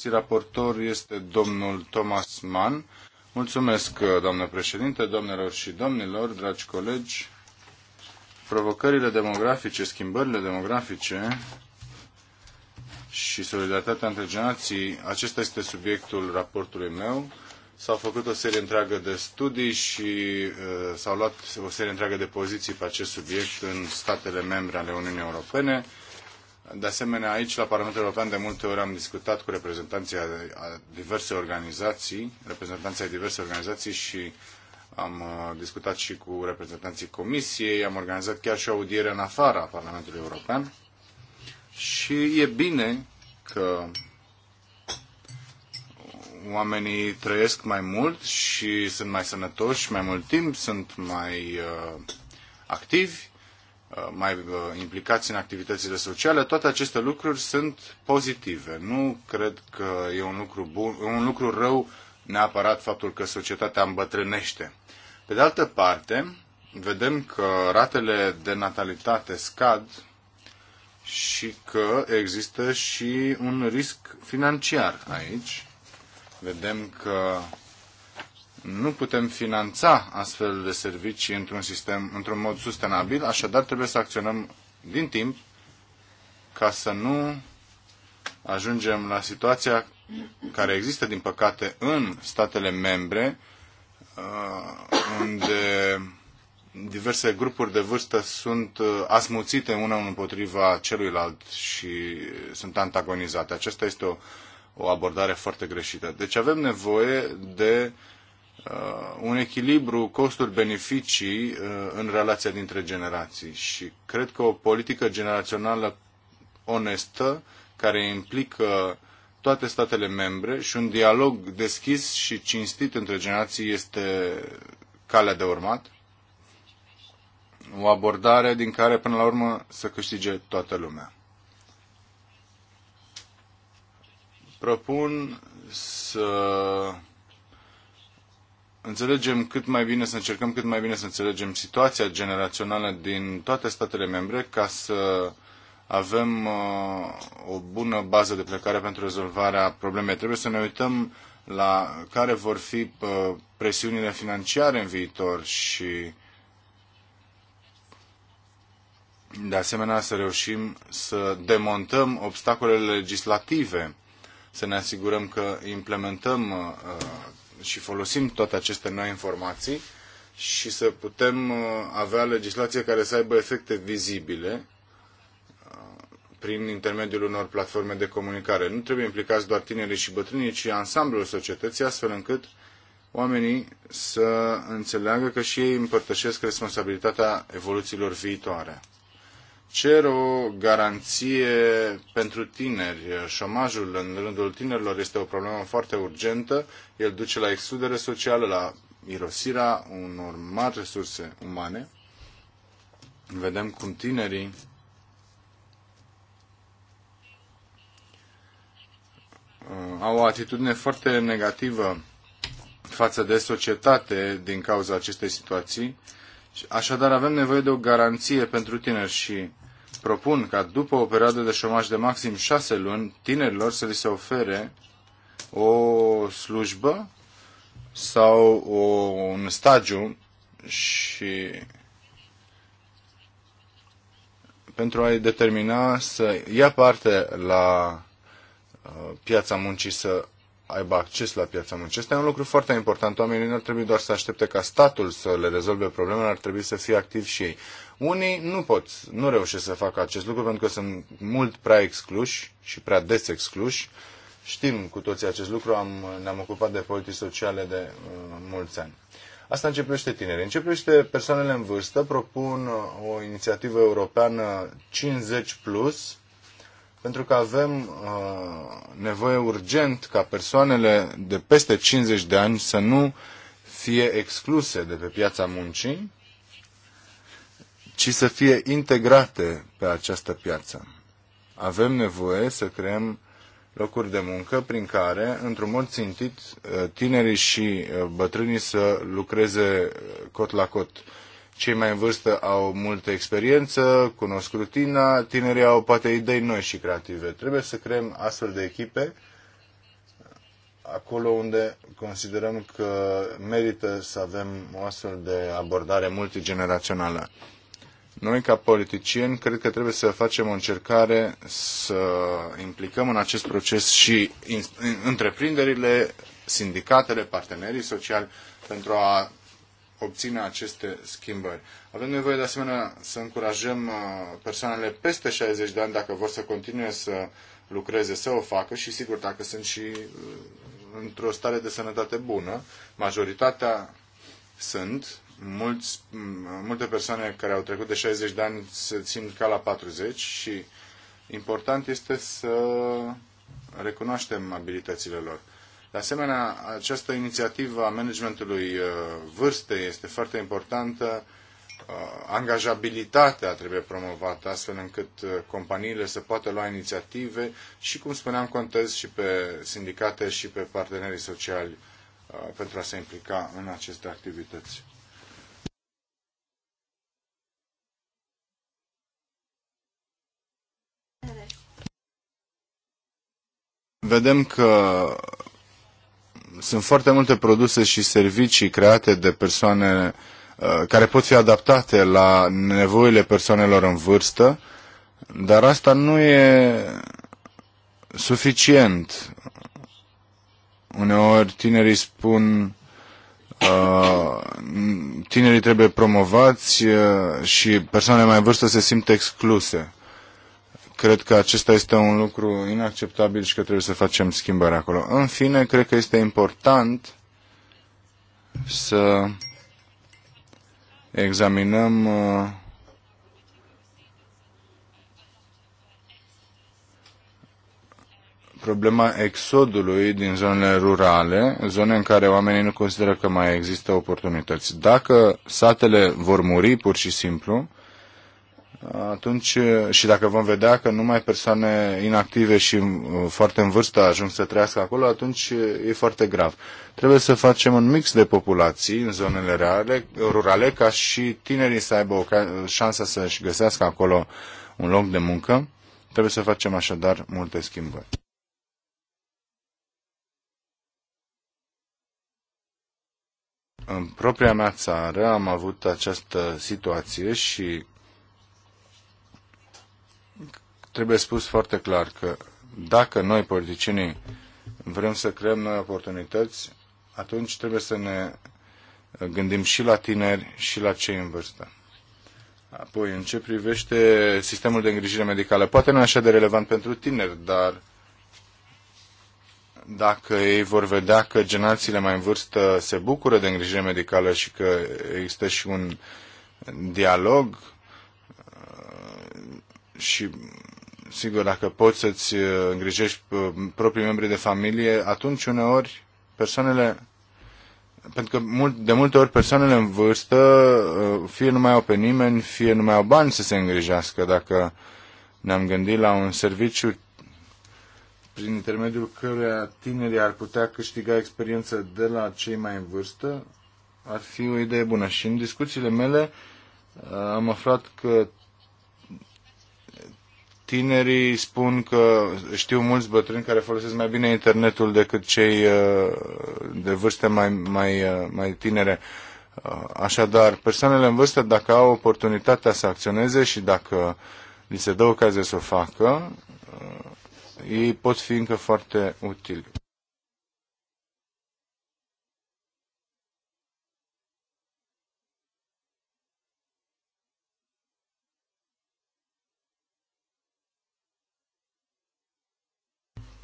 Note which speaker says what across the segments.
Speaker 1: și raportor este domnul Thomas Mann. Mulțumesc, doamnă președinte, doamnelor și domnilor, dragi colegi. Provocările demografice, schimbările demografice și solidaritatea între generații, acesta este subiectul raportului meu. S-au făcut o serie întreagă de studii și uh, s-au luat o serie întreagă de poziții pe acest subiect în statele membre ale Uniunii Europene de asemenea, aici, la Parlamentul European, de multe ori am discutat cu reprezentanții a diverse organizații, reprezentanții a diverse organizații și am uh, discutat și cu reprezentanții Comisiei, am organizat chiar și o audiere în afara Parlamentului European și e bine că oamenii trăiesc mai mult și sunt mai sănătoși mai mult timp, sunt mai uh, activi Uh, mai uh, implicați în activitățile sociale, toate aceste lucruri sunt pozitive. Nu cred că e un lucru, bun, un lucru rău neapărat faptul că societatea îmbătrânește. Pe de altă parte, vedem că ratele de natalitate scad și că există și un risc financiar aici. Vedem că nu putem finanța astfel de servicii într-un sistem, într-un mod sustenabil, așadar trebuie să acționăm din timp ca să nu ajungem la situația care există, din păcate, în statele membre, uh, unde diverse grupuri de vârstă sunt uh, asmuțite una împotriva celuilalt și sunt antagonizate. Aceasta este o, o abordare foarte greșită. Deci avem nevoie de uh, Uh, un echilibru costuri-beneficii uh, în relația dintre generații și cred că o politică generațională onestă care implică toate statele membre și un dialog deschis și cinstit între generații este calea de urmat. O abordare din care până la urmă să câștige toată lumea. Propun să înțelegem cât mai bine, să încercăm cât mai bine să înțelegem situația generațională din toate statele membre ca să avem uh, o bună bază de plecare pentru rezolvarea problemei. Trebuie să ne uităm la care vor fi uh, presiunile financiare în viitor și de asemenea să reușim să demontăm obstacolele legislative, să ne asigurăm că implementăm uh, și folosim toate aceste noi informații și să putem uh, avea legislație care să aibă efecte vizibile uh, prin intermediul unor platforme de comunicare. Nu trebuie implicați doar tinerii și bătrânii, ci ansamblul societății, astfel încât oamenii să înțeleagă că și ei împărtășesc responsabilitatea evoluțiilor viitoare cer o garanție pentru tineri. Șomajul în rândul tinerilor este o problemă foarte urgentă. El duce la excludere socială, la irosirea unor mari resurse umane. Vedem cum tinerii uh, au o atitudine foarte negativă față de societate din cauza acestei situații. Așadar, avem nevoie de o garanție pentru tineri și propun ca după o perioadă de șomaj de maxim șase luni, tinerilor să li se ofere o slujbă sau o, un stagiu și pentru a-i determina să ia parte la uh, piața muncii, să aibă acces la piața muncii. Este un lucru foarte important. Oamenii nu ar trebui doar să aștepte ca statul să le rezolve problemele, ar trebui să fie activi și ei. Unii nu pot, nu reușesc să facă acest lucru pentru că sunt mult prea excluși și prea des excluși. Știm cu toții acest lucru, am, ne-am ocupat de politici sociale de uh, mulți ani. Asta începește tinerii. Începește persoanele în vârstă. Propun uh, o inițiativă europeană 50 plus, pentru că avem uh, nevoie urgent ca persoanele de peste 50 de ani să nu fie excluse de pe piața muncii ci să fie integrate pe această piață. Avem nevoie să creăm locuri de muncă prin care, într-un mod țintit, tinerii și uh, bătrânii să lucreze uh, cot la cot. Cei mai în vârstă au multă experiență, cunosc rutina, tinerii au poate idei noi și creative. Trebuie să creăm astfel de echipe acolo unde considerăm că merită să avem o astfel de abordare multigenerațională. Noi, ca politicieni, cred că trebuie să facem o încercare să implicăm în acest proces și întreprinderile, sindicatele, partenerii sociali pentru a obține aceste schimbări. Avem nevoie de asemenea să încurajăm uh, persoanele peste 60 de ani dacă vor să continue să lucreze, să o facă și sigur dacă sunt și uh, într-o stare de sănătate bună, majoritatea sunt, mulți, multe persoane care au trecut de 60 de ani se simt ca la 40 și important este să recunoaștem abilitățile lor. De asemenea, această inițiativă a managementului uh, vârstei este foarte importantă. Uh, angajabilitatea trebuie promovată astfel încât uh, companiile să poată lua inițiative și, cum spuneam, contez și pe sindicate și pe partenerii sociali pentru a se implica în aceste activități. vedem că sunt foarte multe produse și servicii create de persoane uh, care pot fi adaptate la nevoile persoanelor în vârstă, dar asta nu e suficient. Uneori tinerii spun uh, tinerii trebuie promovați uh, și persoanele mai în vârstă se simt excluse. Cred că acesta este un lucru inacceptabil și că trebuie să facem schimbări acolo. În fine, cred că este important să examinăm uh, problema exodului din zonele rurale, zone în care oamenii nu consideră că mai există oportunități. Dacă satele vor muri pur și simplu, atunci și dacă vom vedea că numai persoane inactive și uh, foarte în vârstă ajung să trăiască acolo, atunci e foarte grav. Trebuie să facem un mix de populații în zonele reale, rurale ca și tinerii să aibă o șansă să-și găsească acolo un loc de muncă. Trebuie să facem așadar multe schimbări. În propria mea țară am avut această situație și trebuie spus foarte clar că dacă noi, politicienii, vrem să creăm noi oportunități, atunci trebuie să ne gândim și la tineri și la cei în vârstă. Apoi, în ce privește sistemul de îngrijire medicală, poate nu e așa de relevant pentru tineri, dar dacă ei vor vedea că generațiile mai în vârstă se bucură de îngrijire medicală și că există și un dialog uh, și sigur, dacă poți să-ți uh, îngrijești uh, proprii membri de familie, atunci uneori persoanele pentru că mult, de multe ori persoanele în vârstă uh, fie nu mai au pe nimeni, fie nu mai au bani să se îngrijească. Dacă ne-am gândit la un serviciu prin intermediul căruia tinerii ar putea câștiga experiență de la cei mai în vârstă, ar fi o idee bună. Și în discuțiile mele am aflat că Tinerii spun că știu mulți bătrâni care folosesc mai bine internetul decât cei uh, de vârste mai, mai, uh, mai tinere. Uh, așadar, persoanele în vârstă, dacă au oportunitatea să acționeze și dacă li se dă ocazia să o facă, ei pot fi încă foarte utili.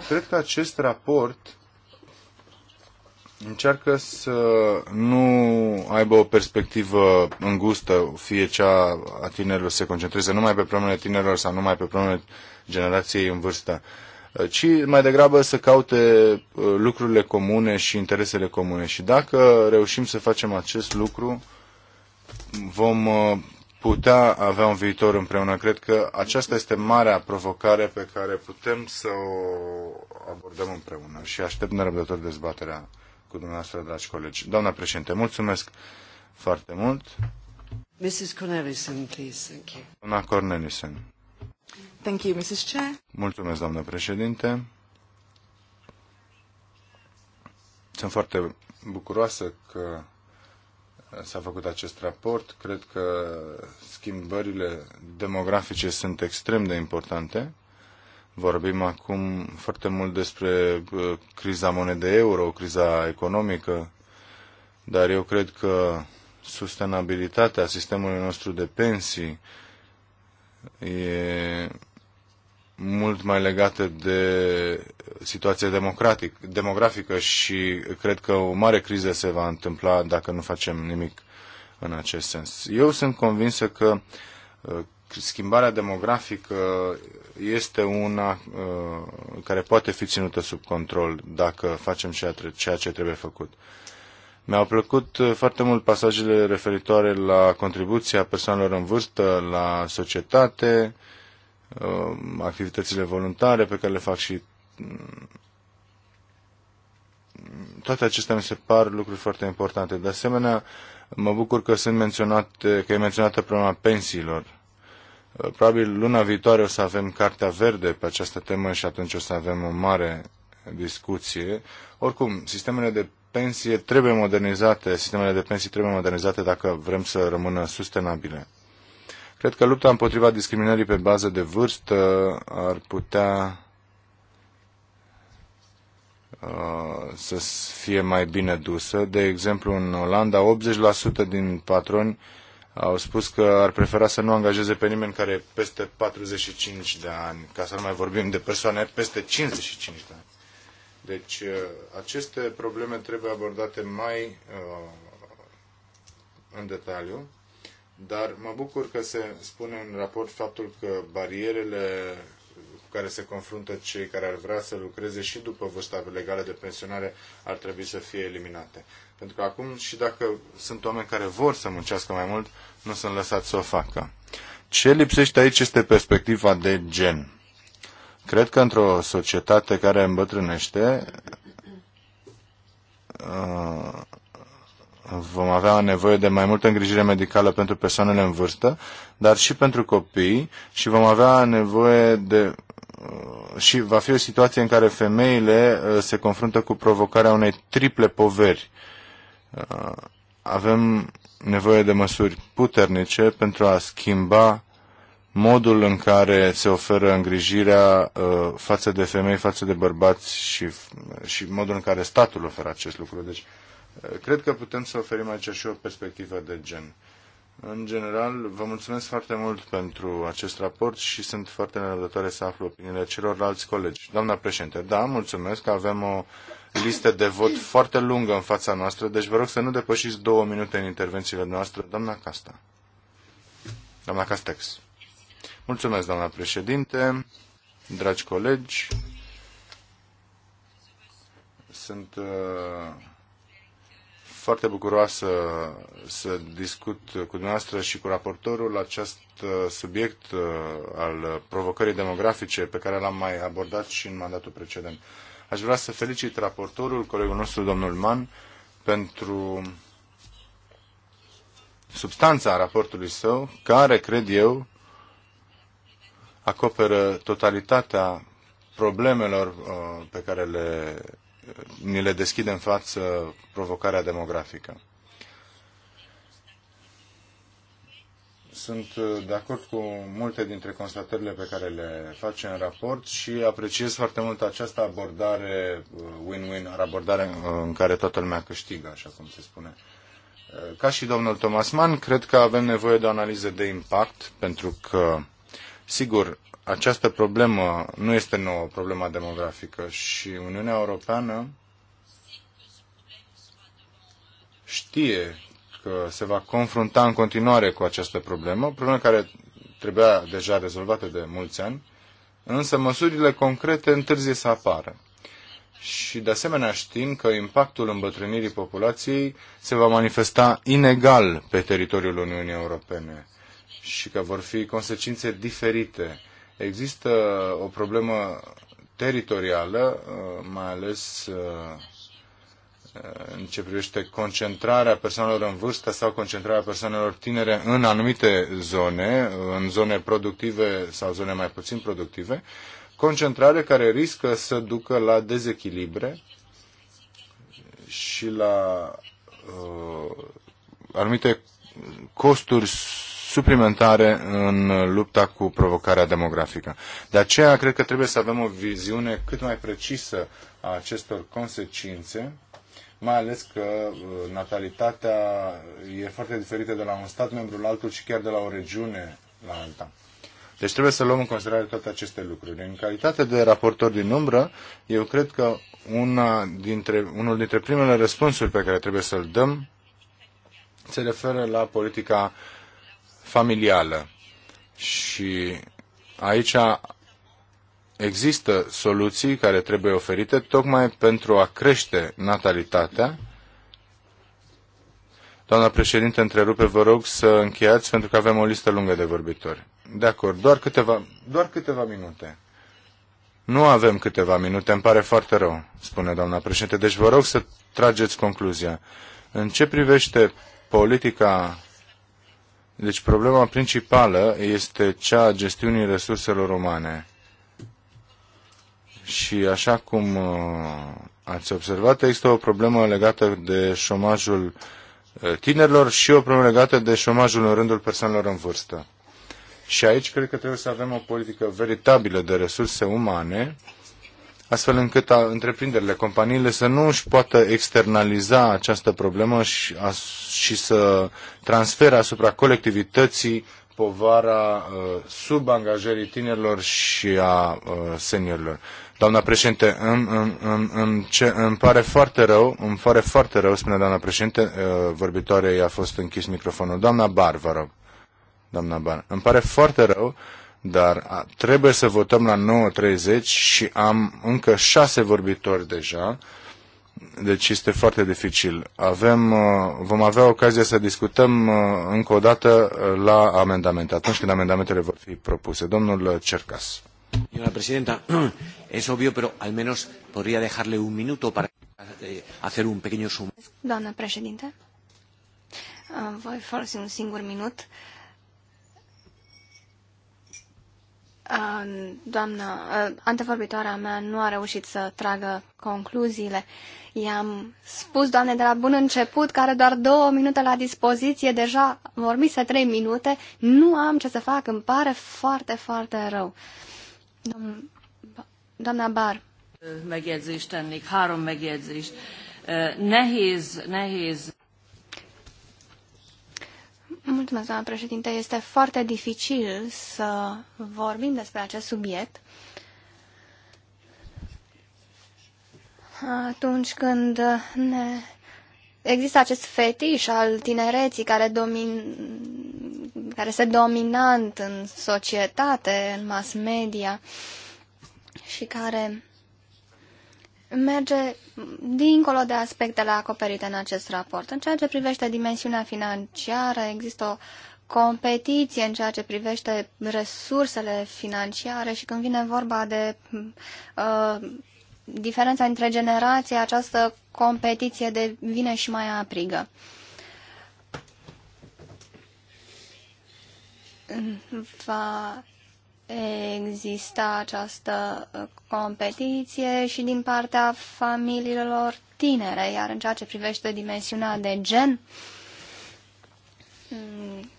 Speaker 1: cred că acest raport încearcă să nu aibă o perspectivă îngustă, fie cea a tinerilor se concentreze numai pe problemele tinerilor sau numai pe problemele generației în vârstă, ci mai degrabă să caute uh, lucrurile comune și interesele comune. Și dacă reușim să facem acest lucru, vom uh, putea avea un viitor împreună. Cred că aceasta este marea provocare pe care putem să o abordăm împreună și aștept nerăbdător dezbaterea cu dumneavoastră, dragi colegi. Doamna președinte, mulțumesc foarte mult.
Speaker 2: Mrs. Cornelison, please. Thank you.
Speaker 1: Doamna Cornelison.
Speaker 2: Thank you, Mrs. Chair.
Speaker 1: Mulțumesc, doamnă președinte. Sunt foarte bucuroasă că s-a făcut acest raport. Cred că schimbările demografice sunt extrem de importante. Vorbim acum foarte mult despre uh, criza monedei euro, criza economică, dar eu cred că sustenabilitatea sistemului nostru de pensii e mult mai legate de situația democratic, demografică și cred că o mare criză se va întâmpla dacă nu facem nimic în acest sens. Eu sunt convinsă că uh, schimbarea demografică este una uh, care poate fi ținută sub control dacă facem ceea ce trebuie făcut. Mi-au plăcut uh, foarte mult pasajele referitoare la contribuția persoanelor în vârstă la societate, Uh, activitățile voluntare pe care le fac și mm, toate acestea mi se par lucruri foarte importante. De asemenea, mă bucur că sunt menționate, că e menționată problema pensiilor. Uh, probabil luna viitoare o să avem cartea verde pe această temă și atunci o să avem o mare discuție. Oricum, sistemele de pensie trebuie modernizate, sistemele de pensii trebuie modernizate dacă vrem să rămână sustenabile. Cred că lupta împotriva discriminării pe bază de vârstă ar putea uh, să fie mai bine dusă. De exemplu, în Olanda, 80% din patroni au spus că ar prefera să nu angajeze pe nimeni care e peste 45 de ani, ca să nu mai vorbim de persoane peste 55 de ani. Deci, uh, aceste probleme trebuie abordate mai uh, în detaliu dar mă bucur că se spune în raport faptul că barierele cu care se confruntă cei care ar vrea să lucreze și după vârsta legală de pensionare ar trebui să fie eliminate. Pentru că acum și dacă sunt oameni care vor să muncească mai mult, nu sunt lăsați să o facă. Ce lipsește aici este perspectiva de gen. Cred că într-o societate care îmbătrânește, uh, vom avea nevoie de mai multă îngrijire medicală pentru persoanele în vârstă, dar și pentru copii și vom avea nevoie de uh, și va fi o situație în care femeile uh, se confruntă cu provocarea unei triple poveri. Uh, avem nevoie de măsuri puternice pentru a schimba modul în care se oferă îngrijirea față de femei, față de bărbați și, și modul în care statul oferă acest lucru. Deci Eh, cred că putem să oferim aici și o perspectivă de gen. În general, vă mulțumesc foarte mult pentru acest raport și sunt foarte nerăbdătoare să aflu opiniile celorlalți colegi. Doamna președinte, da, mulțumesc că avem o listă de vot foarte lungă în fața noastră, deci vă rog să nu depășiți două minute în intervențiile noastre. Doamna Casta. Doamna Castex. Mulțumesc, doamna președinte, dragi colegi. Sunt... Uh foarte bucuroasă să discut cu dumneavoastră și cu raportorul acest uh, subiect uh, al provocării demografice pe care l-am mai abordat și în mandatul precedent. Aș vrea să felicit raportorul, colegul nostru, domnul Mann, pentru substanța raportului său, care, cred eu, acoperă totalitatea problemelor uh, pe care le ni le deschide în față provocarea demografică. Sunt uh, de acord cu multe dintre constatările pe care le face în raport și apreciez foarte mult această abordare uh, win-win, abordare uh, în care toată lumea câștigă, așa cum se spune. Ca și domnul Thomas Mann, cred că avem nevoie de o analiză de impact, pentru că, sigur, această problemă nu este nouă, problema demografică, și Uniunea Europeană știe că se va confrunta în continuare cu această problemă, problemă care trebuia deja rezolvată de mulți ani, însă măsurile concrete întârzie să apară. Și de asemenea știm că impactul îmbătrânirii populației se va manifesta inegal pe teritoriul Uniunii Europene și că vor fi consecințe diferite Există o problemă teritorială, uh, mai ales uh, în ce privește concentrarea persoanelor în vârstă sau concentrarea persoanelor tinere în anumite zone, în zone productive sau zone mai puțin productive, concentrare care riscă să ducă la dezechilibre și la uh, anumite costuri suplimentare în lupta cu provocarea demografică. De aceea, cred că trebuie să avem o viziune cât mai precisă a acestor consecințe, mai ales că uh, natalitatea e foarte diferită de la un stat membru la altul și chiar de la o regiune la alta. Deci trebuie să luăm în considerare toate aceste lucruri. În calitate de raportor din umbră, eu cred că una dintre, unul dintre primele răspunsuri pe care trebuie să-l dăm se referă la politica familială. Și aici există soluții care trebuie oferite tocmai pentru a crește natalitatea. Doamna președinte, întrerupe, vă rog să încheiați pentru că avem o listă lungă de vorbitori. De acord, doar câteva, doar câteva minute. Nu avem câteva minute, îmi pare foarte rău, spune doamna președinte, deci vă rog să trageți concluzia. În ce privește politica deci problema principală este cea a gestiunii resurselor umane. Și așa cum uh, ați observat, există o problemă legată de șomajul uh, tinerilor și o problemă legată de șomajul în rândul persoanelor în vârstă. Și aici cred că trebuie să avem o politică veritabilă de resurse umane astfel încât întreprinderile, companiile să nu își poată externaliza această problemă și, și să transfere asupra colectivității povara uh, subangajării tinerilor și a uh, seniorilor. Doamna președinte, îmi, îmi, îmi, ce, îmi pare foarte rău, îmi pare foarte rău, spune doamna președinte, uh, vorbitoare i-a fost închis microfonul. Doamna Bar, vă rog. Doamna Bar, îmi pare foarte rău dar trebuie să votăm la 9.30 și am încă șase vorbitori deja, deci este foarte dificil. Avem, uh, vom avea ocazia să discutăm uh, încă o dată uh, la amendamente, atunci când amendamentele vor fi propuse. Domnul Cercas.
Speaker 3: Señora președinte, este obvio, dar al menos podría dejarle un minuto para eh, hacer un pequeño sum. Doamnă președinte, voi folosi un singur minut. Uh, Doamna, antevorbitoarea mea nu a reușit să tragă concluziile. I-am spus, doamne, de la bun început, care doar două minute la dispoziție, deja vorbise trei minute, nu am ce să fac, îmi pare foarte, foarte rău. Doamna Bar.
Speaker 2: Megjegyzést tennék, három megjegyzést. Nehéz, nehéz.
Speaker 3: Mulțumesc, doamna președinte. Este foarte dificil să vorbim despre acest subiect atunci când ne... există acest fetiș al tinereții care, domin... care este dominant în societate, în mass media și care merge dincolo de aspectele acoperite în acest raport. În ceea ce privește dimensiunea financiară, există o competiție în ceea ce privește resursele financiare și când vine vorba de uh, diferența între generații, această competiție devine și mai aprigă. Va exista această uh, competiție și din partea familiilor tinere, iar în ceea ce privește dimensiunea de gen, mm,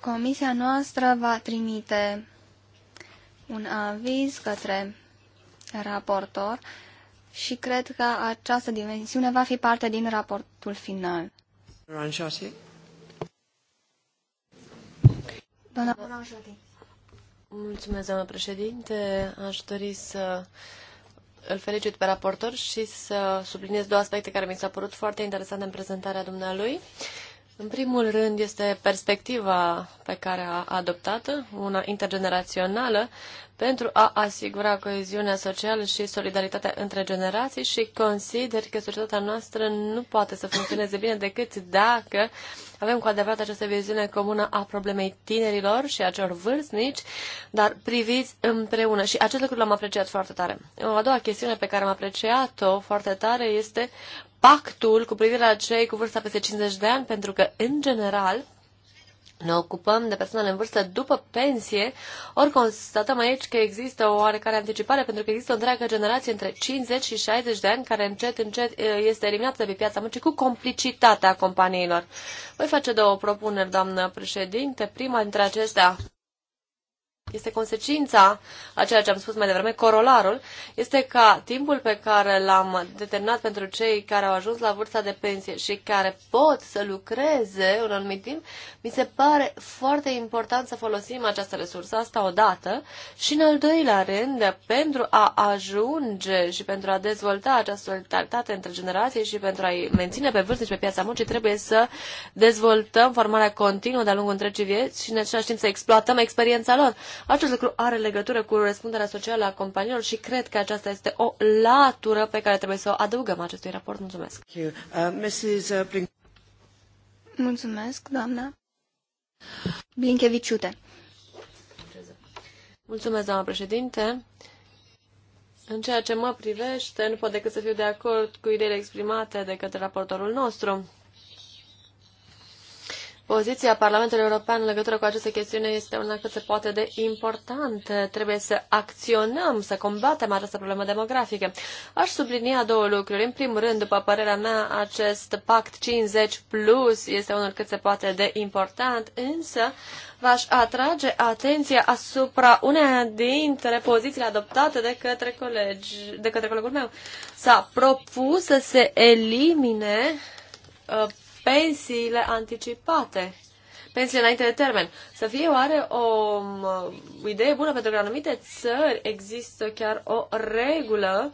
Speaker 3: comisia noastră va trimite un aviz către raportor și cred că această dimensiune va fi parte din raportul final. Doamna Moran Jolie.
Speaker 4: Mulțumesc, doamnă președinte. Aș dori să îl felicit pe raportor și să subliniez două aspecte care mi s-au părut foarte interesante în prezentarea dumnealui. În primul rând este perspectiva pe care a adoptat-o, una intergenerațională, pentru a asigura coeziunea socială și solidaritatea între generații și consider că societatea noastră nu poate să funcționeze bine decât dacă avem cu adevărat această viziune comună a problemei tinerilor și a celor vârstnici, dar priviți împreună. Și acest lucru l-am apreciat foarte tare. O a doua chestiune pe care am apreciat-o foarte tare este impactul cu privire la cei cu vârsta peste 50 de ani, pentru că, în general, ne ocupăm de persoanele în vârstă după pensie, ori constatăm aici că există o oarecare anticipare, pentru că există o întreagă generație între 50 și 60 de ani care încet, încet este eliminată de pe piața muncii cu complicitatea companiilor. Voi face două propuneri, doamnă președinte. Prima dintre acestea este consecința a ceea ce am spus mai devreme, corolarul, este ca timpul pe care l-am determinat pentru cei care au ajuns la vârsta de pensie și care pot să lucreze un anumit timp, mi se pare foarte important să folosim această resursă, asta odată, și în al doilea rând, pentru a ajunge și pentru a dezvolta această solidaritate între generații și pentru a-i menține pe vârstă și pe piața muncii, trebuie să dezvoltăm formarea continuă de-a lungul întregii vieți și în același timp să exploatăm experiența lor. Acest lucru are legătură cu răspunderea socială a companiilor și cred că aceasta este o latură pe care trebuie să o adăugăm acestui
Speaker 3: raport. Mulțumesc!
Speaker 2: Uh, uh,
Speaker 3: Mulțumesc, doamna Blinkeviciute. Mulțumesc, doamna
Speaker 4: președinte. În ceea ce mă privește, nu pot decât să fiu de acord cu ideile exprimate de către raportorul nostru. Poziția Parlamentului European în legătură cu această chestiune este una cât se poate de importantă. Trebuie să acționăm, să combatem această problemă demografică. Aș sublinia două lucruri. În primul rând, după părerea mea, acest pact 50 plus este unul cât se poate de important, însă v-aș atrage atenția asupra uneia dintre pozițiile adoptate de către, colegi, de către colegul meu. S-a propus să se elimine uh, pensiile anticipate, pensiile înainte de termen. Să fie oare um, o, idee bună pentru că în anumite țări există chiar o regulă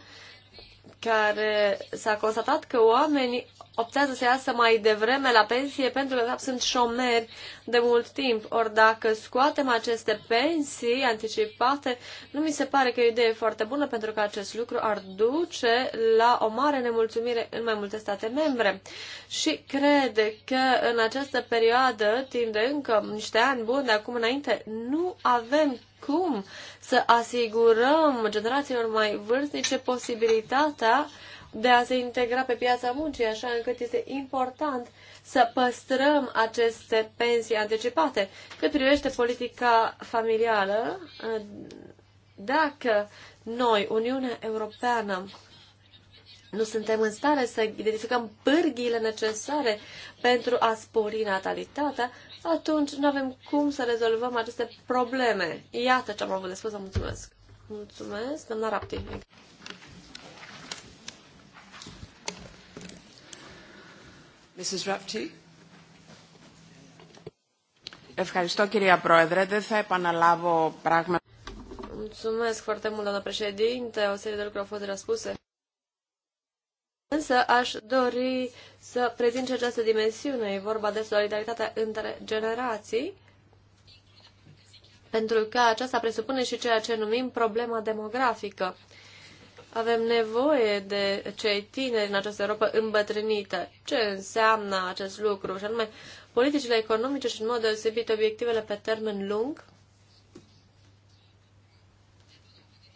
Speaker 4: care s-a constatat că oamenii optează să iasă mai devreme la pensie pentru că, de fapt, sunt șomeri de mult timp. Ori dacă scoatem aceste pensii anticipate, nu mi se pare că e o idee foarte bună pentru că acest lucru ar duce la o mare nemulțumire în mai multe state membre. Și crede că în această perioadă, timp de încă niște ani buni de acum înainte, nu avem cum să asigurăm generațiilor mai vârstnice posibilitatea de a se integra pe piața muncii, așa încât este important să păstrăm aceste pensii anticipate. Cât privește politica familială, dacă noi, Uniunea Europeană, nu suntem în stare să identificăm pârghiile necesare pentru a spori natalitatea, atunci nu avem cum să rezolvăm aceste probleme. Iată ce am avut de spus, mulțumesc. Mulțumesc, doamna Rapti. Mulțumesc foarte mult, doamnă președinte. O serie de lucruri au fost răspuse. Însă aș dori să prezint și această dimensiune. E vorba de solidaritatea între generații, pentru că aceasta presupune și ceea ce numim problema demografică. Avem nevoie de cei tineri în această Europa îmbătrânită. Ce înseamnă acest lucru? Și anume, politicile economice și, în mod deosebit, obiectivele pe termen lung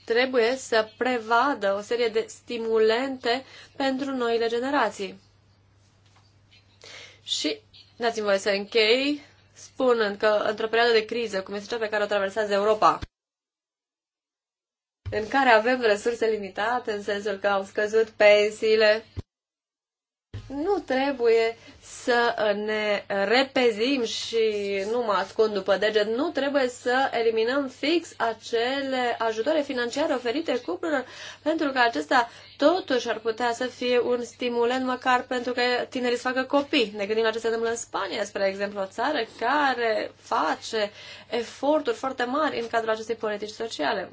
Speaker 4: trebuie să prevadă o serie de stimulente pentru noile generații. Și dați-mi voie să închei spunând că într-o perioadă de criză, cum este cea pe care o traversează Europa, în care avem resurse limitate, în sensul că au scăzut pensiile, nu trebuie să ne repezim și nu mă ascund după deget, nu trebuie să eliminăm fix acele ajutoare financiare oferite cuplurilor, pentru că acesta totuși ar putea să fie un stimulent măcar pentru că tinerii să facă copii. Ne gândim la ce se întâmplă în Spania, spre exemplu, o țară care face eforturi foarte mari în cadrul acestei politici sociale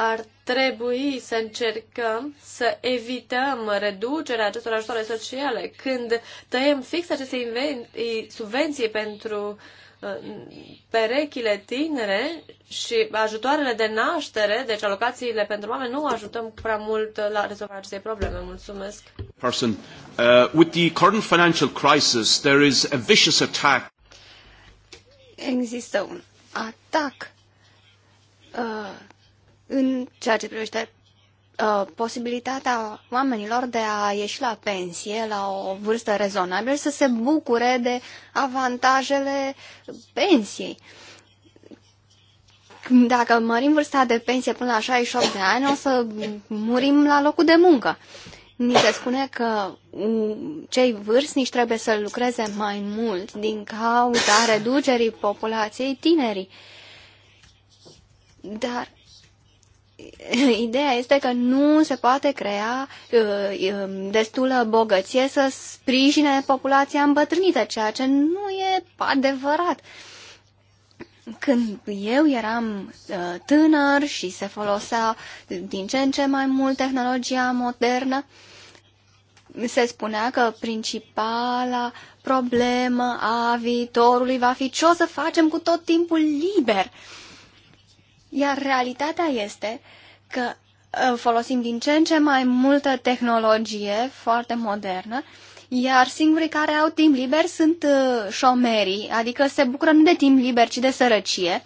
Speaker 4: ar trebui să încercăm să evităm reducerea acestor ajutoare sociale când tăiem fix aceste subvenții pentru uh, perechile tinere și ajutoarele de naștere, deci alocațiile pentru mame, nu ajutăm prea mult la rezolvarea acestei probleme. Mulțumesc.
Speaker 3: Person, uh, with the current financial crisis, there is a vicious attack. Există un atac uh, în ceea ce privește uh, posibilitatea oamenilor de a ieși la pensie la o vârstă rezonabilă să se bucure de avantajele pensiei. Dacă mărim vârsta de pensie până la 68 de ani, o să murim la locul de muncă. Ni se spune că cei vârstnici trebuie să lucreze mai mult din cauza reducerii populației tinerii. Dar Ideea este că nu se poate crea uh, uh, destulă bogăție să sprijine populația îmbătrânită, ceea ce nu e adevărat. Când eu eram uh, tânăr și se folosea din ce în ce mai mult tehnologia modernă, se spunea că principala problemă a viitorului va fi ce o să facem cu tot timpul liber. Uh, iar realitatea este că uh, folosim din ce în ce mai multă tehnologie foarte modernă, iar singurii care au timp liber sunt uh, șomerii, adică se bucură nu de timp liber, ci de sărăcie.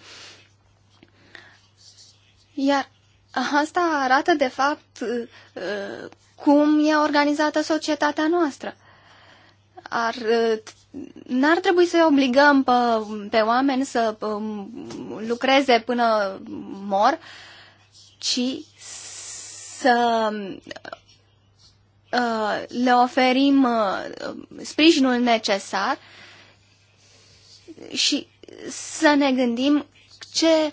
Speaker 3: Iar asta arată, de fapt, uh, cum e organizată societatea noastră. Ar n-ar trebui să obligăm pe, pe oameni să pe, um, lucreze până mor, ci să uh, le oferim uh, sprijinul necesar și să ne gândim ce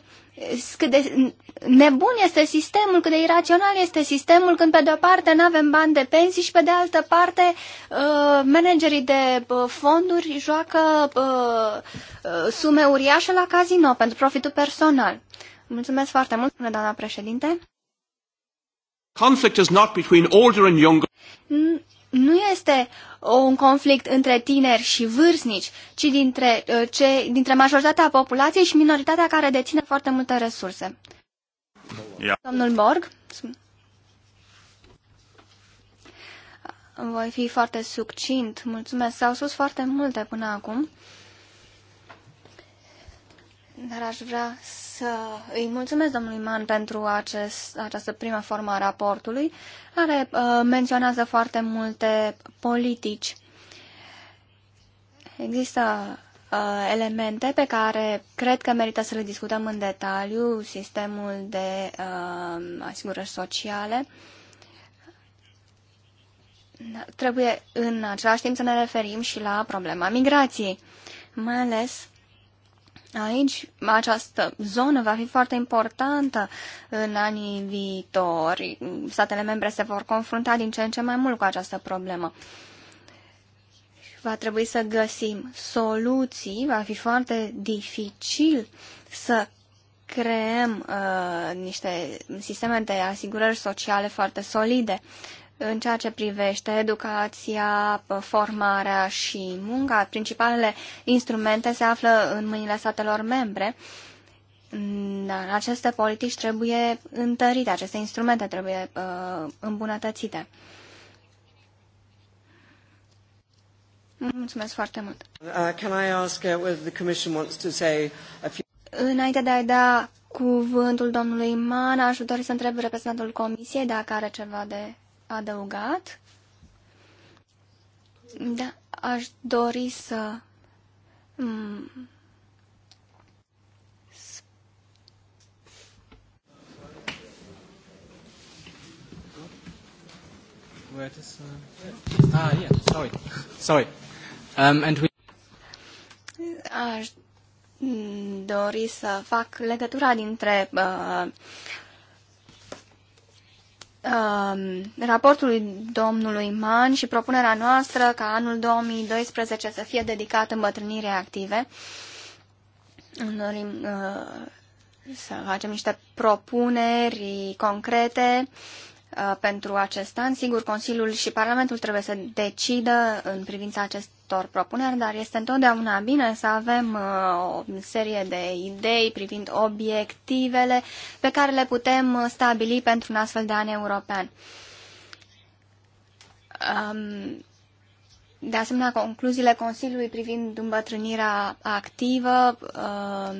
Speaker 3: cât de nebun este sistemul, cât de irațional este sistemul când pe de-o parte nu avem bani de pensii și pe de altă parte uh, managerii de uh, fonduri joacă uh, sume uriașe la casino pentru profitul personal. Mulțumesc foarte mult, spune doamna președinte.
Speaker 2: Conflict is not
Speaker 4: between
Speaker 1: older and younger.
Speaker 3: Nu este un conflict între tineri și vârstnici, ci dintre, uh, ce, dintre majoritatea populației și minoritatea care deține foarte multe resurse. Yeah. Domnul Borg? Voi fi foarte succint. Mulțumesc. S-au spus foarte multe până acum. Dar aș vrea să îi mulțumesc domnului Man pentru acest, această primă formă a raportului, care uh, menționează foarte multe politici. Există uh, elemente pe care cred că merită să le discutăm în detaliu, sistemul de uh, asigurări sociale. Trebuie în același timp să ne referim și la problema migrației, mai ales Aici, această zonă va fi foarte importantă în anii viitori. Statele membre se vor confrunta din ce în ce mai mult cu această problemă. Va trebui să găsim soluții, va fi foarte dificil să creăm uh, niște sisteme de asigurări sociale foarte solide. Uh, în ceea ce privește educația, formarea și munca. Principalele instrumente se află în mâinile statelor membre. Dar aceste politici trebuie întărite, aceste instrumente trebuie uh, îmbunătățite. Mulțumesc foarte mult.
Speaker 2: Uh, can I ask uh, whether the commission wants to say a few...
Speaker 3: Înainte de a da cuvântul domnului Mana, aș dori să întreb reprezentantul comisiei dacă are ceva de adăugat. Da, aș dori să mm, uh, ah yeah sorry sorry um, and we aș dori să fac legătura dintre uh, Um, raportului domnului Man și propunerea noastră ca anul 2012 să fie dedicat îmbătrânirii active. Dorim uh, să facem niște propuneri concrete uh, pentru acest an. Sigur, Consiliul și Parlamentul trebuie să decidă în privința acest, acestor propuneri, dar este întotdeauna bine să avem uh, o serie de idei privind obiectivele pe care le putem stabili pentru un astfel de an european. Um, de asemenea, concluziile Consiliului privind îmbătrânirea activă uh,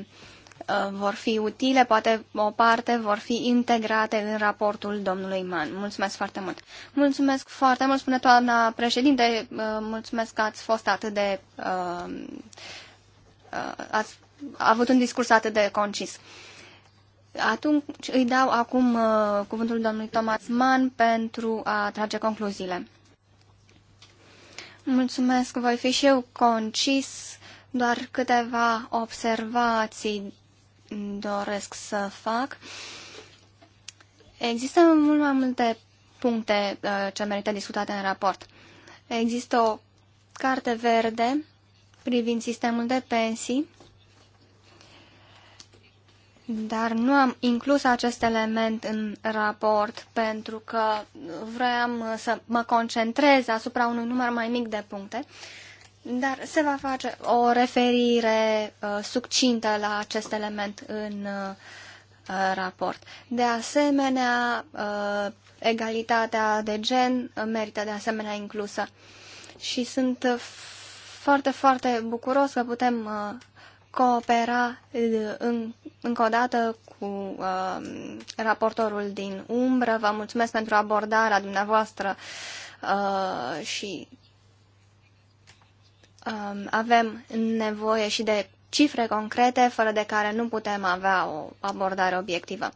Speaker 3: Uh, vor fi utile, poate o parte vor fi integrate în raportul domnului Mann. Mulțumesc foarte mult. Mulțumesc foarte mult, spune doamna președinte, uh, mulțumesc că ați fost atât de... Uh, uh, ați avut un discurs atât de concis. Atunci îi dau acum uh, cuvântul domnului Thomas Mann pentru a trage concluziile. Mulțumesc, voi fi și eu concis, doar câteva observații doresc să fac. Există mult mai multe puncte uh, ce merită discutate în raport. Există o carte verde privind sistemul de pensii, dar nu am inclus acest element în raport pentru că vreau să mă concentrez asupra unui număr mai mic de puncte. Uh, dar se va face o referire uh, succintă la acest element în uh, uh, raport. De asemenea, uh, egalitatea de gen merită de asemenea inclusă. Și sunt uh, foarte, foarte bucuros că putem uh, coopera uh, în, încă o dată cu uh, raportorul din umbră. Vă mulțumesc pentru abordarea dumneavoastră uh, și um, avem nevoie și de cifre concrete, fără de care nu putem avea o abordare obiectivă.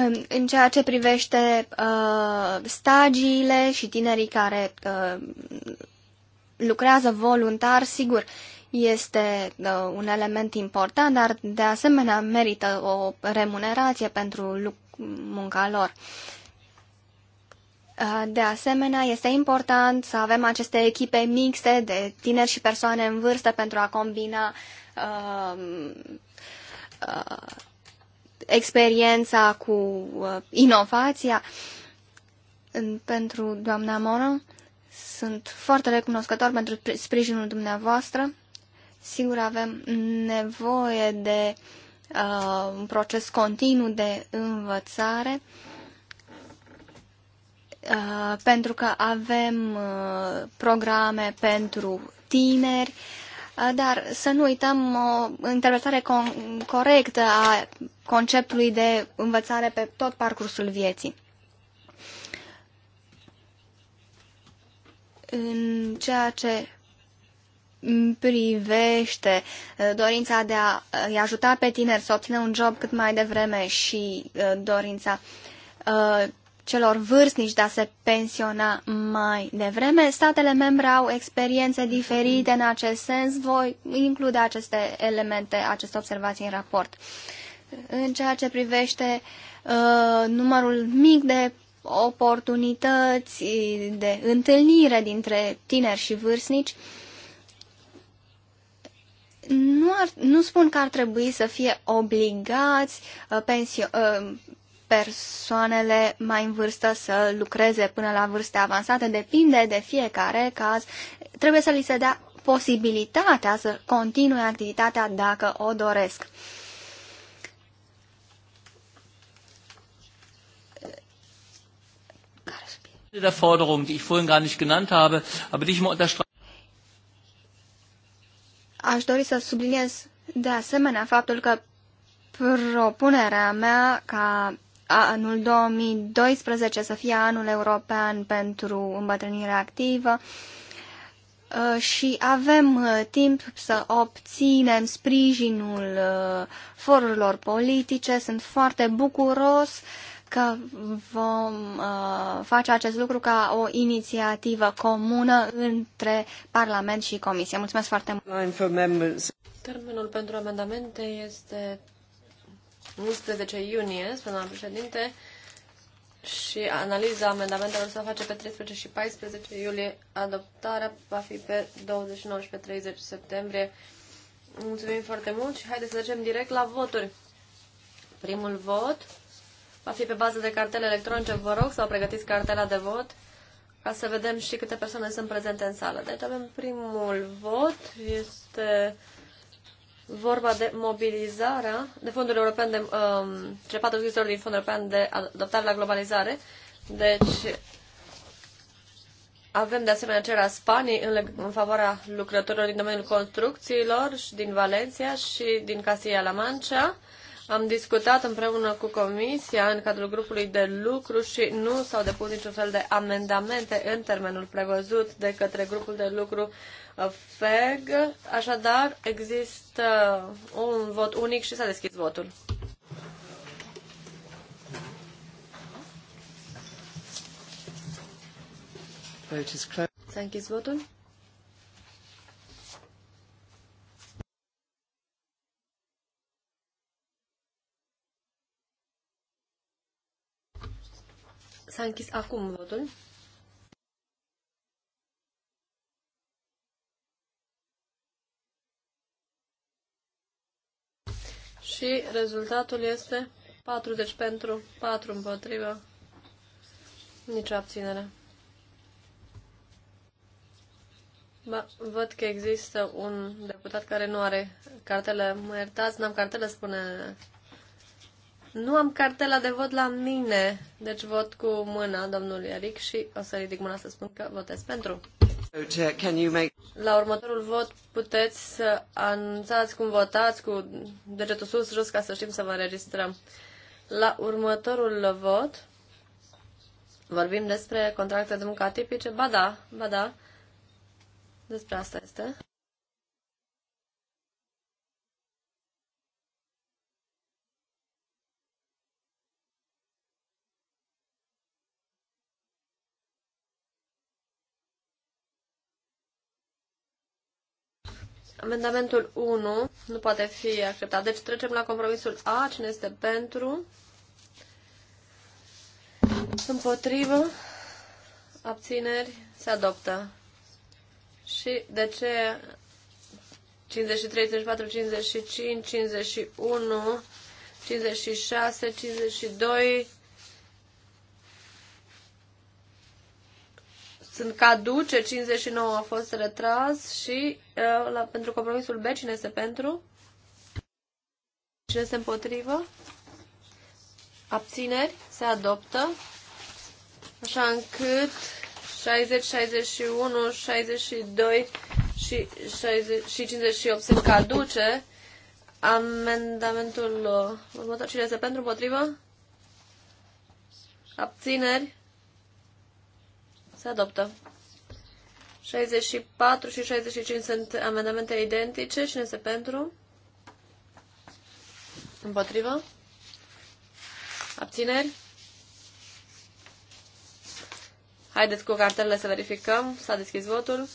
Speaker 3: Um, în ceea ce privește uh, stagiile și tinerii care uh, lucrează voluntar, sigur, este uh, un element important, dar de asemenea merită o remunerație pentru munca lor. Uh, Uh, de asemenea, este important să avem aceste echipe mixte de tineri și persoane în vârstă pentru a combina uh, uh, experiența cu uh, inovația. Pentru doamna Moro, sunt foarte recunoscător pentru sprijinul dumneavoastră. Sigur, avem nevoie de uh, un proces continuu de învățare. Uh, Uh, pentru că avem uh, programe pentru tineri, uh, dar să nu uităm o interpretare corectă a conceptului de învățare pe tot parcursul vieții. În ceea ce privește dorința de a-i ajuta pe tineri să obțină un job cât mai devreme și dorința celor vârstnici de a se pensiona mai devreme. Statele membre au experiențe diferite în acest sens. Voi include aceste elemente, aceste observații în raport. În ceea ce privește uh, numărul mic de oportunități de întâlnire dintre tineri și vârstnici, nu, ar, nu spun că ar trebui să fie obligați uh, pensio, uh, persoanele mai în vârstă să lucreze până la vârste avansate. Depinde de fiecare caz. Trebuie să li se dea posibilitatea să continue activitatea dacă o doresc. der Forderung, die ich vorhin gar nicht genannt habe, aber die ich mal unterstreiche. Aș dori să subliniez de asemenea faptul că propunerea mea ca anul 2012 să fie anul european pentru îmbătrânirea activă uh, și avem uh, timp să obținem sprijinul uh, forurilor politice. Sunt foarte bucuros că vom face acest lucru ca o inițiativă comună între Parlament și Comisie. Mulțumesc foarte mult!
Speaker 4: Termenul pentru amendamente este 11 iunie, spune la președinte, și analiza amendamentelor se face pe 13 și 14 iulie. Adoptarea va fi pe 29 și pe 30 septembrie. Mulțumim foarte mult și haideți să trecem direct la voturi. Primul vot va fi pe bază de cartele electronice. Vă rog sau pregătiți cartela de vot ca să vedem și câte persoane sunt prezente în sală. Deci avem primul vot. Este vorba de mobilizarea de fonduri europene, de, um, cele patru scrisori din fondul european de adaptare la globalizare. Deci, avem de asemenea cererea Spaniei în, în favoarea lucrătorilor din domeniul construcțiilor și din Valencia și din Castilla-La Mancha. Am discutat împreună cu Comisia în cadrul grupului de lucru și nu s-au depus niciun fel de amendamente în termenul prevăzut de către grupul de lucru uh, FEG. Așadar, există un vot unic și s-a deschis votul. S-a închis votul.
Speaker 3: S-a închis acum votul.
Speaker 4: și rezultatul este 40 pentru, 4 împotrivă, nicio abținere. Ba, văd că există un deputat care nu are cartele. Mă iertați, n-am cartele, spune. Nu am cartela de vot la mine, deci vot cu mâna domnului Eric și o să ridic mâna să spun că votez pentru. La următorul vot puteți să anunțați cum votați cu degetul sus, jos, ca să știm să vă înregistrăm. La următorul vot vorbim despre contracte de muncă atipice. Ba da, ba da, despre asta este.
Speaker 3: Amendamentul
Speaker 4: 1 nu poate fi acceptat. Deci trecem la compromisul A. Cine este pentru? Împotrivă? Abțineri? Se adoptă. Și de ce 53, 34, 55, 51, 56, 52, sunt caduce, 59 a fost retras și uh, la, pentru compromisul B, cine este pentru? Cine este împotrivă? Abțineri? Se adoptă. Așa încât 60, 61, 62 și, 60, și 58 sunt caduce. Amendamentul uh, următor, cine este pentru, împotrivă? Abțineri? Se adoptă. 64 și 65 sunt amendamente identice. Cine este pentru? Împotrivă? Abțineri? Haideți cu cartelele să verificăm. S-a deschis votul.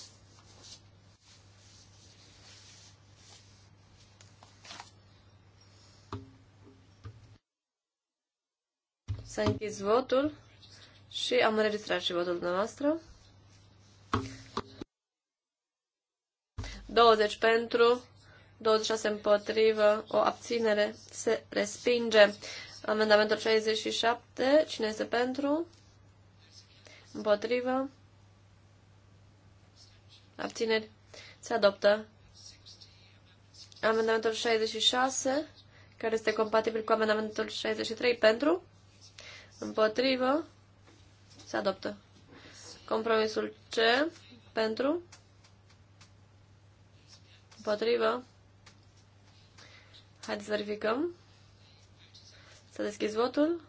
Speaker 4: Să închizi votul. Și am înregistrat și votul dumneavoastră. 20 pentru, 26 împotrivă, o abținere se respinge. Amendamentul 67, cine este pentru? Împotrivă. Abțineri. Se adoptă. Amendamentul 66, care este compatibil cu amendamentul 63, pentru? Împotrivă se adoptă. Compromisul C pentru împotrivă. Haideți să verificăm. Să deschizi votul.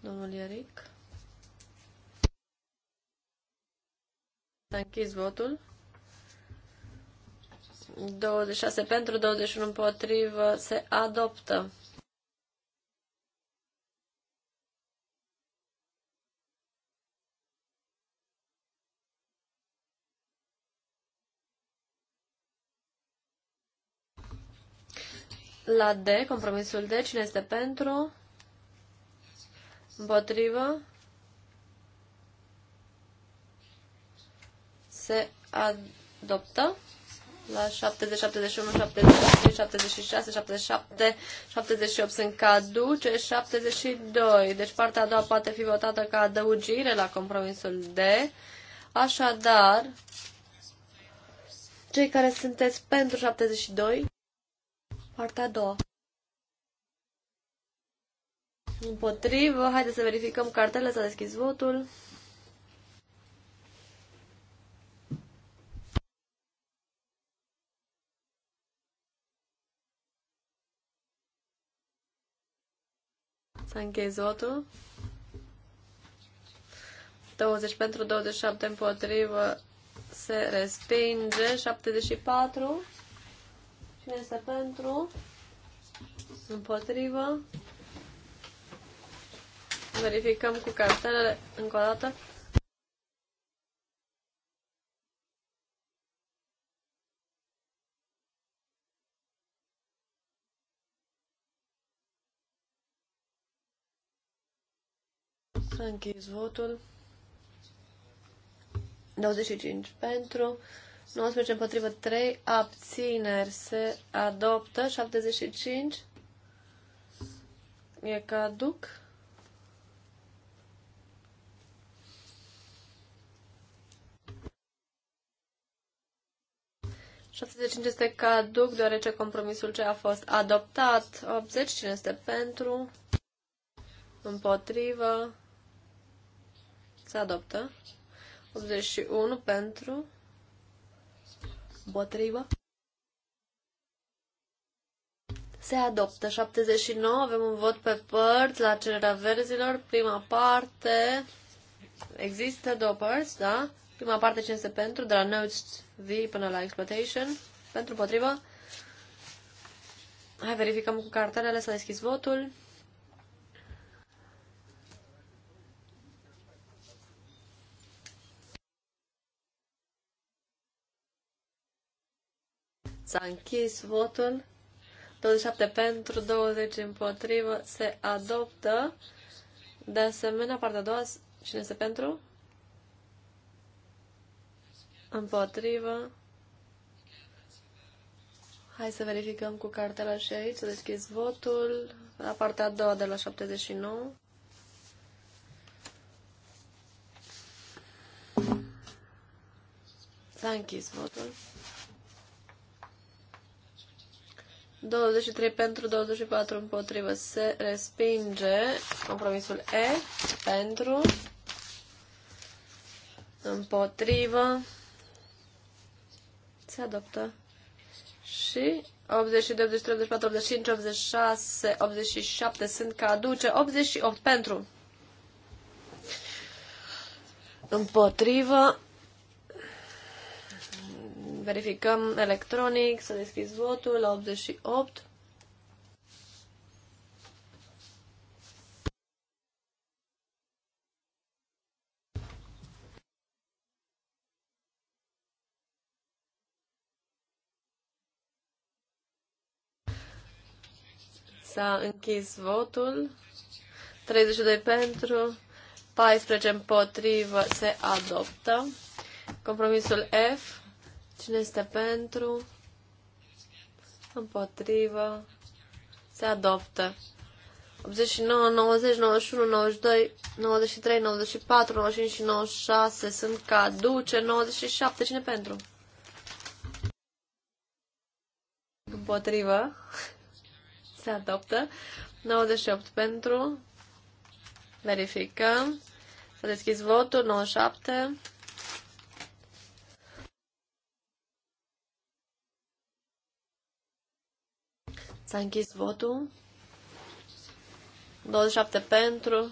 Speaker 4: Domnul Ieric. Să închizi votul. 26 pentru, 21 împotrivă, se adoptă. La D, compromisul D, cine este pentru? Împotrivă? Se adoptă la 70, 71, 72, 76, 77, 78 sunt caduce, 72. Deci partea a doua poate fi votată ca adăugire la compromisul D. Așadar, cei care sunteți pentru 72, partea a doua. Împotrivă, haideți să verificăm cartele, s-a deschis votul. S-a 20 pentru 27 împotrivă se respinge. 74. Cine este pentru? Împotrivă. Verificăm cu cartelele încă o dată. s închis votul. 25 pentru, 19 împotrivă, 3 abțineri se adoptă, 75 e caduc. cinci este caduc, deoarece compromisul ce a fost adoptat. 80, cine este pentru? Împotrivă? Se adoptă. 81 pentru. Botriva. Se adoptă. 79. Avem un vot pe părți la cererea verzilor. Prima parte. Există două părți, da? Prima parte este pentru, de la Notes V până la Exploitation. Pentru potrivă. Hai verificăm cu cartelele, s-a deschis votul. S-a închis votul. 27 pentru, 20 împotrivă. Se adoptă. De asemenea, partea a doua, cine este pentru? Împotrivă. Hai să verificăm cu cartela și aici, să deschis votul. La partea a doua de la 79. S-a închis votul. 23 pentru, 24 împotrivă. Se respinge compromisul E pentru, împotrivă. Se adoptă. Și 82, 83, 84, 85, 86, 87 sunt caduce. 88 pentru. Împotrivă. Verificăm electronic, să deschizi votul la 88. S-a închis votul. 32 pentru, 14 împotrivă se adoptă. Compromisul F Cine este pentru? Împotrivă. Se adoptă. 89, 90, 91, 92, 93, 94, 95 și 96 sunt caduce. 97. Cine pentru? Împotrivă. Se adoptă. 98 pentru. Verificăm. S-a deschis votul. 97. S-a închis votul. 27 pentru,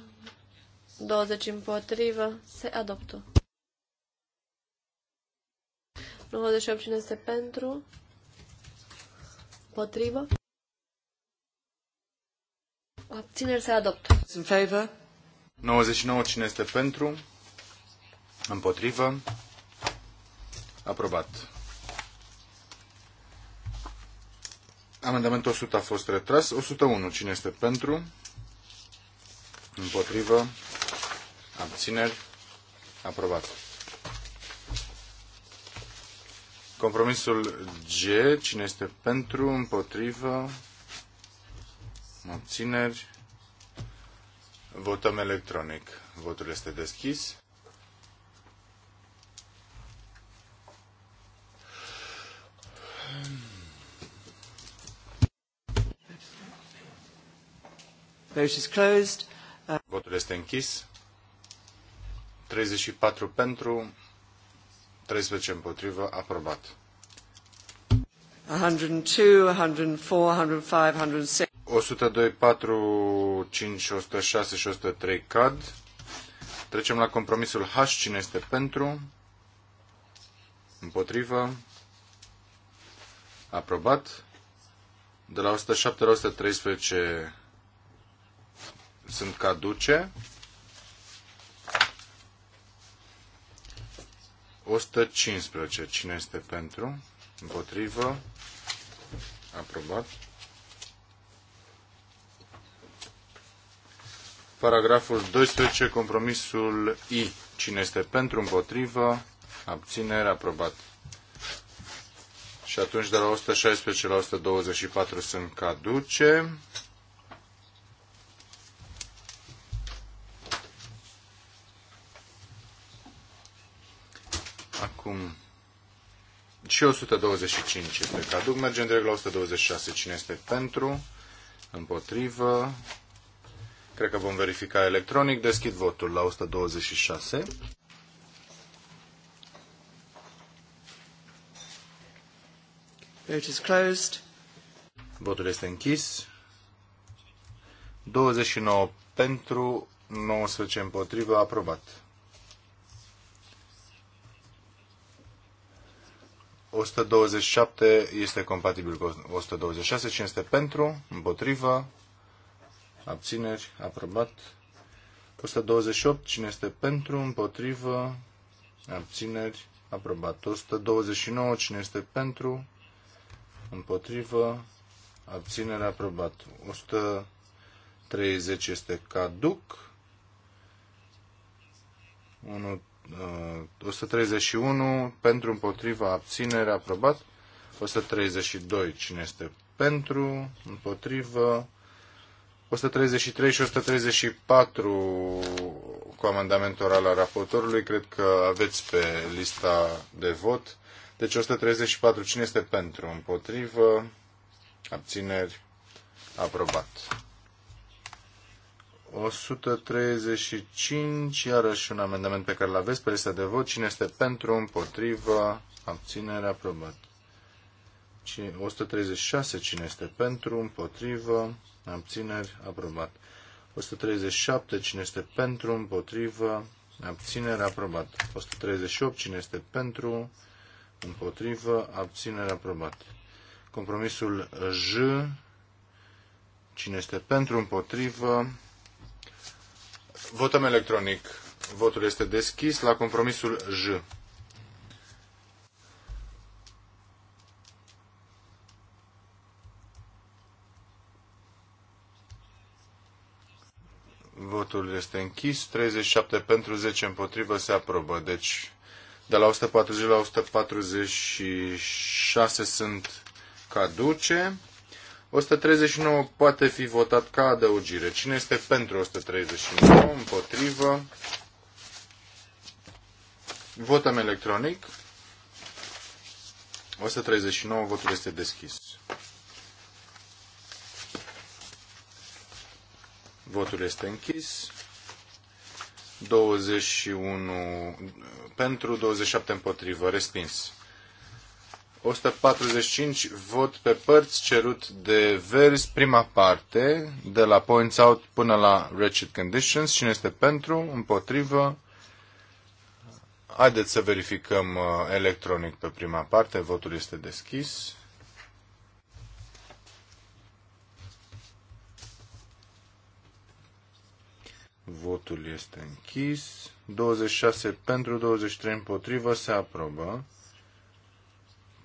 Speaker 4: 20 împotrivă, se adoptă. 98 cine este pentru, împotrivă.
Speaker 2: Abțineri se adoptă. In favor.
Speaker 1: 99 cine este pentru, împotrivă, aprobat. Amendamentul 100 a fost retras. 101. Cine este pentru? Împotrivă. Abțineri. Aprobat. Compromisul G. Cine este pentru? Împotrivă. Abțineri. Votăm electronic. Votul este deschis. Vote is closed. Uh, Votul este închis. 34 pentru, 13 împotrivă, aprobat. 102, 104, 105, 106. 102, 106 și 103 cad. Trecem la compromisul H. Cine este pentru? Împotrivă. Aprobat. De la 107 la 113 sunt caduce. 115. Cine este pentru? Împotrivă? Aprobat. Paragraful 12, compromisul I. Cine este pentru, împotrivă, abținere, aprobat. Și atunci de la 116 la 124 sunt caduce. și 125 este caduc. Mergem direct la 126. Cine este pentru? Împotrivă. Cred că vom verifica electronic. Deschid votul la 126. Vote is closed. Votul este închis. 29 pentru, 19 împotrivă, aprobat. 127 este compatibil cu 126. Cine este pentru? Împotrivă? Abțineri? Aprobat. 128. Cine este pentru? Împotrivă? Abțineri? Aprobat. 129. Cine este pentru? Împotrivă? Abținere? Aprobat. 130 este caduc. 1 131 uh, pentru împotriva abținere aprobat. 132 cine este pentru împotrivă. 133 și 134 cu amendament oral al raportorului, cred că aveți pe lista de vot. Deci 134, cine este pentru? Împotrivă? Abțineri? Aprobat. 135, iarăși un amendament pe care l aveți pe lista de vot. Cine este pentru, împotrivă, abținere, aprobat. 136, cine este pentru, împotrivă, abțineri, aprobat. 137, cine este pentru, împotrivă, abținere, aprobat. 138, cine este pentru, împotrivă, abținere, aprobat. Compromisul J, cine este pentru, împotrivă, Votăm electronic. Votul este deschis la compromisul J. Votul este închis. 37 pentru 10 împotrivă se aprobă. Deci de la 140 la 146 sunt caduce. 139 poate fi votat ca adăugire. Cine este pentru 139? Împotrivă. Votăm electronic. 139, votul este deschis. Votul este închis. 21 pentru, 27 împotrivă, respins. 145 vot pe părți cerut de verzi, prima parte, de la Points Out până la Wretched Conditions. Cine este pentru? Împotrivă? Haideți să verificăm uh, electronic pe prima parte. Votul este deschis. Votul este închis. 26 pentru, 23 împotrivă, se aprobă.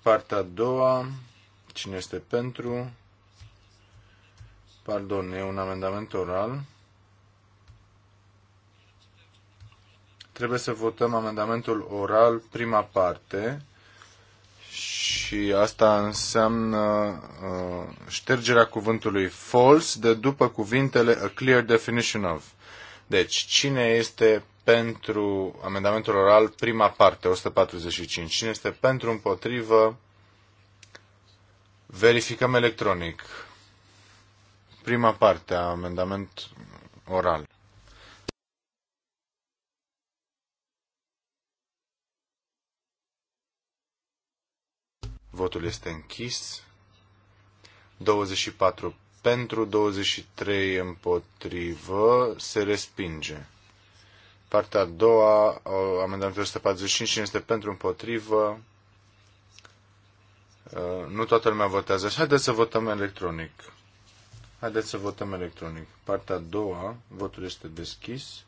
Speaker 1: Partea a doua, cine este pentru? Pardon, e un amendament oral. Trebuie să votăm amendamentul oral, prima parte, și asta înseamnă uh, ștergerea cuvântului false de după cuvintele a clear definition of. Deci, cine este pentru amendamentul oral, prima parte, 145. Cine este pentru, împotrivă? Verificăm electronic. Prima parte a amendament oral. Votul este închis. 24 pentru, 23 împotrivă, se respinge. Partea a doua, amendamentul 145, cine este pentru, împotrivă. Uh, nu toată lumea votează. Haideți să votăm electronic. Haideți să votăm electronic. Partea a doua, votul este deschis.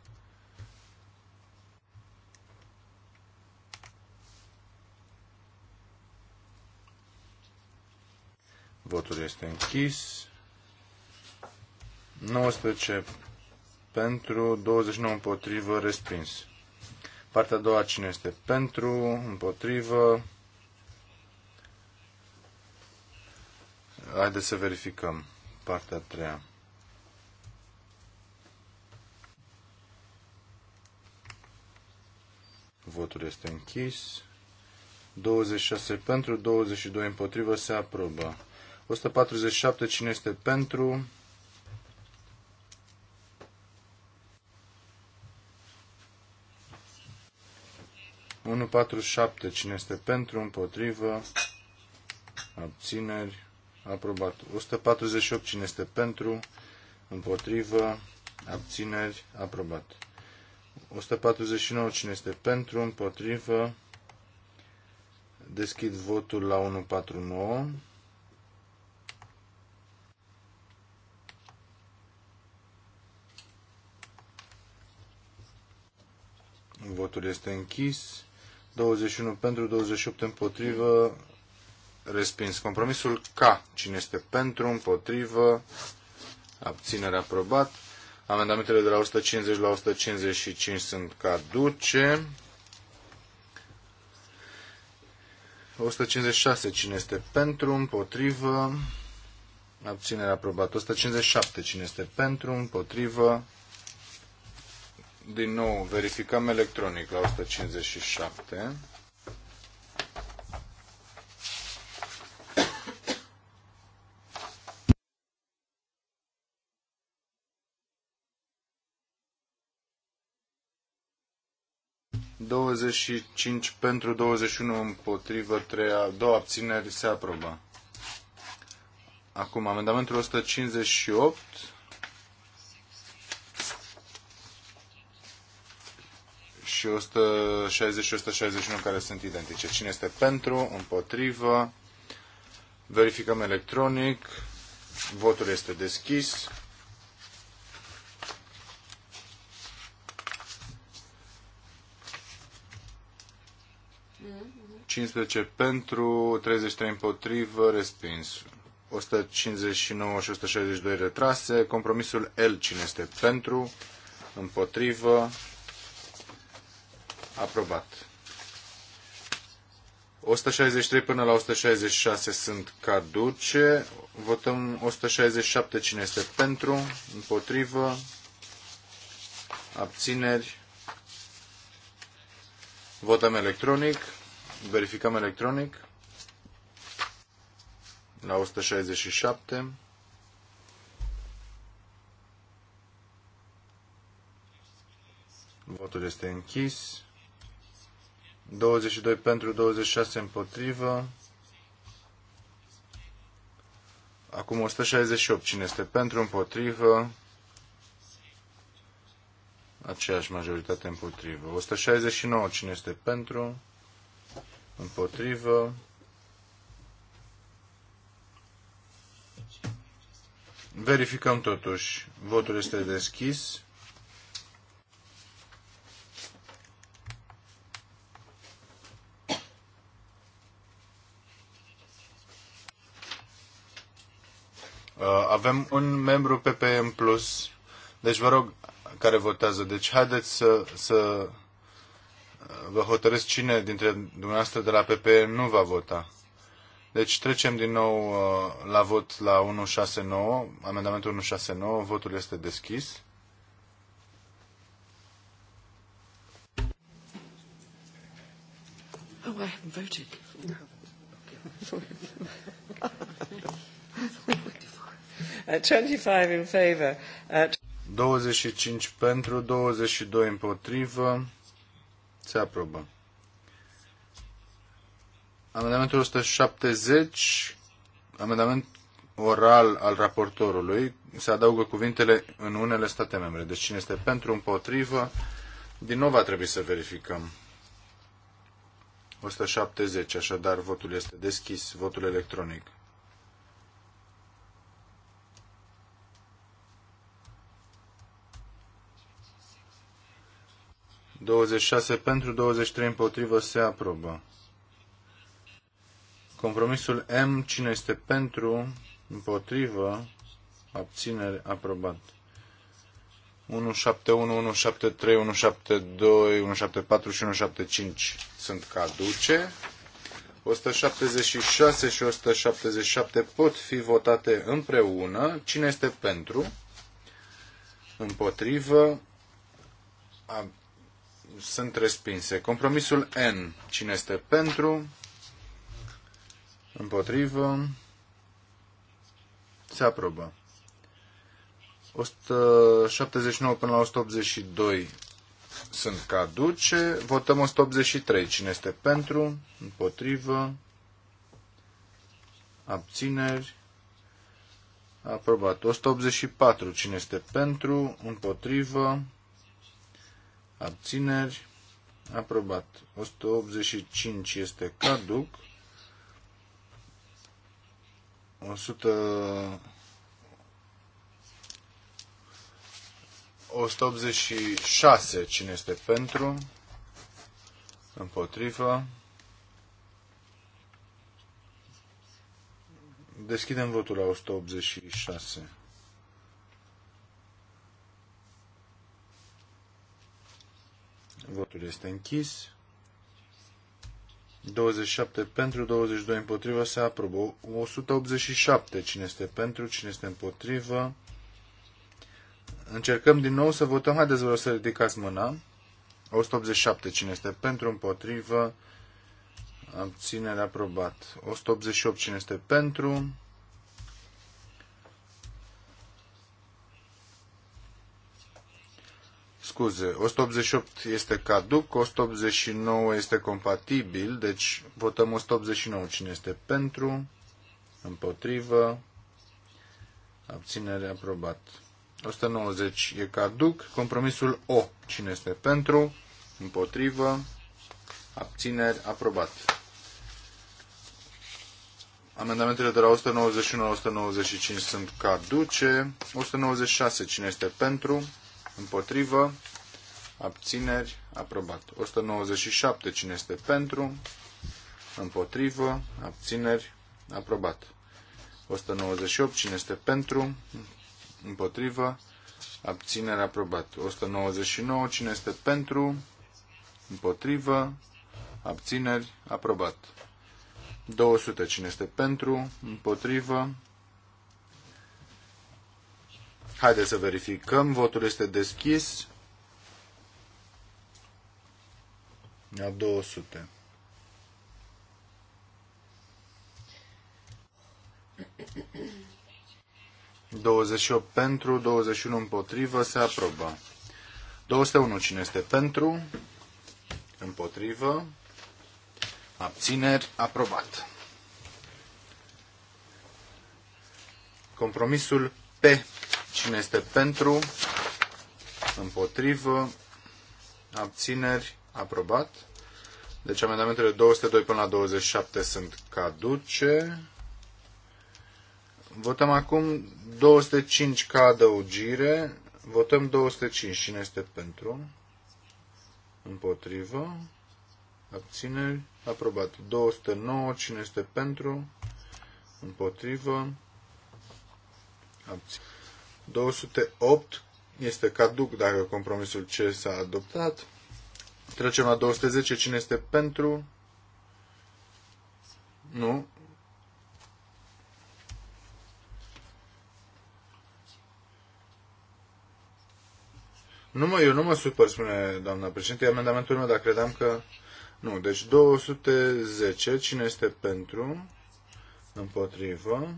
Speaker 1: Votul este închis. 19 pentru, 29 împotrivă, respins. Partea a doua cine este pentru, împotrivă. Haideți să verificăm partea a treia. Votul este închis. 26 pentru, 22 împotrivă, se aprobă. 147, cine este pentru? 147. Cine este pentru, împotrivă, abțineri, aprobat. 148. Cine este pentru, împotrivă, abțineri, aprobat. 149. Cine este pentru, împotrivă, deschid votul la 149. Votul este închis. 21 pentru, 28 împotrivă, respins. Compromisul K. Cine este pentru, împotrivă, abținere aprobat. Amendamentele de la 150 la 155 sunt caduce. 156. Cine este pentru, împotrivă, abținere aprobat. 157. Cine este pentru, împotrivă, din nou, verificăm electronic la 157. Douăzeci cinci pentru 21 împotrivă, 3, două abțineri se aprobă. Acum, amendamentul 158 și 160 și 161 care sunt identice. Cine este pentru? Împotrivă. Verificăm electronic. Votul este deschis.
Speaker 2: Mm-hmm.
Speaker 1: 15 pentru, 33 împotrivă, respins. 159 și 162 retrase. Compromisul L, cine este pentru, împotrivă, Aprobat. 163 până la 166 sunt caduce. Votăm 167 cine este pentru, împotrivă, abțineri. Votăm electronic. Verificăm electronic. La 167. Votul este închis. 22 pentru, 26 împotrivă. Acum 168. Cine este pentru, împotrivă? Aceeași majoritate împotrivă. 169. Cine este pentru? Împotrivă. Verificăm totuși. Votul este deschis. Uh, avem un membru PP în plus, deci vă rog, care votează. Deci haideți să, să uh, vă hotărâți cine dintre dumneavoastră de la PP nu va vota. Deci trecem din nou uh, la vot la 169, amendamentul 169, votul este deschis.
Speaker 2: Oh, I haven't voted. No.
Speaker 1: 25 uh, in favor. 25 uh, pentru, 22 împotrivă. Se aprobă. Amendamentul 170, amendament oral al raportorului, se adaugă cuvintele în unele state membre. Deci cine este pentru, împotrivă, din nou va trebui să verificăm. 170, așadar votul este deschis, votul electronic. 26 pentru, 23 împotrivă se aprobă. Compromisul M, cine este pentru, împotrivă, abținere, aprobat. 171, 173, 172, 174 și 175 sunt caduce. 176 și 177 pot fi votate împreună. Cine este pentru? Împotrivă? sunt respinse. Compromisul N. Cine este pentru? Împotrivă? Se aprobă. 179 până la 182 sunt caduce. Votăm 183. Cine este pentru? Împotrivă? Abțineri? Aprobat. 184. Cine este pentru? Împotrivă? abțineri, aprobat. 185 este caduc. 100... 186 cine este pentru, împotrivă. Deschidem votul la 186. Votul este închis. 27 pentru, 22 împotrivă, se aprobă. 187. Cine este pentru, cine este împotrivă? Încercăm din nou să votăm. Haideți, vă să ridicați mâna. 187. Cine este pentru, împotrivă? Abținere aprobat. 188. Cine este pentru? scuze, 188 este caduc, 189 este compatibil, deci votăm 189. Cine este pentru? Împotrivă? Abținere aprobat. 190 e caduc, compromisul O. Cine este pentru? Împotrivă? Abțineri aprobat. Amendamentele de la 191 la 195 sunt caduce. 196 cine este pentru? Împotrivă. Abțineri. Aprobat. 197. Cine este pentru? Împotrivă. Abțineri. Aprobat. 198. Cine este pentru? Împotrivă. Abținere aprobat. 199. Cine este pentru? Împotrivă. Abțineri. Aprobat. 200. Cine este pentru? Împotrivă. Haideți să verificăm. Votul este deschis. La 200. Douăzeci pentru, 21 împotrivă, se aprobă. 201 cine este pentru, împotrivă, abțineri, aprobat. Compromisul P Cine este pentru? Împotrivă? Abțineri? Aprobat. Deci amendamentele 202 până la 27 sunt caduce. Votăm acum 205 ca adăugire. Votăm 205. Cine este pentru? Împotrivă. Abțineri. Aprobat. 209. Cine este pentru? Împotrivă. Abțineri. 208 este caduc dacă compromisul C s-a adoptat. Trecem la 210. Cine este pentru? Nu. Nu mă, eu nu mă supăr, spune doamna președinte, e amendamentul meu, dar credeam că... Nu, deci 210, cine este pentru? Împotrivă.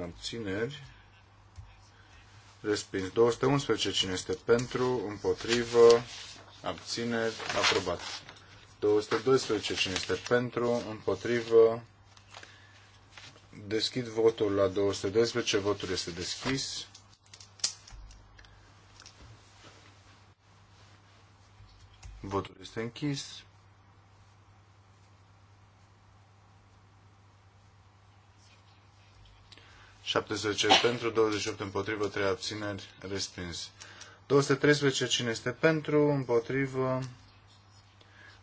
Speaker 1: Abțineri respins. 211 cine este pentru, împotrivă, abțineri, aprobat. 212 cine este pentru, împotrivă, deschid votul la 212, votul este deschis. Votul este închis. 70 pentru, 28 împotrivă, 3 abțineri, respins. 213 cine este pentru, împotrivă,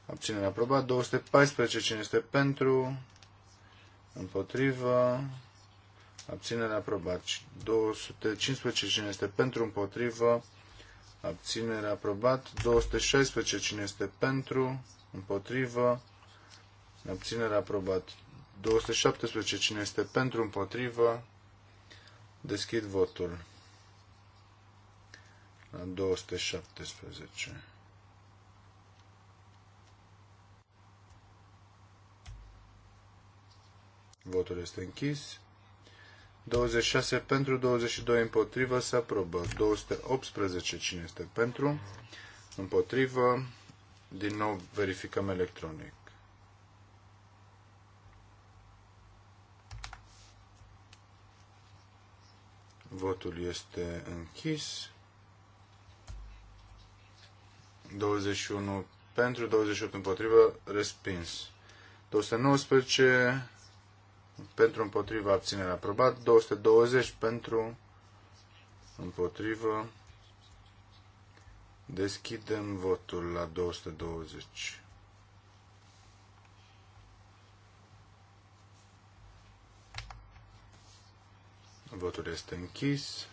Speaker 1: abținere aprobat. 214 cine este pentru, împotrivă, abținere aprobat. 215 cine este pentru, împotrivă, abținere aprobat. 216 cine este pentru, împotrivă, abținere aprobat. 217 cine este pentru, împotrivă, Deschid votul la 217. Votul este închis. 26 pentru, 22 împotrivă, se aprobă. 218, cine este pentru? Împotrivă, din nou verificăm electronic. Votul este închis. 21 pentru, 28 împotrivă, respins. 219 pentru împotrivă, abținere aprobat. 220 pentru împotrivă. Deschidem votul la 220. Votul este închis.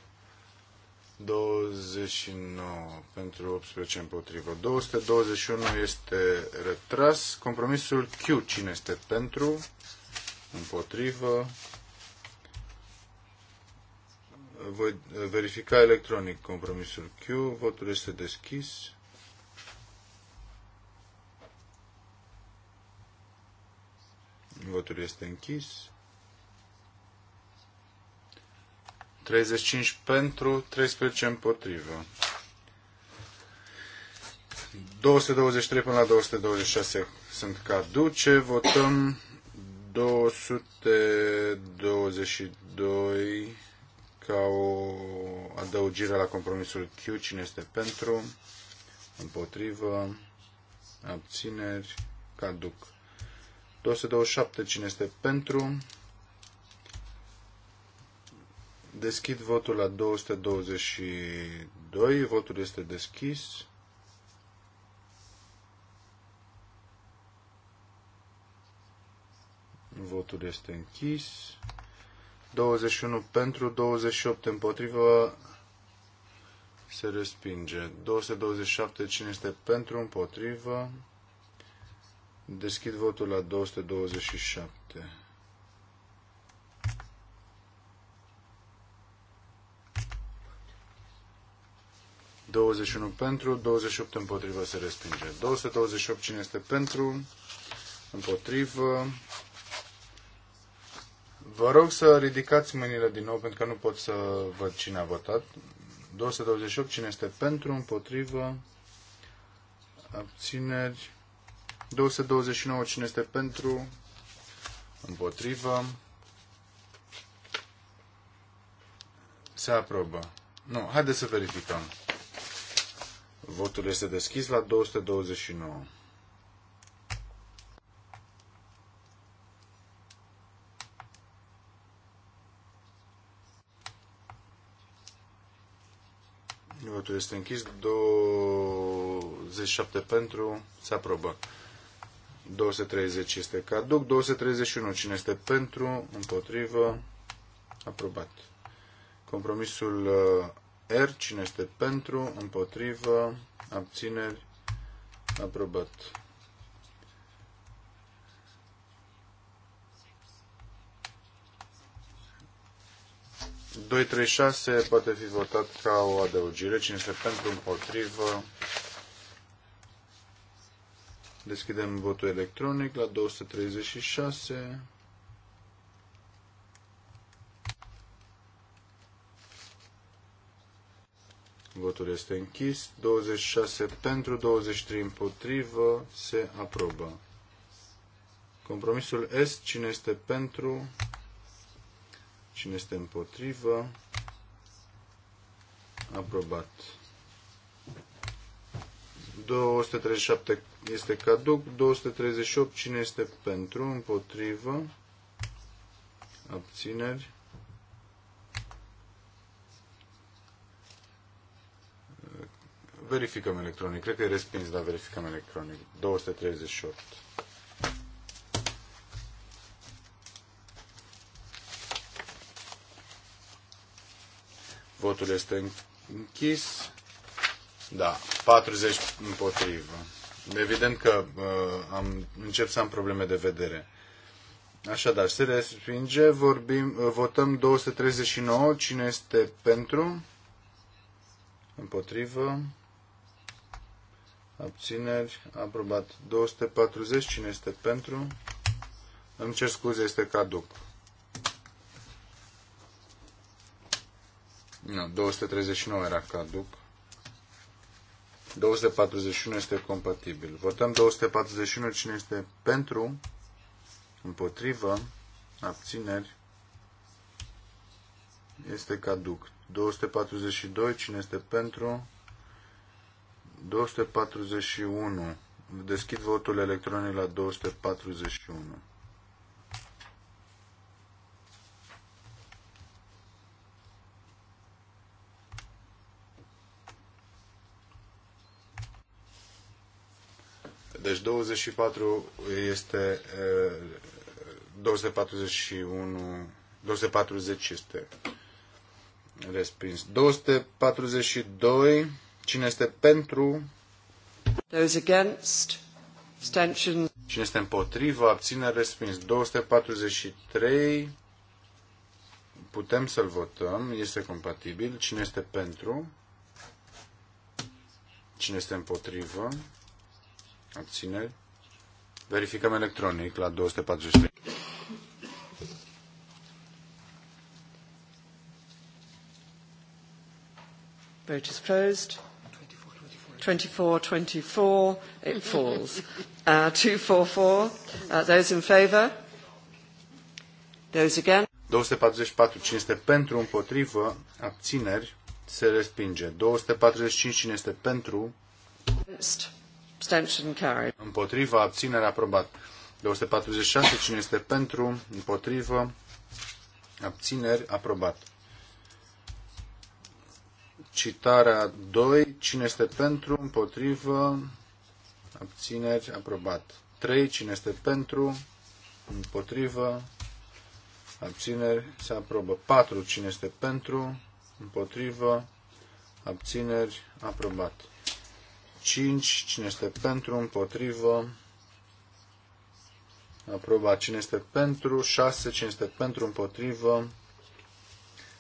Speaker 1: 29 pentru 18 împotrivă. 221 este retras. Compromisul Q. Cine este pentru? Împotrivă. Voi verifica electronic compromisul Q. Votul este deschis. Votul este închis. 35 pentru, 13 împotrivă. 223 până la 226 sunt caduce. Votăm 222 ca o adăugire la compromisul Q. Cine este pentru? Împotrivă. Abțineri. Caduc. 227. Cine este pentru? Deschid votul la 222. Votul este deschis. Votul este închis. 21 pentru, 28 împotrivă. Se respinge. 227 cine este pentru, împotrivă. Deschid votul la 227. 21 pentru, 28 împotrivă se respinge. 228 cine este pentru, împotrivă. Vă rog să ridicați mâinile din nou pentru că nu pot să văd cine a votat. 228 cine este pentru, împotrivă, abțineri. 229 cine este pentru, împotrivă. Se aprobă. Nu, haideți să verificăm. Votul este deschis la 229. Votul este închis. 27 pentru. Se aprobă. 230 este caduc. 231. Cine este pentru? Împotrivă? Aprobat. Compromisul uh, R. Cine este pentru? Împotrivă? Abțineri? Aprobat. Doi, trei, șase poate fi votat ca o adăugire. Cine este pentru, împotrivă. Deschidem votul electronic la 236. Votul este închis. 26 pentru, 23 împotrivă. Se aprobă. Compromisul S. Cine este pentru? Cine este împotrivă? Aprobat. 237 este caduc. 238. Cine este pentru? Împotrivă? Abțineri? Verificăm electronic. Cred că e respins, dar verificăm electronic. 238. Votul este închis. Da, 40 împotrivă. Evident că uh, am, încep să am probleme de vedere. Așadar, se respinge, vorbim, uh, votăm 239, cine este pentru, împotrivă, Abțineri. Aprobat. 240. Cine este pentru? Îmi cer scuze, este caduc. Nu, 239 era caduc. 241 este compatibil. Votăm 241. Cine este pentru? Împotrivă. Abțineri. Este caduc. 242. Cine este pentru? 241. Deschid votul electronic la 241. Deci 24 este 241 eh, 240 este respins. 242 Cine este pentru? Those against. Abstentions. Cine este împotrivă? Abține respins. 243. Putem să-l votăm. Este compatibil. Cine este pentru? Cine este împotrivă? Abțineri. Verificăm electronic la 243.
Speaker 2: Vote is closed. 24, 24, it falls. Uh, 244, uh, those in favour? Those again?
Speaker 1: 244, cine este pentru, împotrivă, abțineri, se respinge. 245, cine este pentru? carried. Împotrivă, abținere, aprobat. 246, cine este pentru, împotrivă, abțineri, aprobat. Citarea 2. Cine este pentru? Împotrivă? Abțineri? Aprobat. 3. Cine este pentru? Împotrivă? Abțineri? Se aprobă. 4. Cine este pentru? Împotrivă? Abțineri? Aprobat. 5. Cine este pentru? Împotrivă? Aproba. Cine este pentru? 6. Cine este pentru? Împotrivă?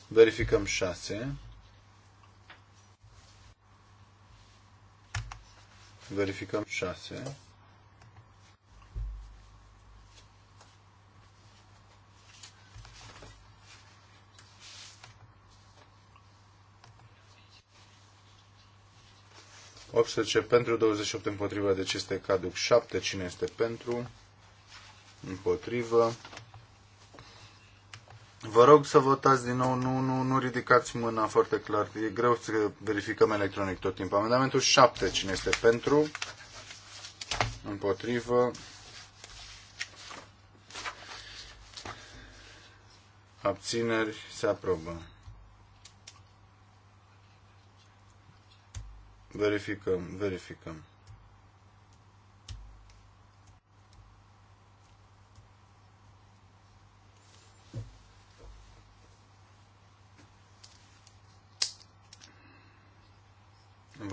Speaker 1: Verificăm 6. Verificăm 6. ce pentru, 28 împotriva, deci este caduc 7. Cine este pentru? Împotrivă. Vă rog să votați din nou, nu, nu, nu ridicați mâna foarte clar. E greu să verificăm electronic tot timpul. Amendamentul 7, cine este pentru? Împotrivă. Abțineri se aprobă. Verificăm, verificăm.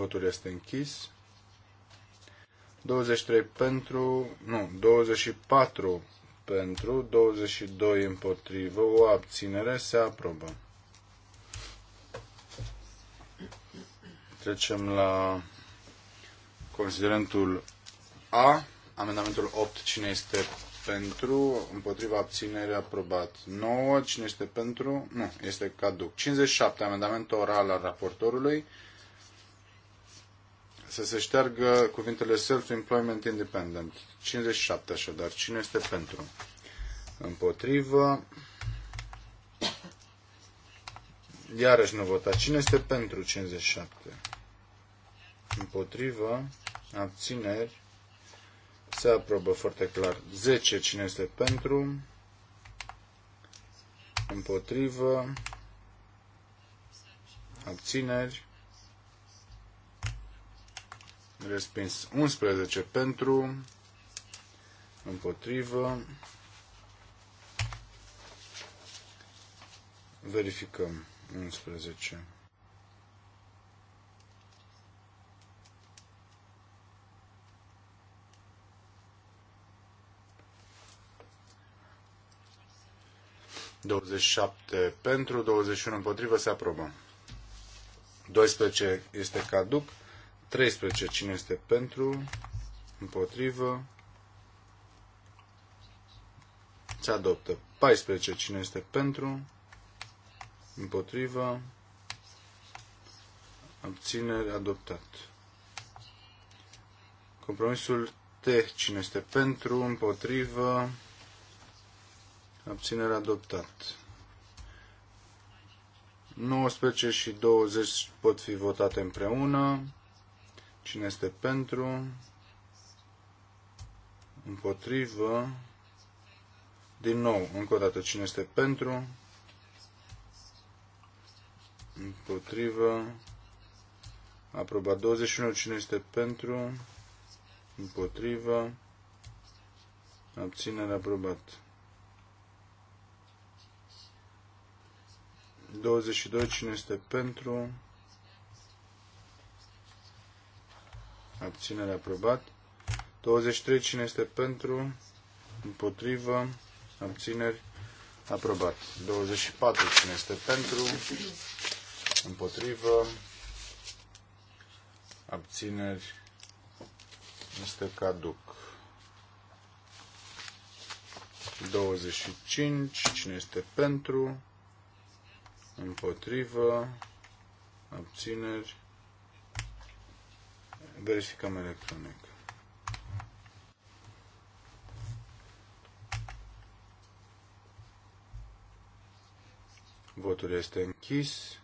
Speaker 1: Votul este închis. 23 pentru, nu, 24 pentru, 22 împotrivă, o abținere se aprobă. Trecem la considerentul A, amendamentul 8, cine este pentru, împotriva abținere aprobat 9, cine este pentru, nu, este caduc. 57, amendament oral al raportorului, să se șteargă cuvintele Self-Employment Independent. 57 așadar. Cine este pentru? Împotrivă. Iarăși nu vota. Cine este pentru 57? Împotrivă. Abțineri. Se aprobă foarte clar. 10. Cine este pentru? Împotrivă. Abțineri. Respins 11 pentru, împotrivă. Verificăm 11. Douăzeci șapte pentru, douăzeci și unu împotrivă, se aprobă. 12 este caduc. 13. Cine este pentru? Împotrivă. Se adoptă. 14. Cine este pentru? Împotrivă. Abținere. Adoptat. Compromisul T. Cine este pentru? Împotrivă. Abținere. Adoptat. 19 și 20 pot fi votate împreună. Cine este pentru? Împotrivă. Din nou, încă o dată, cine este pentru? Împotrivă. Aprobat 21. Cine este pentru? Împotrivă. Abținere aprobat. 22. Cine este pentru? abținere aprobat. 23 cine este pentru, împotrivă, abțineri aprobat. 24 cine este pentru, împotrivă, abțineri este caduc. 25 cine este pentru, împotrivă, abțineri Verificăm electronic. Votul este închis.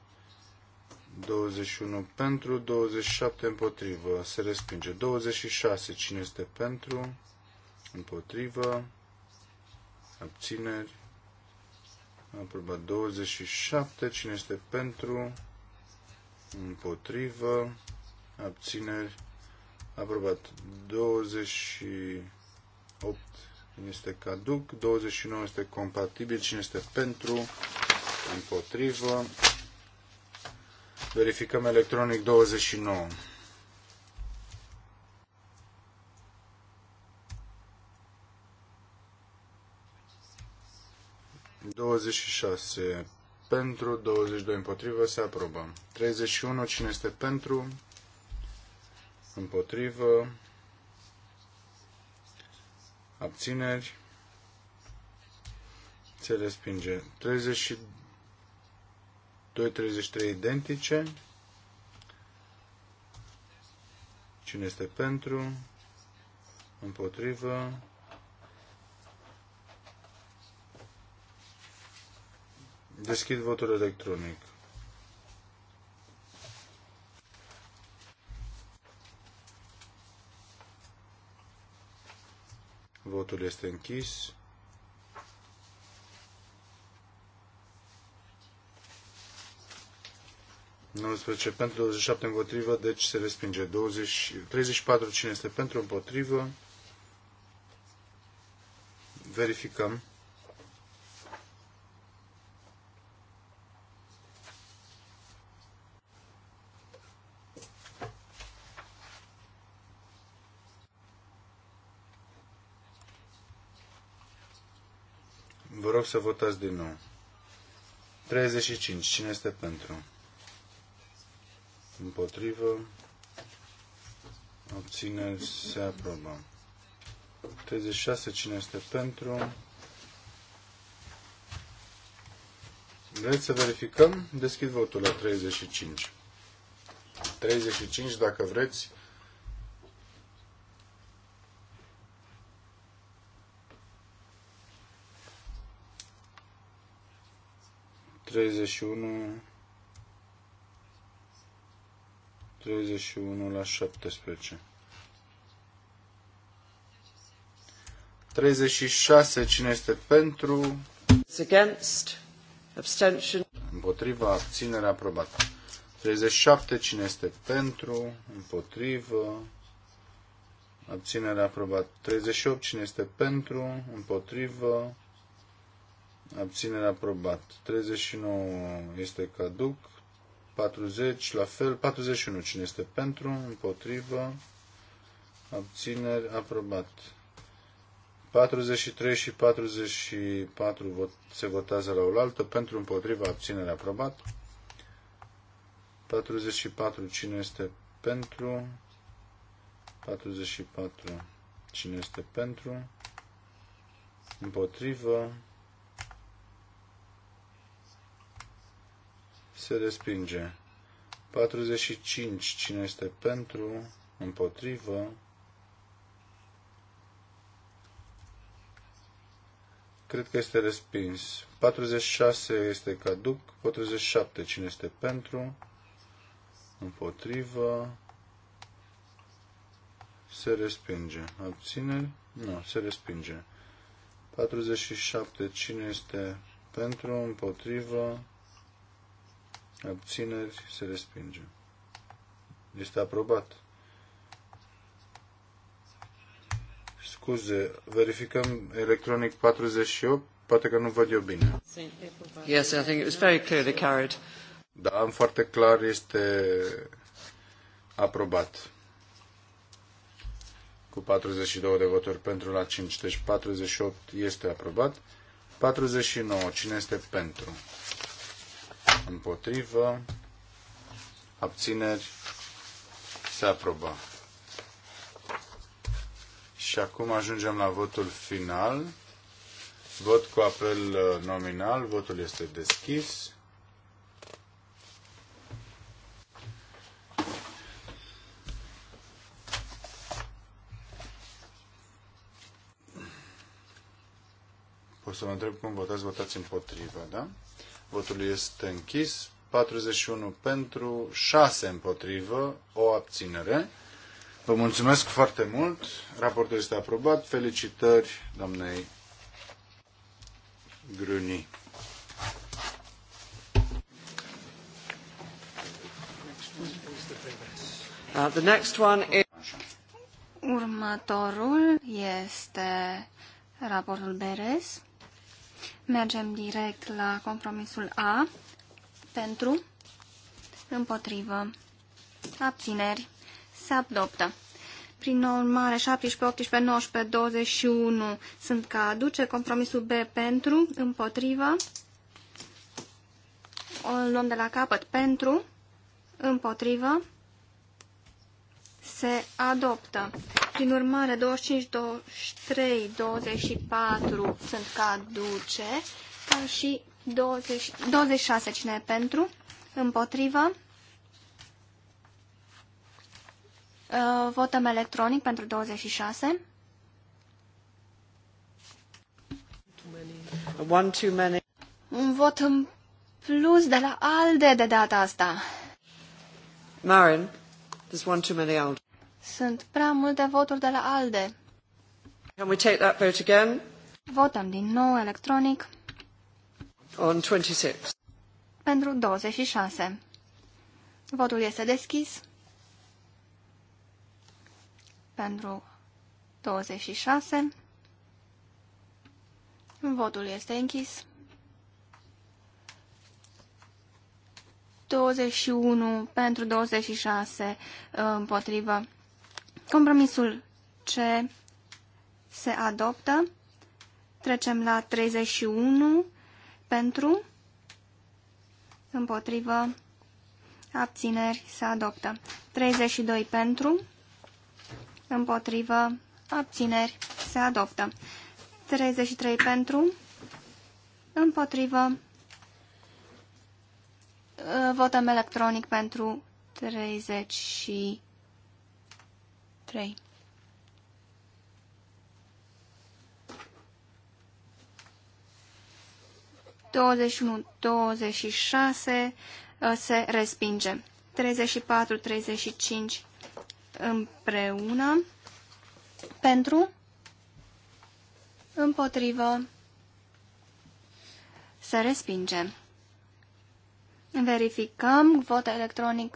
Speaker 1: 21 pentru, 27 împotrivă. Se respinge. 26. Cine este pentru? Împotrivă. Abțineri. Aprobat 27. Cine este pentru? Împotrivă. Abțineri aprobat. 28 este caduc, 29 este compatibil, cine este pentru, împotrivă. Verificăm electronic 29. 26 pentru, 22 împotrivă, se aprobă. 31, cine este pentru, împotrivă, abțineri, se respinge. 32-33 identice. Cine este pentru? Împotrivă. Deschid votul electronic. Votul este închis. pentru 27 împotrivă, deci se respinge. 20, 34 cine este pentru împotrivă. Verificăm. să votați din nou. 35. Cine este pentru? Împotrivă. Obține. se aprobă. 36. Cine este pentru? Vreți să verificăm? Deschid votul la 35. 35, dacă vreți, 31 31 la 17 36 cine este pentru It's against abstention împotriva abținere aprobat 37 cine este pentru împotrivă abținere aprobat 38 cine este pentru împotrivă abținere aprobat. 39 este caduc. 40 la fel. 41 cine este pentru, împotrivă, abțineri aprobat. 43 și 44 vot, se votează la oaltă, pentru împotrivă, abținere aprobat. 44 cine este pentru? 44 cine este pentru? Împotrivă se respinge. 45. Cine este pentru? Împotrivă. Cred că este respins. 46 este caduc. 47. Cine este pentru? Împotrivă. Se respinge. Abțineri? Nu, se respinge. 47. Cine este pentru? Împotrivă. Abțineri se respinge. Este aprobat. Scuze, verificăm electronic 48. Poate că nu văd eu bine.
Speaker 2: Yes, I think it was very clearly
Speaker 1: carried. Da, am foarte clar, este aprobat cu 42 de voturi pentru la 5, deci 48 este aprobat. 49, cine este pentru? împotrivă, abțineri, se aprobă. Și acum ajungem la votul final. Vot cu apel uh, nominal, votul este deschis. Poți să vă întreb cum votați, votați împotriva, da? Votul este închis. 41 pentru, 6 împotrivă, o abținere. Vă mulțumesc foarte mult. Raportul este aprobat. Felicitări doamnei Gruni.
Speaker 2: Uh,
Speaker 3: Următorul este raportul Beres. Mergem direct la compromisul A. Pentru, împotrivă, abțineri, se adoptă. Prin urmare, 17, 18, 19, 21 sunt ca aduce. Compromisul B pentru, împotrivă. O luăm de la capăt. Pentru, împotrivă, se adoptă. Prin urmare, 25, 23, 24 sunt caduce, ca și 20, 26 cine e pentru, împotrivă. Uh, votăm electronic pentru 26. One too many. Un vot în plus de la ALDE de data asta.
Speaker 2: Marin, there's one too many ALDE.
Speaker 3: Sunt prea multe voturi de la ALDE.
Speaker 2: Can we take that vote again?
Speaker 3: Votăm din nou electronic.
Speaker 2: On 26.
Speaker 3: Pentru 26. Votul este deschis. Pentru 26. Votul este închis. 21 pentru 26 împotrivă Compromisul C se adoptă. Trecem la 31 pentru, împotrivă, abțineri se adoptă. 32 pentru, împotrivă, abțineri se adoptă. 33 pentru, împotrivă, votăm electronic pentru și 3. Douăzeci unu, douăzeci șase uh, se respinge. 34, 35 împreună pentru împotrivă se respinge. Verificăm vot electronic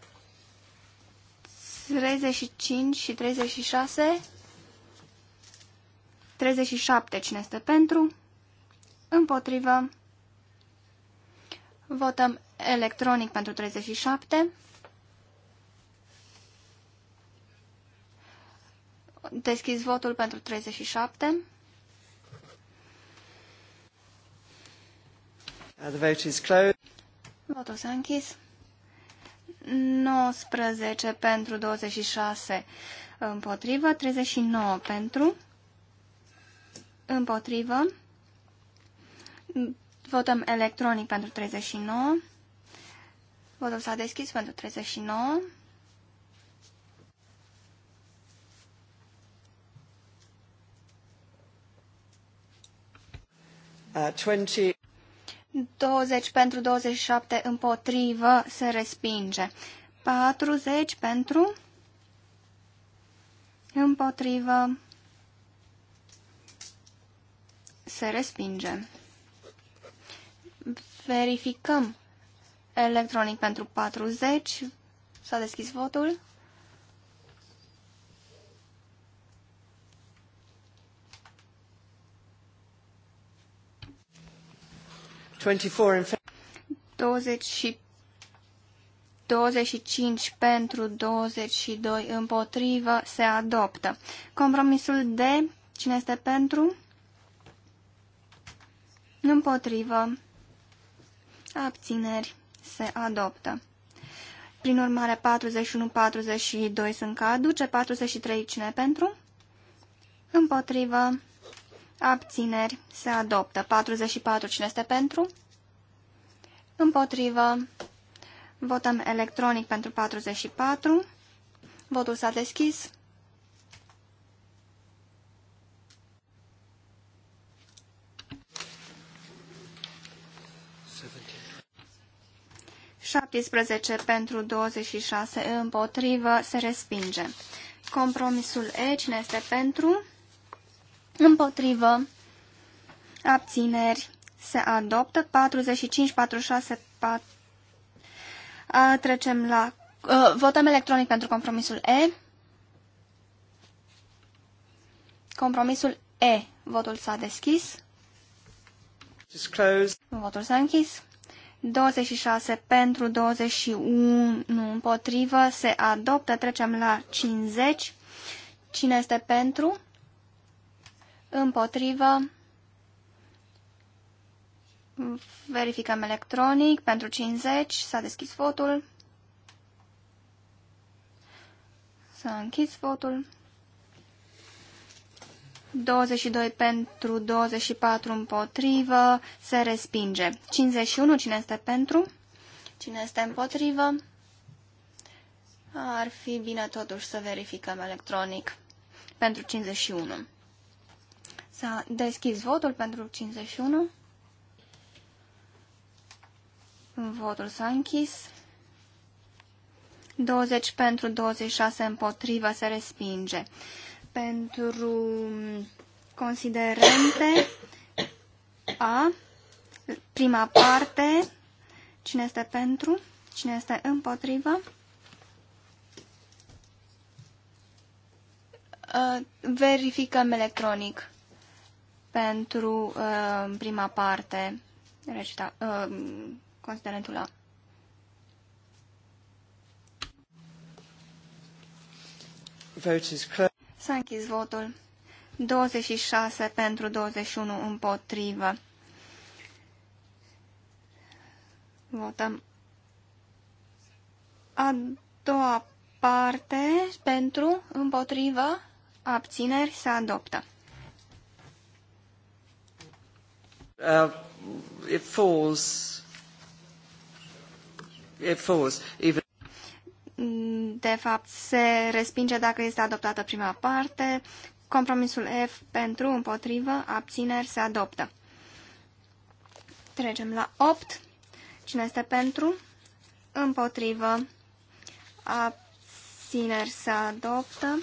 Speaker 3: 35 și 36. 37 cine este pentru? Împotrivă. Votăm electronic pentru 37. Deschis votul pentru 37.
Speaker 2: The vote is closed.
Speaker 3: Votul s-a închis. 19 pentru 26 împotrivă, 39 pentru împotrivă. Votăm electronic pentru 39. Votul s-a deschis pentru 39.
Speaker 2: Uh, 20.
Speaker 3: 20 pentru 27 împotrivă se respinge. 40 pentru împotrivă se respinge. Verificăm electronic pentru 40. S-a deschis votul. 24 in 20 25 pentru 22 împotrivă se adoptă. Compromisul D, cine este pentru? Împotrivă. Abțineri se adoptă. Prin urmare, 41-42 sunt caduce, 43 cine pentru? Împotrivă. Abțineri. Se adoptă. 44. Cine este pentru? Împotrivă. Votăm electronic pentru 44. Votul s-a deschis. Șaptesprezece pentru 26 împotrivă se respinge. Compromisul E, cine este pentru? împotrivă, abțineri, se adoptă. 45, 46, 4... A, trecem la... A, votăm electronic pentru compromisul E. Compromisul E. Votul s-a deschis. Votul s-a închis. 26 pentru 21 împotrivă se adoptă. Trecem la 50. Cine este pentru? împotrivă, verificăm electronic, pentru 50 s-a deschis votul, s-a închis votul, 22 pentru, 24 împotrivă, se respinge. 51, cine este pentru? Cine este împotrivă? Ar fi bine totuși să verificăm electronic pentru 51. S-a deschis votul pentru 51. Votul s-a închis. 20 pentru 26 împotrivă se respinge. Pentru considerente A, prima parte, cine este pentru, cine este împotrivă. Uh, verificăm electronic pentru uh, prima parte, recita, uh, considerentul A. S-a închis votul. 26 pentru 21 împotrivă. Votăm a doua parte pentru împotrivă abțineri se adoptă.
Speaker 2: Uh, it falls. It falls even
Speaker 3: de fapt, se respinge dacă este adoptată prima parte. Compromisul F pentru, împotrivă, abțineri, se adoptă. Trecem la 8. Cine este pentru? Împotrivă, abțineri, se adoptă.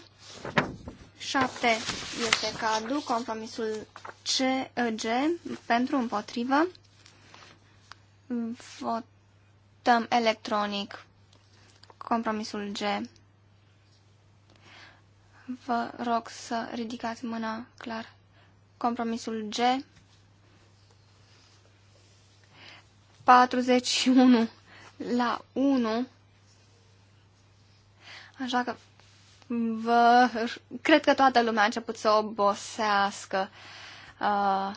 Speaker 3: 7 este cadru, compromisul CG uh, pentru împotrivă. Votăm electronic compromisul G. Vă rog să ridicați mâna clar. Compromisul G. 41 la 1. Așa că vă, cred că toată lumea a început să obosească. Uh,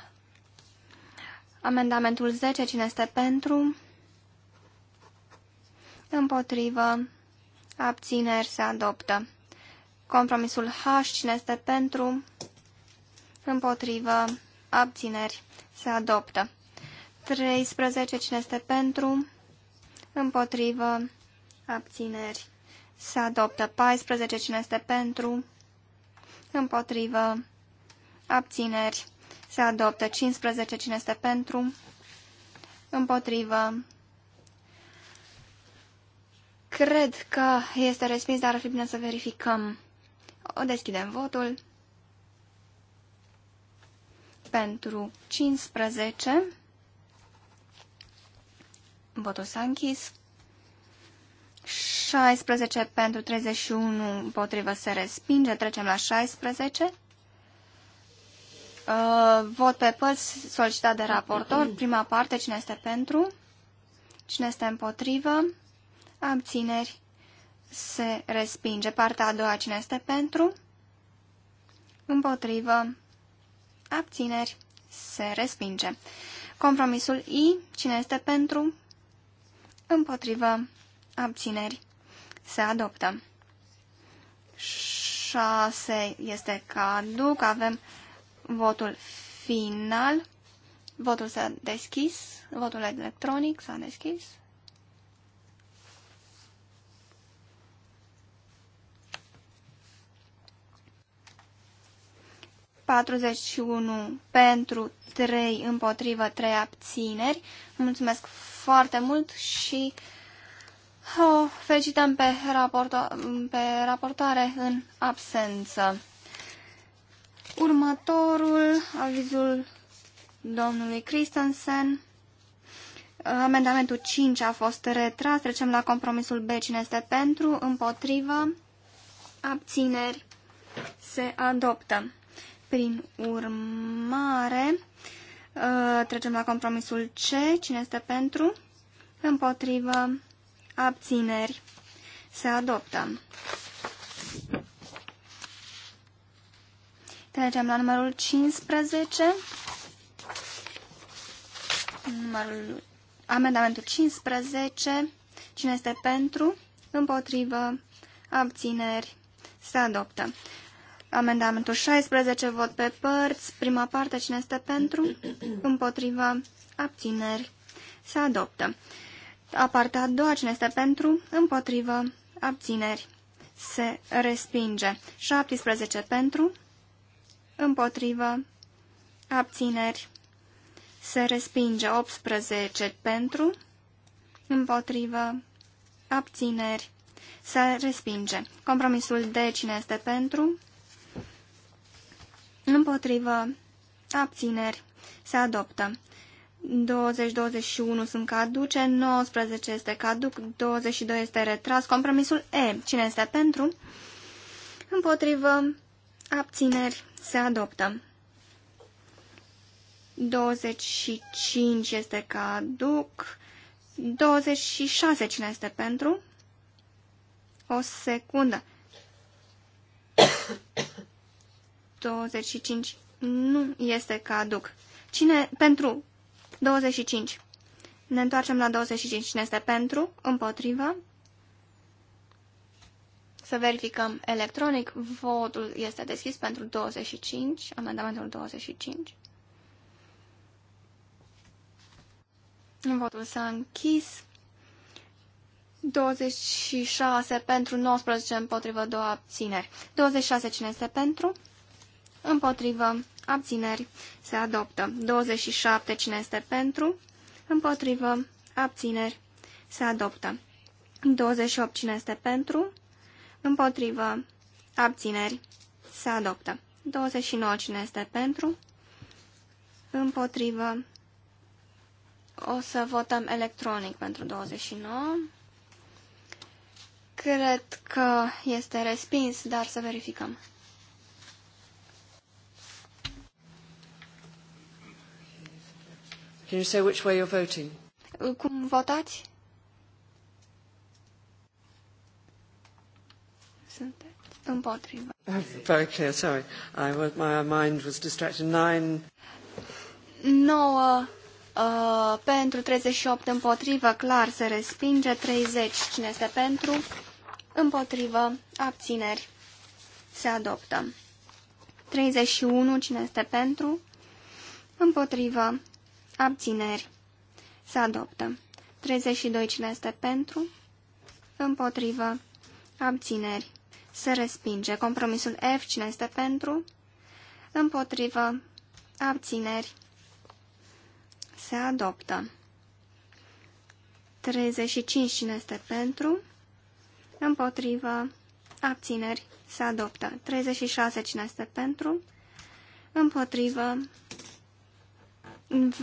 Speaker 3: amendamentul 10, cine este pentru? Împotrivă. Abțineri se adoptă. Compromisul H, cine este pentru? Împotrivă. Abțineri se adoptă. 13, cine este pentru? Împotrivă. Abțineri se adoptă 14, cine este pentru, împotrivă, abțineri, se adoptă 15, cine este pentru, împotrivă. Cred că este respins, dar ar fi bine să verificăm. O deschidem votul. Pentru 15. Votul s-a închis. 16 pentru 31 împotrivă se respinge. Trecem la 16. Uh, vot pe părți solicitat de raportor. Prima parte, cine este pentru? Cine este împotrivă? Abțineri. Se respinge. Partea a doua, cine este pentru? Împotrivă. Abțineri. Se respinge. Compromisul I, cine este pentru? Împotrivă abțineri, se adoptă. 6 este caduc, avem votul final, votul s-a deschis, votul electronic s-a deschis. ...41 pentru 3 împotrivă 3 abțineri. Mulțumesc foarte mult și... O felicităm pe, raporto pe raportoare în absență. Următorul, avizul domnului Christensen. Amendamentul 5 a fost retras. Trecem la compromisul B. Cine este pentru? Împotrivă? Abțineri? Se adoptă. Prin urmare, uh, trecem la compromisul C. Cine este pentru? Împotrivă? abțineri, se adoptă. Trecem la numărul 15. Numărul, amendamentul 15. Cine este pentru? Împotrivă. Abțineri. Se adoptă. Amendamentul 16. Vot pe părți. Prima parte. Cine este pentru? Împotrivă. Abțineri. Se adoptă. A partea a doua, cine este pentru, împotrivă, abțineri, se respinge. 17 pentru, împotrivă, abțineri, se respinge. 18 pentru, împotrivă, abțineri, se respinge. Compromisul de cine este pentru, împotrivă, abțineri, se adoptă. 20-21 sunt caduce, 19 este caduc, 22 este retras. Compromisul E. Cine este pentru? Împotrivă. Abțineri. Se adoptă. 25 este caduc. 26 cine este pentru? O secundă. 25 nu este caduc. Cine pentru 25. Ne întoarcem la 25. Cine este pentru? Împotrivă. Să verificăm electronic. Votul este deschis pentru 25, amendamentul 25. Votul s-a închis. 26 pentru, 19 împotrivă, 2 abțineri. 26 cine este pentru? împotrivă, abțineri, se adoptă. 27. Cine este pentru, împotrivă, abțineri, se adoptă. 28. Cine este pentru, împotrivă, abțineri, se adoptă. 29. Cine este pentru, împotrivă, o să votăm electronic pentru 29. Cred că este respins, dar să verificăm.
Speaker 2: Can you say which way you're voting? Cum
Speaker 3: votați? Sunteți împotrivă.
Speaker 2: Very clear, sorry. I was, my mind was distracted. Nine...
Speaker 3: 9 uh, pentru 38 împotrivă, clar se respinge. 30 cine este pentru? Împotrivă, abțineri, se adoptă. 31 cine este pentru? Împotrivă, Abțineri. Se adoptă. 32 cine este pentru? Împotrivă. Abțineri. Se respinge. Compromisul F cine este pentru? Împotrivă. Abțineri. Se adoptă. 35 cine este pentru? Împotrivă. Abțineri. Se adoptă. 36 cine este pentru? Împotrivă.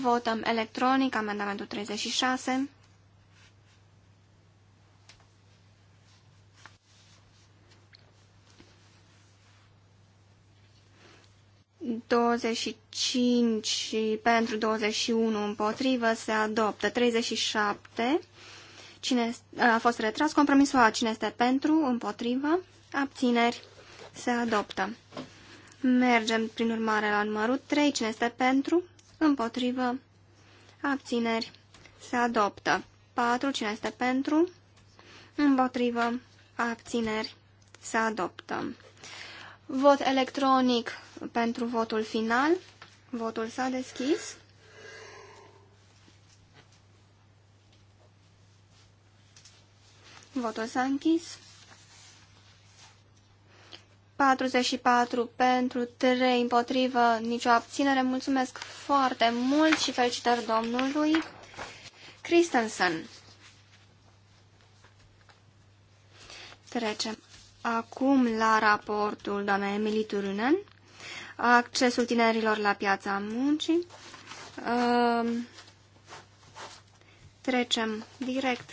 Speaker 3: Votăm electronic amendamentul 36. și cinci pentru 21 împotrivă se adoptă 37. Cine a fost retras compromisul A. Cine este pentru, împotrivă, abțineri, se adoptă. Mergem prin urmare la numărul 3. Cine este pentru, împotrivă, abțineri, se adoptă. 4. Cine este pentru, împotrivă, abțineri, se adoptă. Vot electronic pentru votul final. Votul s-a deschis. Votul s-a închis. 44 pentru 3 împotrivă, nicio abținere. Mulțumesc foarte mult și felicitări domnului Christensen. Trecem acum la raportul doamnei Emily Turunen, accesul tinerilor la piața muncii. Ehm, trecem direct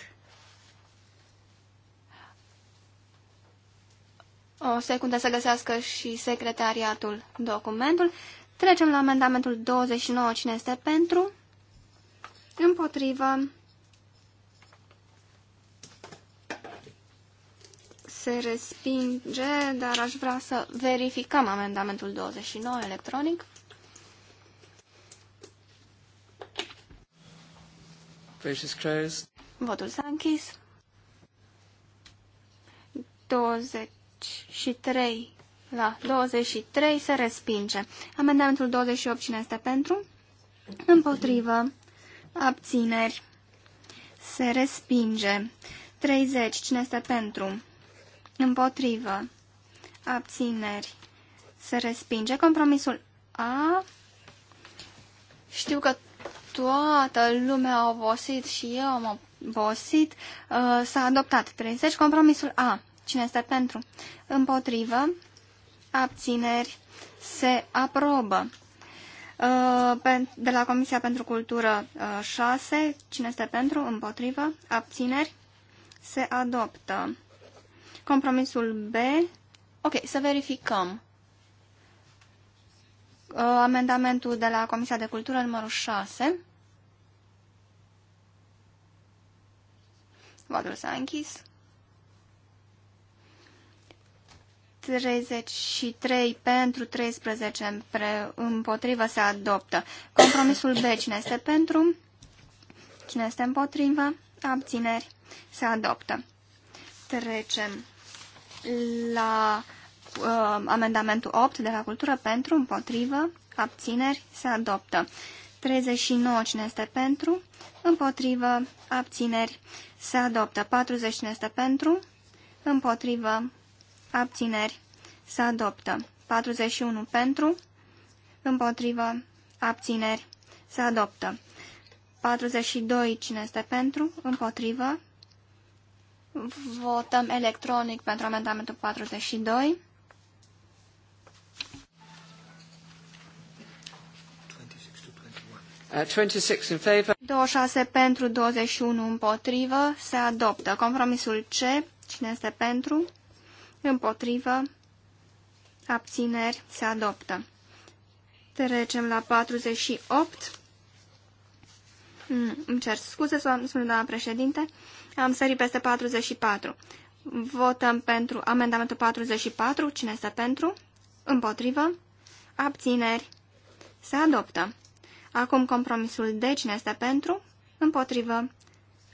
Speaker 3: o secundă să găsească și secretariatul documentul. Trecem la amendamentul 29. Cine este pentru? Împotrivă. Se respinge, dar aș vrea să verificăm amendamentul 29 electronic. Votul s-a închis. 20 23 la 23 se respinge. Amendamentul 28 cine este pentru? Împotrivă. Abțineri. Se respinge. 30 cine este pentru? Împotrivă. Abțineri. Se respinge. Compromisul A. Știu că toată lumea a obosit și eu am obosit. Uh, s-a adoptat 30. Compromisul A. Cine este pentru? Împotrivă. Abțineri. Se aprobă. Uh, de la Comisia pentru Cultură 6. Uh, Cine este pentru? Împotrivă. Abțineri. Se adoptă. Compromisul B. Ok, să verificăm. Uh, amendamentul de la Comisia de Cultură numărul 6. Votul s-a închis. 33 pentru, 13 împotrivă se adoptă. Compromisul B, cine este pentru, cine este împotrivă, abțineri, se adoptă. Trecem la uh, amendamentul 8 de la cultură pentru, împotrivă, abțineri, se adoptă. 39 cine este pentru, împotrivă, abțineri, se adoptă. 40 cine este pentru, împotrivă, abțineri, se adoptă. 41 pentru, împotrivă, abțineri, se adoptă. 42, cine este pentru, împotrivă, votăm electronic pentru amendamentul 42.
Speaker 2: Uh, 26, in favor.
Speaker 3: 26 pentru, 21 împotrivă, se adoptă. Compromisul C, cine este pentru? împotrivă, abțineri, se adoptă. Trecem la 48. Mm, îmi cer scuze, spune doamna președinte. Am sărit peste 44. Votăm pentru amendamentul 44. Cine este pentru? Împotrivă? Abțineri. Se adoptă. Acum compromisul de cine este pentru? Împotrivă.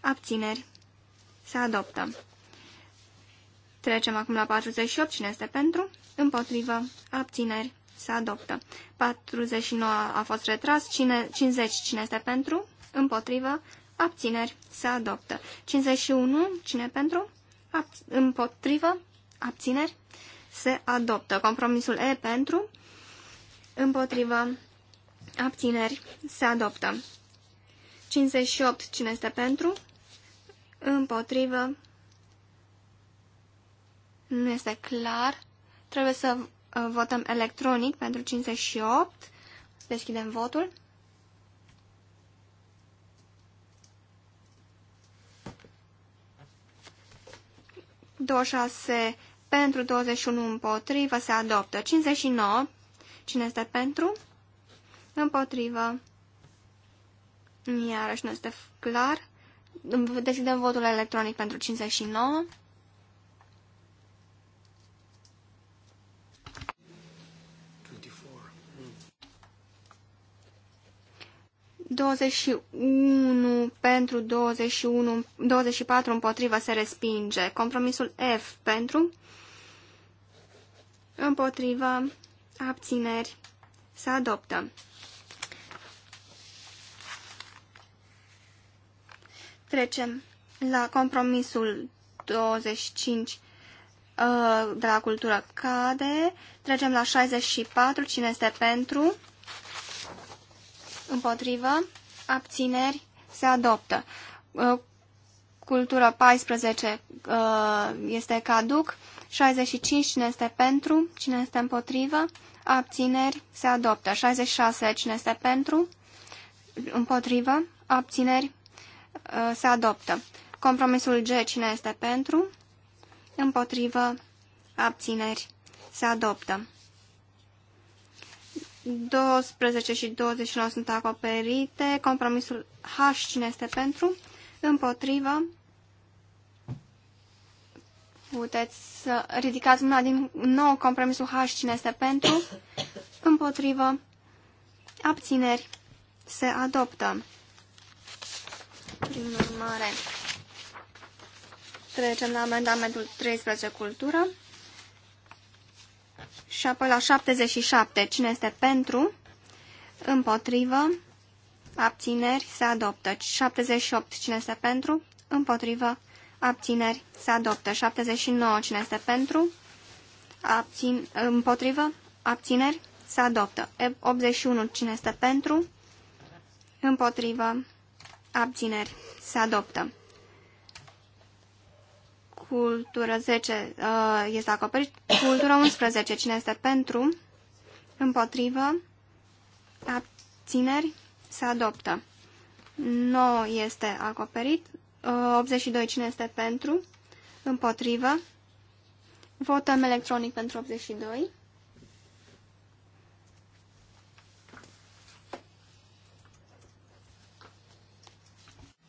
Speaker 3: Abțineri. Se adoptă. Trecem acum la 48. Cine este pentru? Împotrivă. Abțineri. Se adoptă. 49 a fost retras. Cine, 50. Cine este pentru? Împotrivă. Abțineri. Se adoptă. 51. Cine pentru? Ab împotrivă. Abțineri. Se adoptă. Compromisul E pentru. Împotrivă. Abțineri. Se adoptă. 58. Cine este pentru? Împotrivă. Nu este clar. Trebuie să uh, votăm electronic pentru 58. Deschidem votul. se pentru 21 împotrivă se adoptă. 59. Cine este pentru? Împotrivă. Iarăși nu este clar. Deschidem votul electronic pentru 59. 21 pentru 21, 24 împotrivă se respinge. Compromisul F pentru împotrivă abțineri se adoptă. Trecem la compromisul 25 uh, de la cultură cade. Trecem la 64. Cine este pentru? împotrivă, abțineri, se adoptă. Uh, Cultură 14 uh, este caduc, 65 cine este pentru, cine este împotrivă, abțineri, se adoptă. 66 cine este pentru, împotrivă, abțineri, uh, se adoptă. Compromisul G, cine este pentru? Împotrivă, abțineri, se adoptă. 12 și 29 sunt acoperite. Compromisul H, cine este pentru? Împotrivă. Puteți să ridicați mâna din nou compromisul H, cine este pentru? Împotrivă. Abțineri. Se adoptă. Prin urmare, trecem la amendamentul 13, cultură. Și apoi la 77. Cine este pentru? Împotrivă. Abțineri se adoptă. 78. Cine este pentru? Împotrivă. Abțineri se adoptă. 79. Cine este pentru? Abțin, împotrivă. Abțineri se adoptă. 81. Cine este pentru? Împotrivă. Abțineri se adoptă. Cultură 10 uh, este acoperit. cultura 11. Cine este pentru? Împotrivă? Abțineri? Se adoptă. 9 este acoperit. Uh, 82. Cine este pentru? Împotrivă? Votăm electronic pentru 82.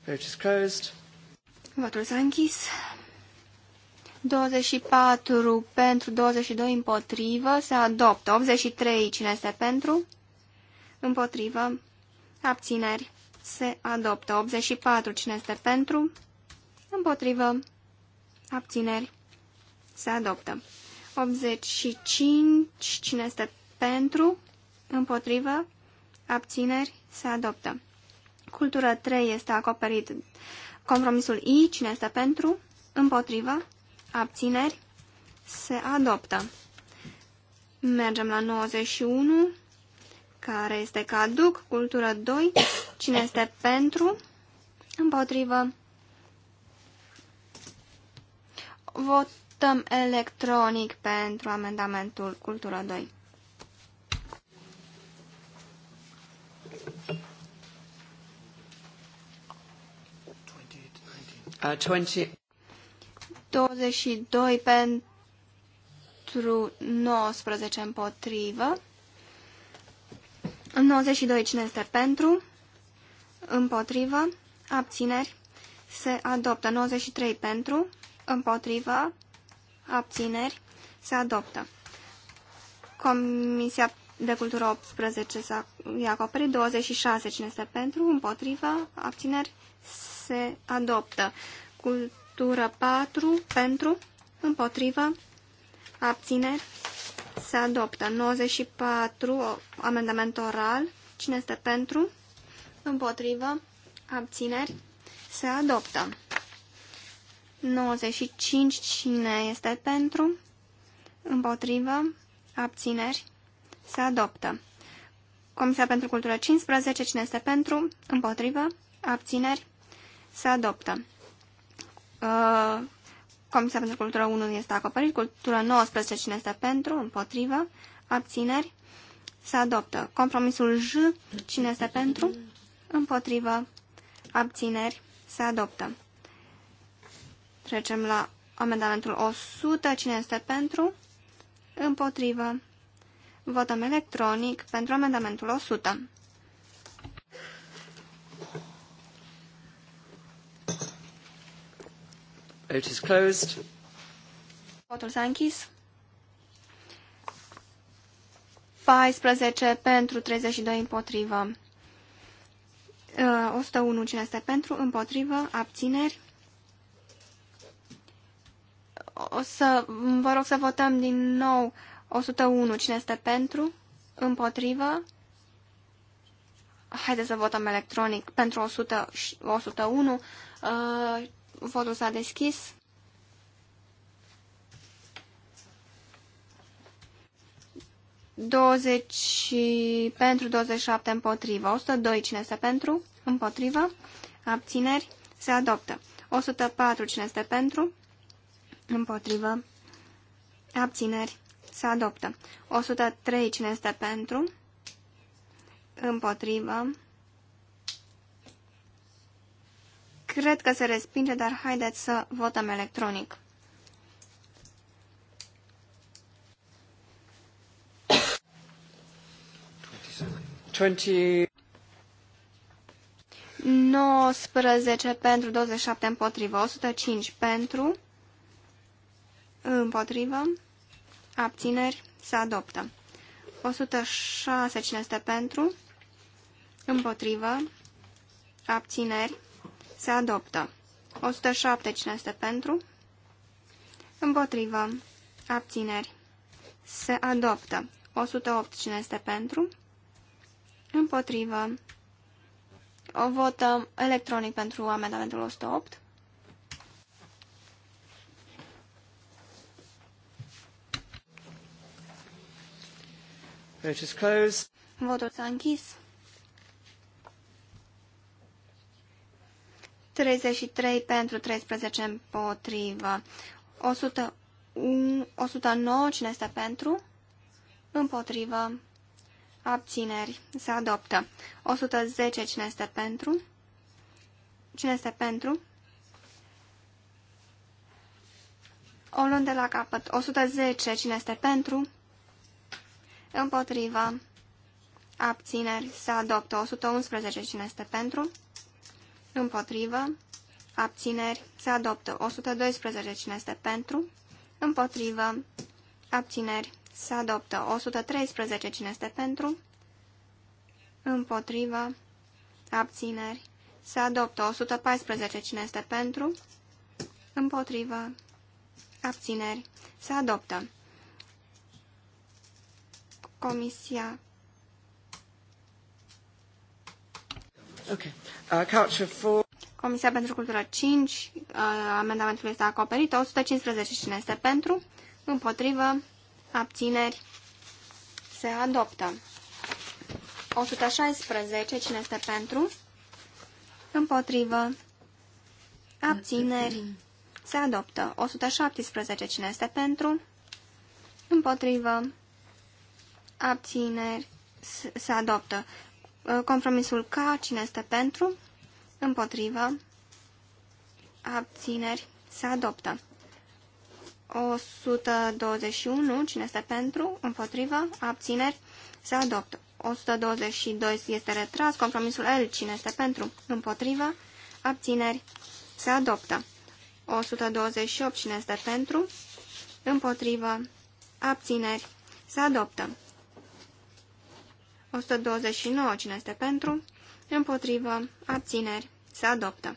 Speaker 2: Vote is closed.
Speaker 3: Votul s-a închis. 24 pentru, 22 împotrivă, se adoptă. 83 cine este pentru, împotrivă, abțineri, se adoptă. 84 cine este pentru, împotrivă, abțineri, se adoptă. 85 cine este pentru, împotrivă, abțineri, se adoptă. Cultură 3 este acoperit. Compromisul I, cine este pentru, împotrivă, abțineri, se adoptă. Mergem la 91, care este caduc, cultură 2, cine este pentru, împotrivă. Votăm electronic pentru amendamentul cultură 2.
Speaker 2: Uh, 20.
Speaker 3: 22 pentru 19 împotrivă. 92 cine este pentru? Împotrivă. Abțineri. Se adoptă. 93 pentru. Împotrivă. Abțineri. Se adoptă. Comisia de cultură 18 s-a acoperit. 26 cine este pentru? Împotrivă. Abțineri. Se adoptă. Cult Tură 4 pentru, împotrivă, abțineri, se adoptă. 94, amendament oral, cine este pentru, împotrivă, abțineri, se adoptă. 95, cine este pentru, împotrivă, abțineri, se adoptă. Comisia pentru Cultură 15, cine este pentru, împotrivă, abțineri, se adoptă. Uh, Comisia pentru Cultură 1 este acoperit, Cultură 19 cine este pentru, împotrivă, abțineri, se adoptă. Compromisul J, cine este pentru, împotrivă, abțineri, se adoptă. Trecem la amendamentul 100, cine este pentru, împotrivă, votăm electronic pentru amendamentul 100.
Speaker 2: Vote is closed.
Speaker 3: Votul s-a închis. 14 pentru, 32 împotrivă. 101 uh, cine este pentru, împotrivă, abțineri. O să, vă rog să votăm din nou 101 cine este pentru, împotrivă. Haideți să votăm electronic pentru 100, 101. Votul s-a deschis. Douăzeci pentru, 27 împotrivă. 102 cine este pentru, împotrivă, abțineri, se adoptă. 104 cine este pentru, împotrivă, abțineri, se adoptă. 103 cine este pentru, împotrivă, Cred că se respinge, dar haideți să votăm electronic. Twenty. zece pentru, 27 împotrivă, 105 pentru, împotrivă, abțineri, se adoptă. 106 cine este pentru, împotrivă, abțineri, se adoptă. 107. Cine este pentru? Împotrivă. Abțineri. Se adoptă. 108. Cine este pentru? Împotrivă. O votă electronic pentru amendamentul 108. Votul s-a închis. 33 pentru 13 împotrivă. 101, 109, cine este pentru? Împotrivă. Abțineri. Se adoptă. 110, cine este pentru? Cine este pentru? O luăm de la capăt. 110, cine este pentru? Împotrivă. Abțineri. Se adoptă. 111, cine este pentru? împotrivă, abțineri, se adoptă. 112 cine este pentru, împotrivă, abțineri, se adoptă. 113 cine este pentru, împotrivă, abțineri, se adoptă. 114 cine este pentru, împotrivă, abțineri, se adoptă. Comisia Okay. Uh, culture for... Comisia pentru Cultură 5, uh, amendamentul este acoperit, 115 cine este pentru, împotrivă, abțineri, se adoptă. 116 cine este pentru, împotrivă, abțineri, se adoptă. 117 cine este pentru, împotrivă, abțineri, se adoptă. Compromisul K, cine este pentru, împotrivă, abțineri, se adoptă. 121, cine este pentru, împotrivă, abțineri, se adoptă. 122 este retras, compromisul L, cine este pentru, împotrivă, abțineri, se adoptă. 128, cine este pentru, împotrivă, abțineri, se adoptă. 129. Cine este pentru? Împotrivă. Abțineri. Se adoptă.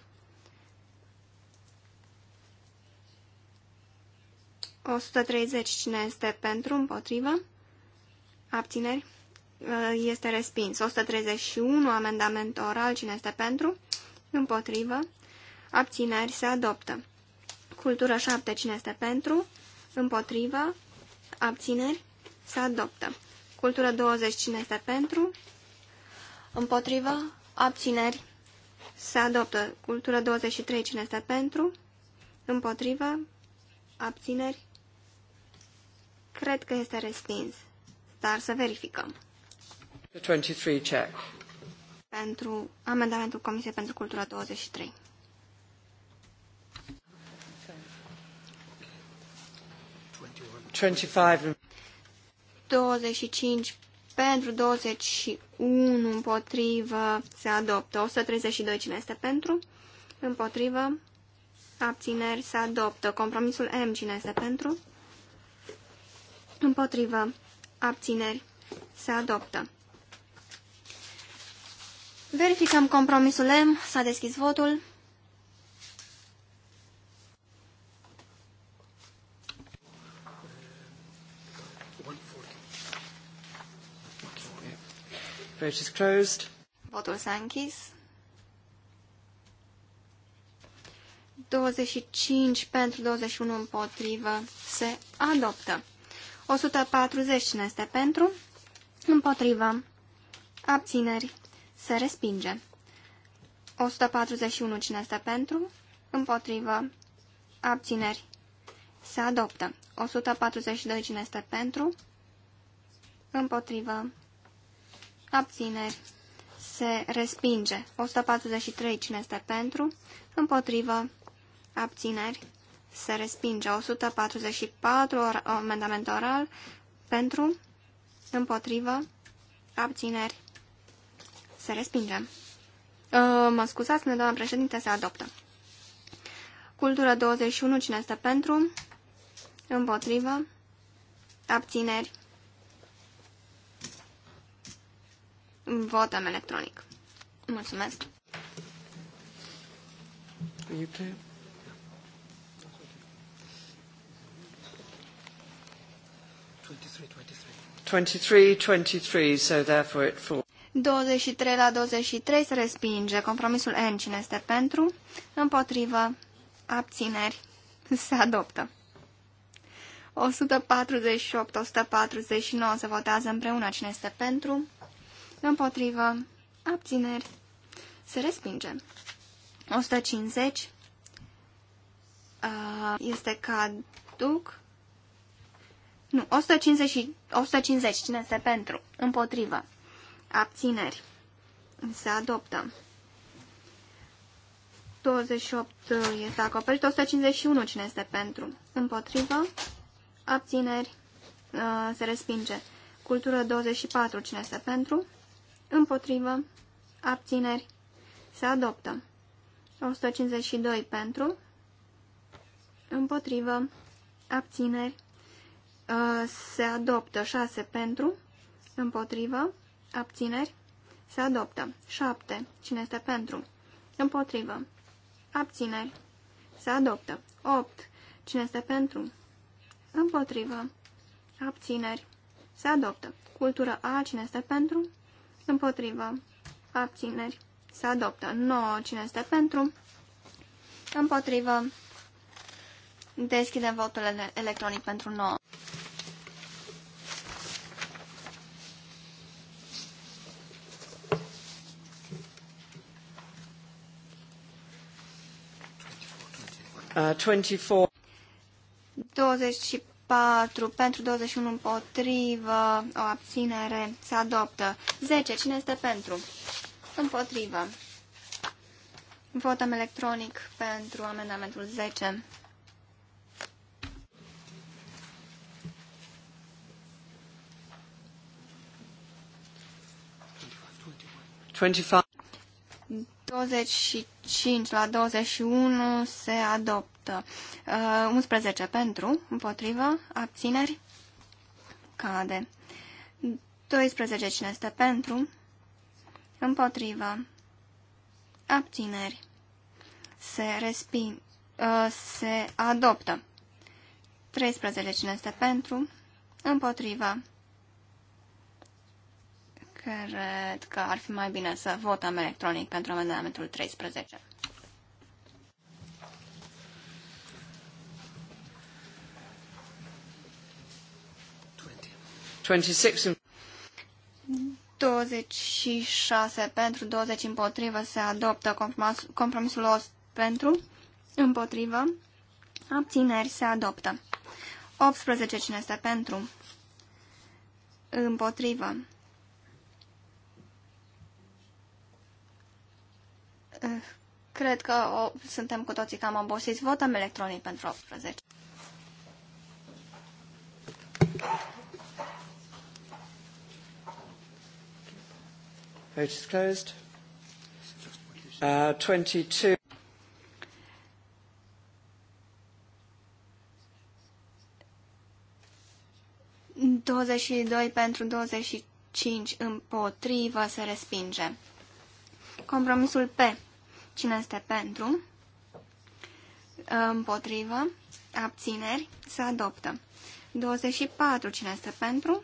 Speaker 3: 130. Cine este pentru? Împotrivă. Abțineri. Uh, este respins. 131. Amendament oral. Cine este pentru? Împotrivă. Abțineri. Se adoptă. Cultură 7. Cine este pentru? Împotrivă. Abțineri. Se adoptă. Cultură 20. Cine este pentru? Împotrivă? Abțineri? Se adoptă. Cultură 23. Cine este pentru? Împotrivă? Abțineri? Cred că este respins, dar să verificăm.
Speaker 2: 23 check.
Speaker 3: Pentru amendamentul Comisiei pentru Cultura 23. 25 pentru, 21 împotrivă, se adoptă. 132 cine este pentru, împotrivă, abțineri, se adoptă. Compromisul M cine este pentru, împotrivă, abțineri, se adoptă. Verificăm compromisul M, s-a deschis votul. Vote is closed. Votul s-a închis. 25 pentru 21 împotrivă se adoptă. 140 cine este pentru? Împotrivă. Abțineri. Se respinge. 141 cine este pentru? Împotrivă. Abțineri. Se adoptă. 142 cine este pentru? Împotrivă abțineri, se respinge. 143 cine este pentru, împotrivă, abțineri, se respinge. 144 or, amendament oral, pentru, împotrivă, abțineri, se respinge. Ă, mă scuzați, doamna președinte, se adoptă. Cultură 21, cine este pentru, împotrivă, abțineri, Votăm electronic. Mulțumesc. so 23 la 23 se respinge. Compromisul N cine este pentru? Împotrivă. Abțineri. Se adoptă. 148, 149 se votează împreună cine este pentru împotrivă, abțineri, se respinge. 150 este caduc. Nu, 150, 150, cine este pentru? Împotrivă. Abțineri. Se adoptă. 28 este acoperit. 151, cine este pentru? Împotrivă. Abțineri. Se respinge. Cultură 24, cine este pentru? împotrivă, abțineri, se adoptă. 152 ă, pentru, împotrivă, abțineri, se adoptă 6 pentru, împotrivă, abțineri, se adoptă 7, cine este pentru, împotrivă, abțineri, se adoptă 8, cine este pentru, împotrivă, abțineri, se adoptă. Cultură A, cine este pentru, Împotrivă. Abțineri. Se adoptă. 9. Cine este pentru? Împotrivă. Deschidem votul electronic pentru 9.
Speaker 2: Uh, 24.
Speaker 3: 24 4 pentru 21 împotrivă, o abținere se adoptă. 10. Cine este pentru? Împotrivă. Votăm electronic pentru amendamentul 10. Twenty-five. 25 5 la 21 se adoptă. Uh, 11 pentru, împotrivă, abțineri, cade. 12 cine este pentru, împotrivă, abțineri, se resping, uh, se adoptă. 13 cine este pentru, împotrivă, Cred că ar fi mai bine să votăm electronic pentru amendamentul 13. Douăzeci și 26 pentru, 20 împotrivă, se adoptă compromisul os pentru, împotrivă, abțineri, se adoptă. 18 cine este pentru, împotrivă, Cred că o, suntem cu toții cam obosiți. Votăm electronic pentru 18.
Speaker 2: Vote is closed. Uh, 22.
Speaker 3: 22 pentru 25 împotrivă se respinge. Compromisul P Cine este pentru? Împotrivă. Abțineri. Se adoptă. 24. Cine este pentru?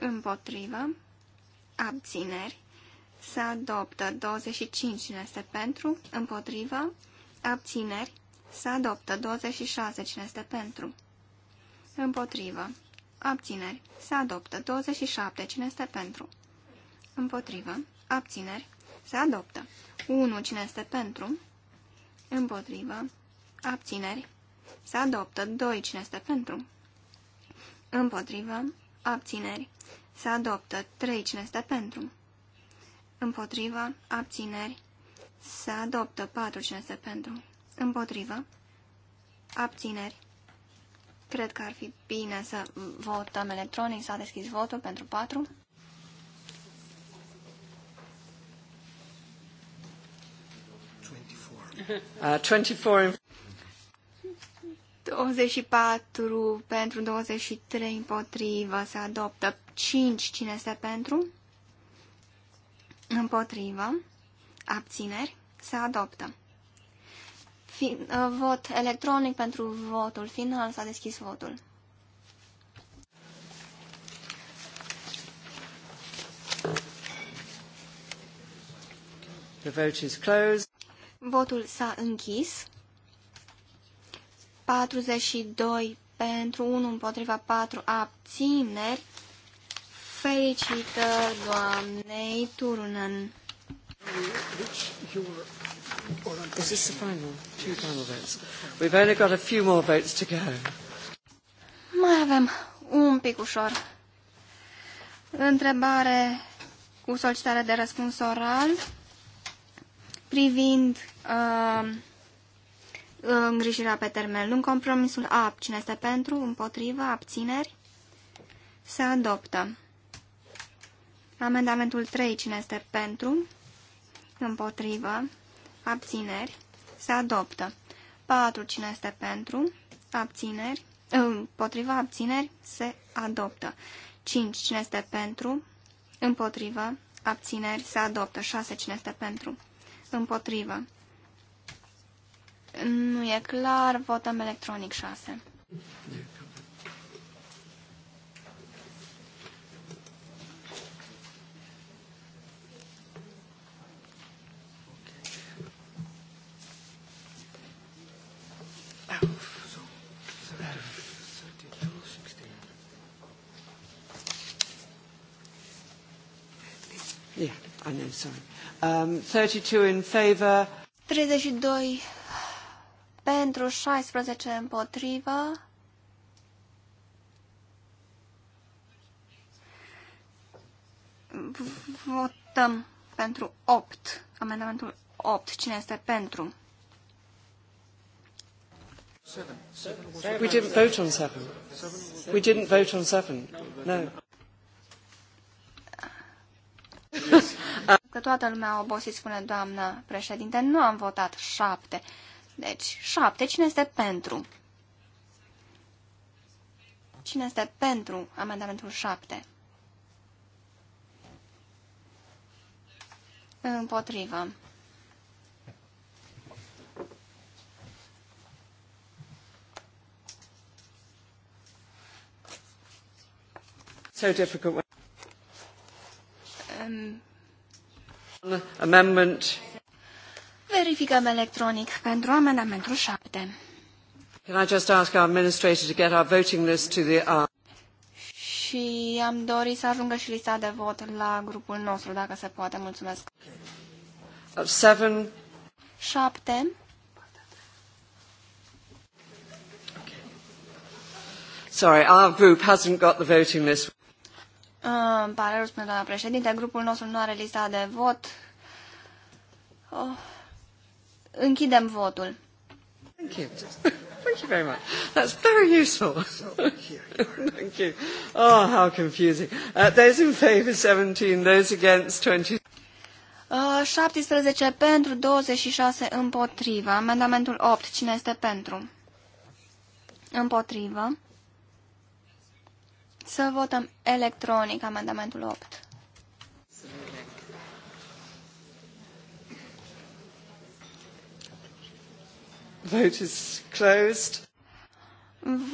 Speaker 3: Împotrivă. Abțineri. Se adoptă. 25. Cine este pentru? Împotrivă. Abțineri. Se adoptă. 26. Cine este pentru? Împotrivă. Abțineri. Se adoptă. 27. Cine este pentru? Împotrivă. Abțineri. Se adoptă. 1. Cine este pentru? Împotrivă. Abțineri. Se adoptă. 2. Cine este pentru? Împotrivă. Abțineri. Se adoptă. 3. Cine este pentru? Împotrivă. Abțineri. Se adoptă. 4. Cine este pentru? Împotrivă. Abțineri. Cred că ar fi bine să votăm electronic. S-a deschis votul pentru 4. 24 uh, pentru 23 împotrivă se adoptă. 5 cine este pentru? Împotrivă. Abțineri se adoptă. Fin, uh, vot electronic pentru votul final. S-a deschis votul.
Speaker 2: The vote is closed.
Speaker 3: Votul s-a închis. 42 pentru 1 împotriva 4 abțineri. Fericită doamnei Turunen.
Speaker 2: This the final. Two final votes. We've only got a few more votes to go.
Speaker 3: Mai avem un pic ușor. Întrebare cu solicitare de răspuns oral privind uh, îngrijirea pe termen lung, compromisul A, cine este pentru, împotrivă, abțineri, se adoptă. Amendamentul 3, cine este pentru, împotrivă, abțineri, se adoptă. 4, cine este pentru, abțineri, împotriva, abțineri, se adoptă. 5, cine este pentru, împotrivă, abțineri, se adoptă. 6, cine este pentru, Împotrivă. Nu e clar. Votăm electronic 6.
Speaker 2: Yeah, I know, sorry. Um, 32 in favor.
Speaker 3: 32 pentru, 16 împotrivă. Votăm pentru 8. Amendamentul 8. Cine este pentru?
Speaker 2: Seven. We didn't vote on seven. We didn't vote on seven. No.
Speaker 3: Că toată lumea a obosit, spune doamna președinte, nu am votat șapte. Deci, șapte, cine este pentru? Cine este pentru amendamentul șapte? Împotrivă.
Speaker 2: So difficult. Amendment.
Speaker 3: Verificăm electronic pentru amendamentul 7.
Speaker 2: Can I just ask our administrator to get our voting list to the... Uh...
Speaker 3: Și am dorit să ajungă și lista de vot la grupul nostru, dacă se poate. Mulțumesc. 7. Uh, 7.
Speaker 2: Sorry, our group hasn't got the voting list.
Speaker 3: Îmi pare rău, spune doamna președinte, grupul nostru nu are lista de vot. Oh. Închidem votul.
Speaker 2: Thank you. Thank you very much. That's very useful. Thank you. Oh, how confusing. Uh, those in favour 17, those against 20.
Speaker 3: Uh, 17 pentru, 26 împotriva. Amendamentul 8. Cine este pentru? Împotrivă. Să votăm electronic amendamentul 8.
Speaker 2: Vote is closed.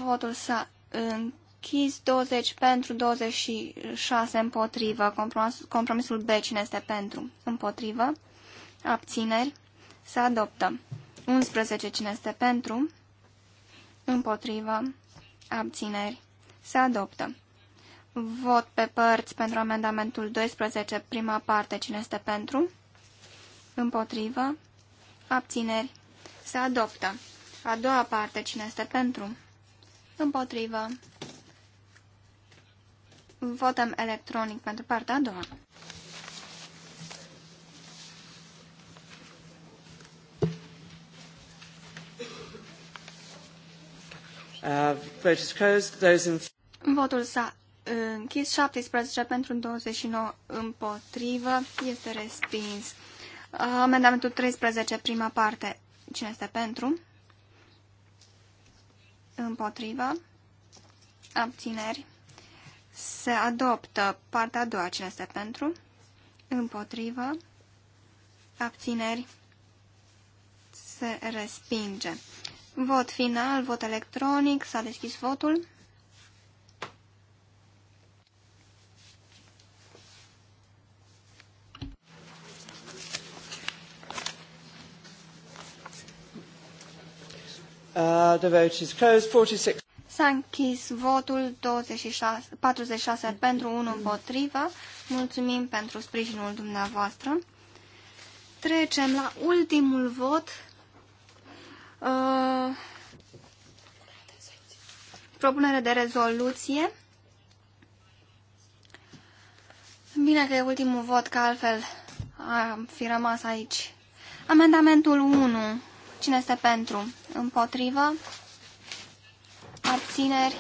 Speaker 3: Votul s-a închis 20 pentru 26 împotrivă. Compromis, compromisul B cine este pentru? Împotrivă. Abțineri. Se adoptă. 11 cine este pentru? Împotrivă. Abțineri. Se adoptă. Vot pe părți pentru amendamentul 12, prima parte. Cine este pentru? Împotrivă. Abțineri. Se adoptă. A doua parte. Cine este pentru? Împotrivă. Votăm electronic pentru partea a doua.
Speaker 2: Uh, closed. Those in...
Speaker 3: Votul s-a închis, 17 pentru 29 împotrivă, este respins. Amendamentul 13, prima parte, cine este pentru? Împotrivă, abțineri, se adoptă partea a doua, cine este pentru? Împotrivă, abțineri, se respinge. Vot final, vot electronic, s-a deschis votul.
Speaker 2: Uh, the vote is closed. 46.
Speaker 3: S-a închis votul 26, 46 pentru 1 împotrivă. Mulțumim pentru sprijinul dumneavoastră. Trecem la ultimul vot. Uh, propunere de rezoluție. Bine că e ultimul vot, că altfel am fi rămas aici. Amendamentul 1 Cine este pentru? Împotrivă? Abțineri?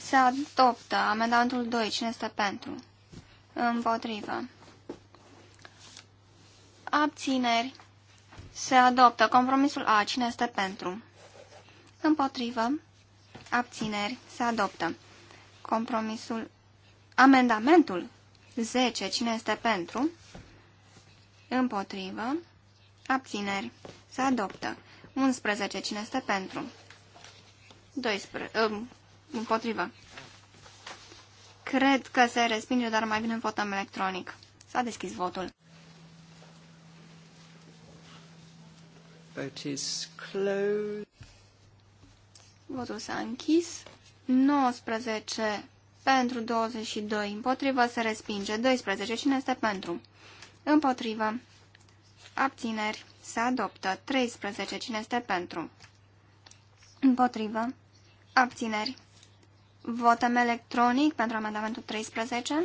Speaker 3: Se adoptă. Amendamentul 2. Cine este pentru? Împotrivă. Abțineri? Se adoptă. Compromisul A. Cine este pentru? Împotrivă. Abțineri. Se adoptă. Compromisul. Amendamentul 10. Cine este pentru? Împotrivă. Abțineri. Se adoptă. 11. Cine este pentru? 12. Uh, ă, împotrivă. Cred că se respinge, dar mai bine votăm electronic. S-a deschis votul.
Speaker 2: Vote is
Speaker 3: Votul s-a închis. 19 pentru 22, împotrivă se respinge. 12. Cine este pentru? Împotrivă. Abțineri. Se adoptă. 13. Cine este pentru? Împotrivă. Abțineri. Votăm electronic pentru amendamentul 13.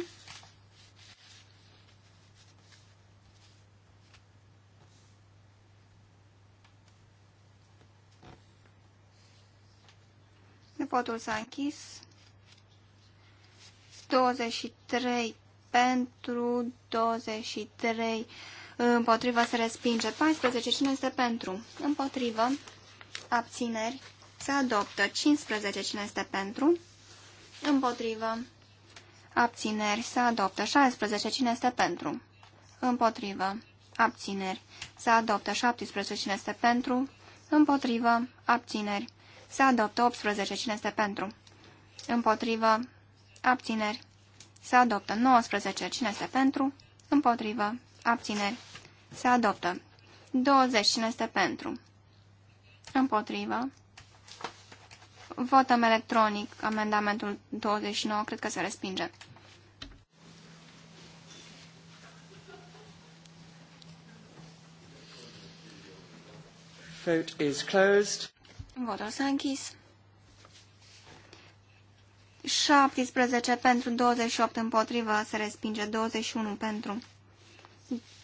Speaker 3: Votul s-a închis. 23 pentru 23 Împotrivă se respinge. 14. Cine este pentru? Împotrivă. Abțineri. Se adoptă. 15. Cine este pentru? Împotrivă. Abțineri. Se adoptă. 16. Cine este pentru? Împotrivă. Abțineri. Se adoptă. 17. Cine este pentru? Împotrivă. Abțineri. Se adoptă. 18. Cine este pentru? Împotrivă. Abțineri. Se adoptă. 19. Cine este pentru? Împotrivă. Abțineri. Se adoptă. 20. Cine este pentru? Împotrivă. Votăm electronic amendamentul 29. Cred că se respinge.
Speaker 2: Vote is closed.
Speaker 3: Votul s-a închis. 17 pentru 28 împotrivă se respinge 21 pentru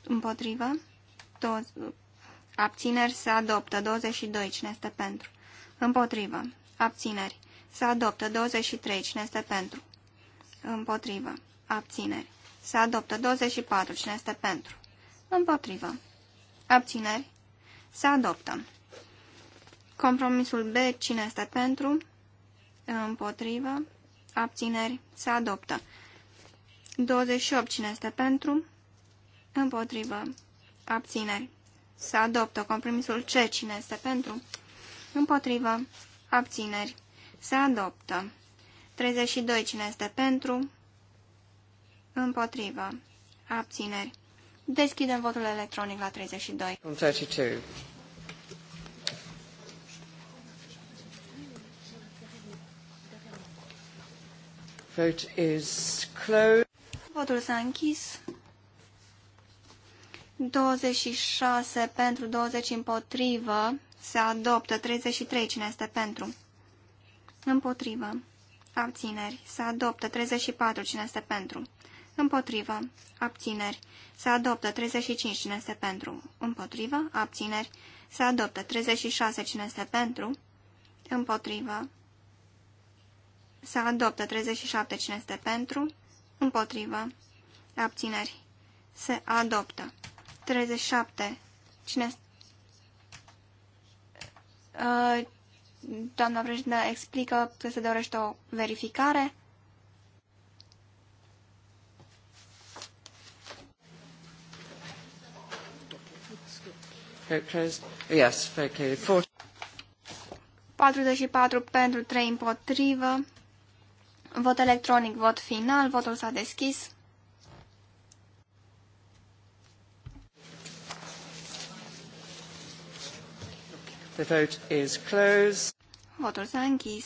Speaker 3: Împotrivă. 20, abțineri se adoptă. 22. Cine este pentru? Împotrivă. Abțineri. Se adoptă. 23. Cine este pentru? Împotrivă. Abțineri. Se adoptă. 24. Cine este pentru? Împotrivă. Abțineri. Se adoptă. Compromisul B. Cine este pentru? Împotrivă. Abțineri. Se adoptă. 28. Cine este pentru? Împotrivă. Abțineri. Să adoptă compromisul C. Cine este pentru? Împotrivă. Abțineri. Se adoptă. 32. Cine este pentru? Împotrivă. Abțineri. Deschidem votul electronic la 32.
Speaker 2: 32. Vote is closed.
Speaker 3: Votul s-a închis. 26 pentru, 20 împotrivă, se adoptă. 33, cine este pentru? Împotrivă. Abțineri. Se adoptă. 34, cine este pentru? Împotrivă. Abțineri. Se adoptă. 35, cine este pentru? Împotrivă. Abțineri. Se adoptă. 36, cine este pentru? Împotrivă. Se adoptă. 37, cine este pentru? Împotrivă. Abțineri. Se adoptă. 37. Cine? Uh, doamna președintă explică că se dorește o verificare.
Speaker 2: Yes, very
Speaker 3: 44 pentru 3 împotrivă. Vot electronic, vot final, votul s-a deschis.
Speaker 2: The vote is closed.
Speaker 3: Votul s-a închis.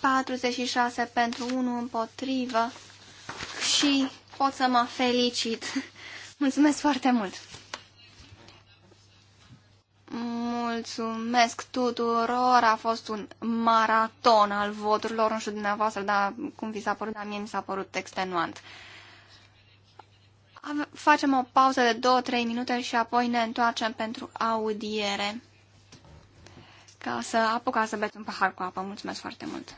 Speaker 3: 46 pentru 1 împotrivă și pot să mă felicit. Mulțumesc foarte mult! Mulțumesc tuturor! A fost un maraton al voturilor, nu știu dumneavoastră, dar cum vi s-a părut, dar mie mi s-a părut extenuant. Facem o pauză de 2-3 minute și apoi ne întoarcem pentru audiere. Ca să apucați să beți un pahar cu apă. Mulțumesc foarte mult!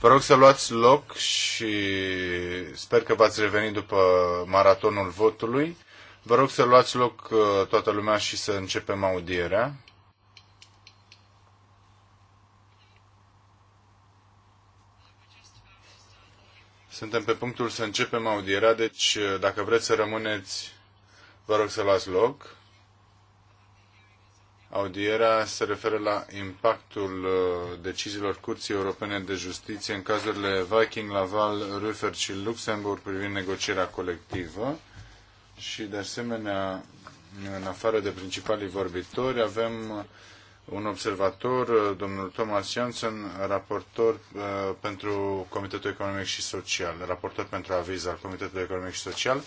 Speaker 1: Vă rog să luați loc și sper că v-ați revenit după maratonul votului. Vă rog să luați loc uh, toată lumea și să începem audierea. Suntem pe punctul să începem audierea, deci uh, dacă vreți să rămâneți, vă rog să luați loc. Audierea se referă la impactul uh, deciziilor Curții Europene de Justiție în cazurile Viking, Laval, Rüfer și Luxemburg privind negocierea colectivă și, de asemenea, în afară de principalii vorbitori, avem un observator, uh, domnul Thomas Janssen, raportor uh, pentru Comitetul Economic și Social, raportor pentru aviz al Comitetului Economic și Social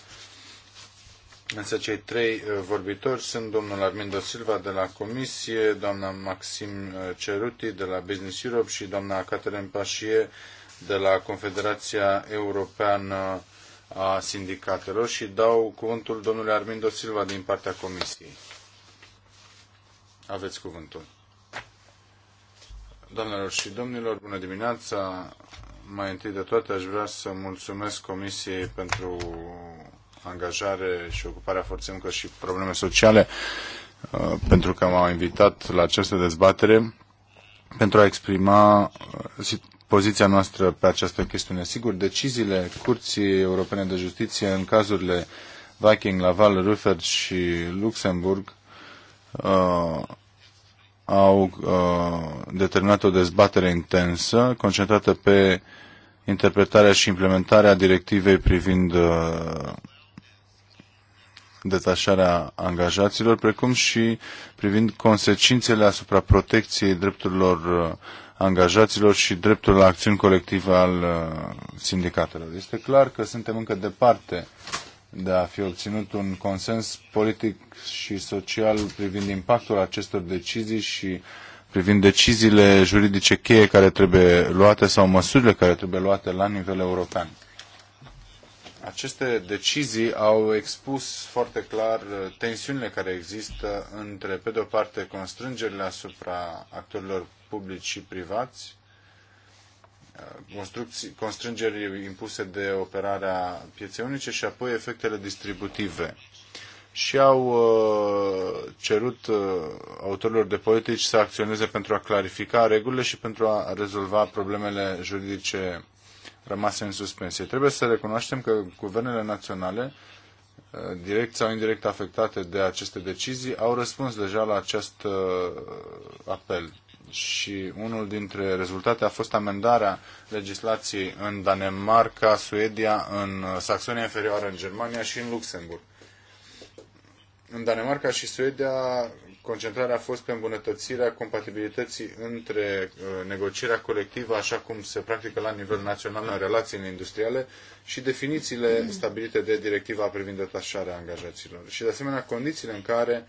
Speaker 1: Însă cei trei uh, vorbitori sunt domnul Armindo Silva de la Comisie, doamna Maxim uh, Ceruti de la Business Europe și doamna Catherine Pașie de la Confederația Europeană a Sindicatelor și dau cuvântul domnului Armindo Silva din partea Comisiei. Aveți cuvântul. Doamnelor și domnilor, bună dimineața! Mai întâi de toate aș vrea să mulțumesc Comisiei pentru angajare și ocuparea forței muncă și probleme sociale, uh, pentru că m-au invitat la această dezbatere pentru a exprima uh, poziția noastră pe această chestiune. Sigur, deciziile Curții Europene de Justiție în cazurile Viking, Laval, Ruffert și Luxemburg uh, au uh, determinat o dezbatere intensă concentrată pe interpretarea și implementarea directivei privind uh, detașarea angajaților, precum și privind consecințele asupra protecției drepturilor uh, angajaților și dreptul la acțiuni colective al uh, sindicatelor. Este clar că suntem încă departe de a fi obținut un consens politic și social privind impactul acestor decizii și privind deciziile juridice cheie care trebuie luate sau măsurile care trebuie luate la nivel european. Aceste decizii au expus foarte clar uh, tensiunile care există între, pe de o parte, constrângerile asupra actorilor publici și privați, uh, constrângeri impuse de operarea pieței unice și apoi efectele distributive. Și au uh, cerut autorilor de politici să acționeze pentru a clarifica regulile și pentru a rezolva problemele juridice rămase în suspensie. Trebuie să recunoaștem că guvernele naționale, eh, direct sau indirect afectate de aceste decizii, au răspuns deja la acest eh, apel. Și unul dintre rezultate a fost amendarea legislației în Danemarca, Suedia, în eh, Saxonia Inferioară, în Germania și în Luxemburg. În Danemarca și Suedia concentrarea a fost pe îmbunătățirea compatibilității între uh, negocierea colectivă, așa cum se practică la nivel național în relațiile industriale, și definițiile stabilite de directiva privind detașarea angajaților. Și, de asemenea, condițiile în care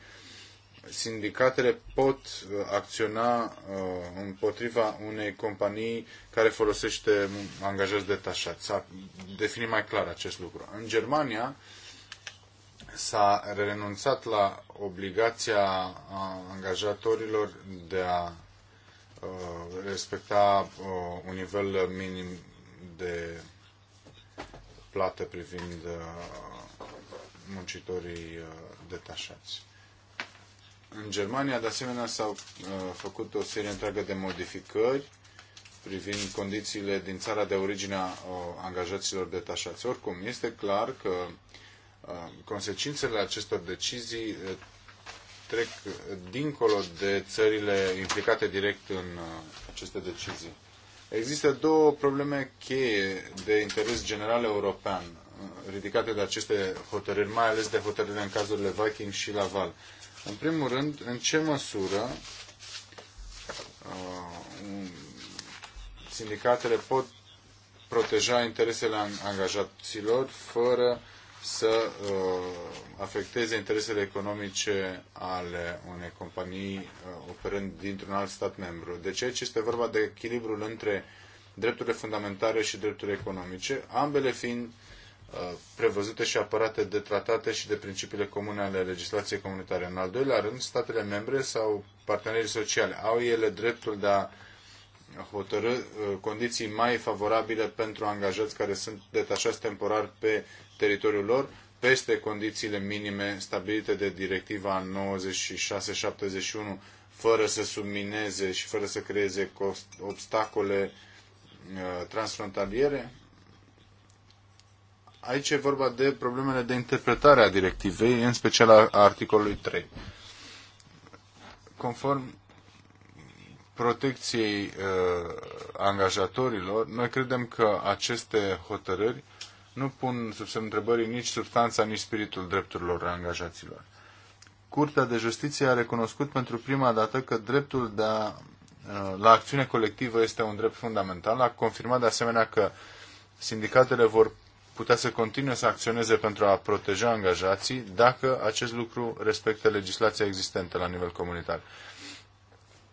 Speaker 1: sindicatele pot uh, acționa uh, împotriva unei companii care folosește angajați detașați. S-a definit mai clar acest lucru. În Germania, s-a renunțat la obligația angajatorilor de a uh, respecta uh, un nivel minim de plată privind uh, muncitorii detașați. În Germania, de asemenea, s-au făcut o serie întreagă de modificări privind condițiile din țara de origine a angajaților detașați. Oricum, este clar că uh, Consecințele acestor decizii trec dincolo de țările implicate direct în aceste decizii. Există două probleme cheie de interes general european ridicate de aceste hotărâri, mai ales de hotărârile în cazurile Viking și Laval. În primul rând, în ce măsură uh, sindicatele pot proteja interesele angajaților fără să uh, afecteze interesele economice ale unei companii uh, operând dintr-un alt stat membru. Deci aici este vorba de echilibrul între drepturile fundamentale și drepturile economice, ambele fiind uh, prevăzute și apărate de tratate și de principiile comune ale legislației comunitare. În al doilea rând, statele membre sau partenerii sociale au ele dreptul de a hotărâ uh, condiții mai favorabile pentru angajați care sunt detașați temporar pe teritoriul lor peste condițiile minime stabilite de directiva 9671 fără să submineze și fără să creeze cost, obstacole uh, transfrontaliere? Aici e vorba de problemele de interpretare a directivei, în special a articolului 3. Conform protecției uh, angajatorilor, noi credem că aceste hotărâri uh, nu pun sub semn întrebării nici substanța, nici spiritul drepturilor angajaților. Curtea de Justiție a recunoscut pentru prima dată că dreptul de a, uh, la acțiune colectivă este un drept fundamental. A confirmat de asemenea că sindicatele vor putea să continue să acționeze pentru a proteja angajații dacă acest lucru respectă legislația existentă la nivel comunitar.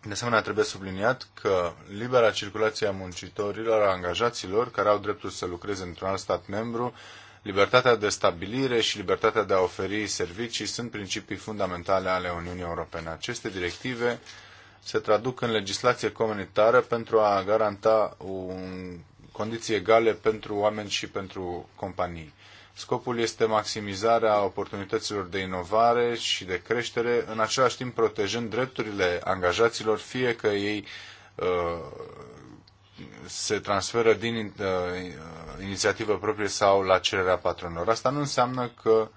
Speaker 1: De asemenea, trebuie subliniat că libera circulație a muncitorilor, a angajaților care au dreptul să lucreze într-un alt stat membru, libertatea de stabilire și libertatea de a oferi servicii sunt principii fundamentale ale Uniunii Europene. Aceste directive se traduc în legislație comunitară pentru a garanta un, condiții egale pentru oameni și pentru companii. Scopul este maximizarea oportunităților de inovare și de creștere, în același timp protejând drepturile angajaților, fie că ei uh, se transferă din uh, inițiativă proprie sau la cererea patronilor. Asta nu înseamnă că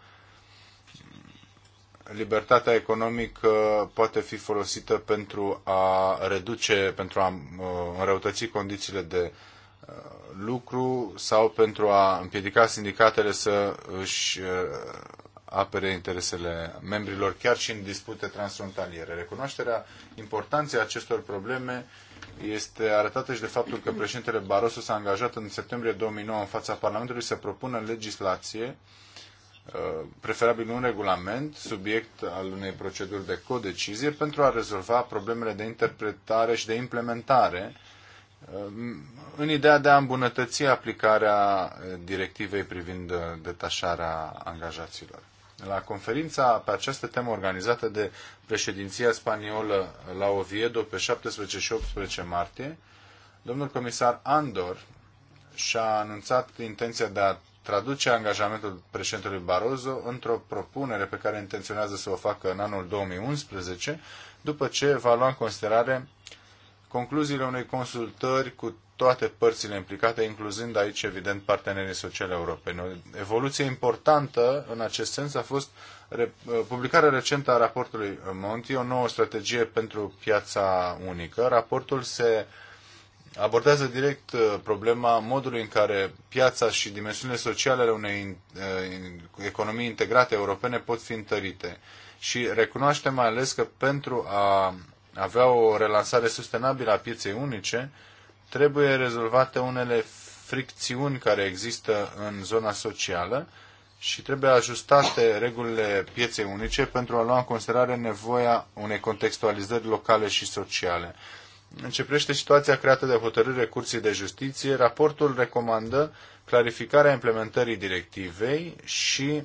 Speaker 1: libertatea economică poate fi folosită pentru a reduce, pentru a uh, înrăutăți condițiile de lucru sau pentru a împiedica sindicatele să își uh, apere interesele membrilor, chiar și în dispute transfrontaliere. Recunoașterea importanței acestor probleme este arătată și de faptul că președintele Barroso s-a angajat în septembrie 2009 în fața Parlamentului să propună legislație, uh, preferabil un regulament, subiect al unei proceduri de codecizie, pentru a rezolva problemele de interpretare și de implementare în ideea de a îmbunătăți aplicarea eh, directivei privind eh, detașarea angajaților. La conferința pe această temă organizată de președinția spaniolă la Oviedo pe 17 și 18 martie, domnul comisar Andor și-a anunțat intenția de a traduce angajamentul președintelui Barroso într-o propunere pe care intenționează să o facă în anul 2011, după ce va lua în considerare uh, concluziile unei consultări cu toate părțile implicate, incluzând aici, evident, partenerii sociale europeni. O evoluție importantă în acest sens a fost publicarea recentă a raportului Monti, o nouă strategie pentru piața unică. Raportul se abordează direct uh, problema modului în care piața și dimensiunile sociale ale unei uh, economii integrate europene pot fi întărite. Și recunoaște mai ales că pentru a avea o relansare sustenabilă a pieței unice, trebuie rezolvate unele fricțiuni care există în zona socială și trebuie ajustate regulile pieței unice pentru a lua în considerare nevoia unei contextualizări locale și sociale. Începește situația creată de hotărâre Curții de Justiție, raportul recomandă clarificarea implementării directivei și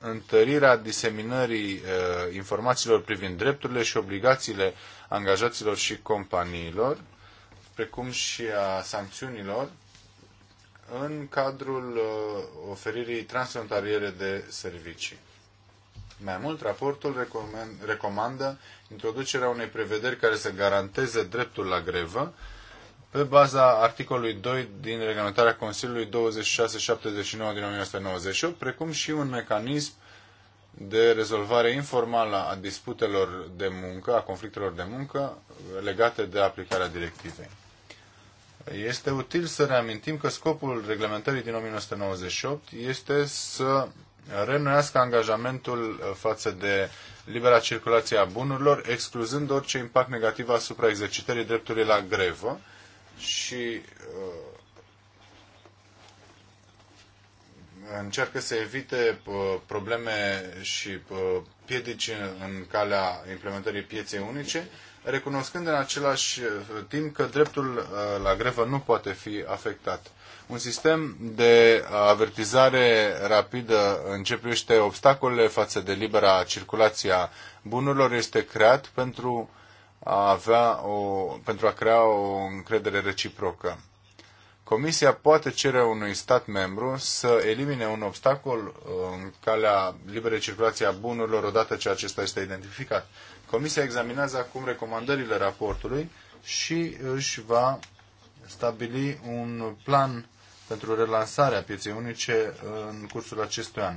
Speaker 1: întărirea diseminării uh, informațiilor privind drepturile și obligațiile angajaților și companiilor, precum și a sancțiunilor, în cadrul uh, oferirii transfrontaliere de servicii. Mai mult, raportul recomandă introducerea unei prevederi care să garanteze dreptul la grevă, pe baza articolului 2 din reglementarea Consiliului 2679 din 1998, precum și un mecanism de rezolvare informală a disputelor de muncă, a conflictelor de muncă legate de aplicarea directivei. Este util să reamintim că scopul reglementării din 1998 este să reînnoiască angajamentul față de libera circulație a bunurilor, excluzând orice impact negativ asupra exercitării dreptului la grevă, și uh, încearcă să evite uh, probleme și uh, piedici în calea implementării pieței unice, recunoscând în același timp că dreptul la grevă nu poate fi afectat. Un sistem de avertizare rapidă în ce privește obstacolele față de libera circulație a bunurilor este creat pentru a avea o, pentru a crea o încredere reciprocă. Comisia poate cere unui stat membru să elimine un obstacol uh, în calea liberei circulației a bunurilor odată ce acesta este identificat. Comisia examinează acum recomandările raportului și își va stabili un plan pentru relansarea pieței unice în cursul acestui an.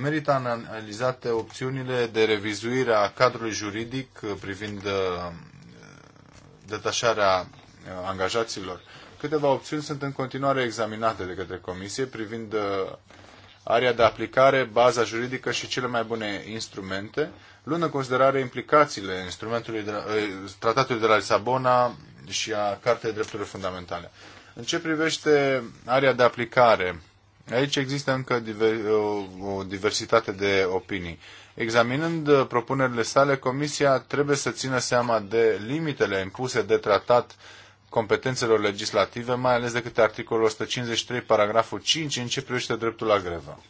Speaker 1: Merită analizate opțiunile de revizuire a cadrului juridic uh, privind uh, detașarea uh, angajaților. Câteva opțiuni sunt în continuare examinate de către Comisie privind area de aplicare, baza juridică și cele mai bune instrumente, luând în considerare implicațiile instrumentului de la, tratatului de la Lisabona și a Cartei Drepturilor Fundamentale. În ce privește area de aplicare, Aici există încă o diversitate de opinii. Examinând uh, propunerile sale, Comisia trebuie să țină seama de limitele impuse de tratat competențelor legislative, mai ales decât articolul 153, paragraful 5, în ce privește dreptul la grevă.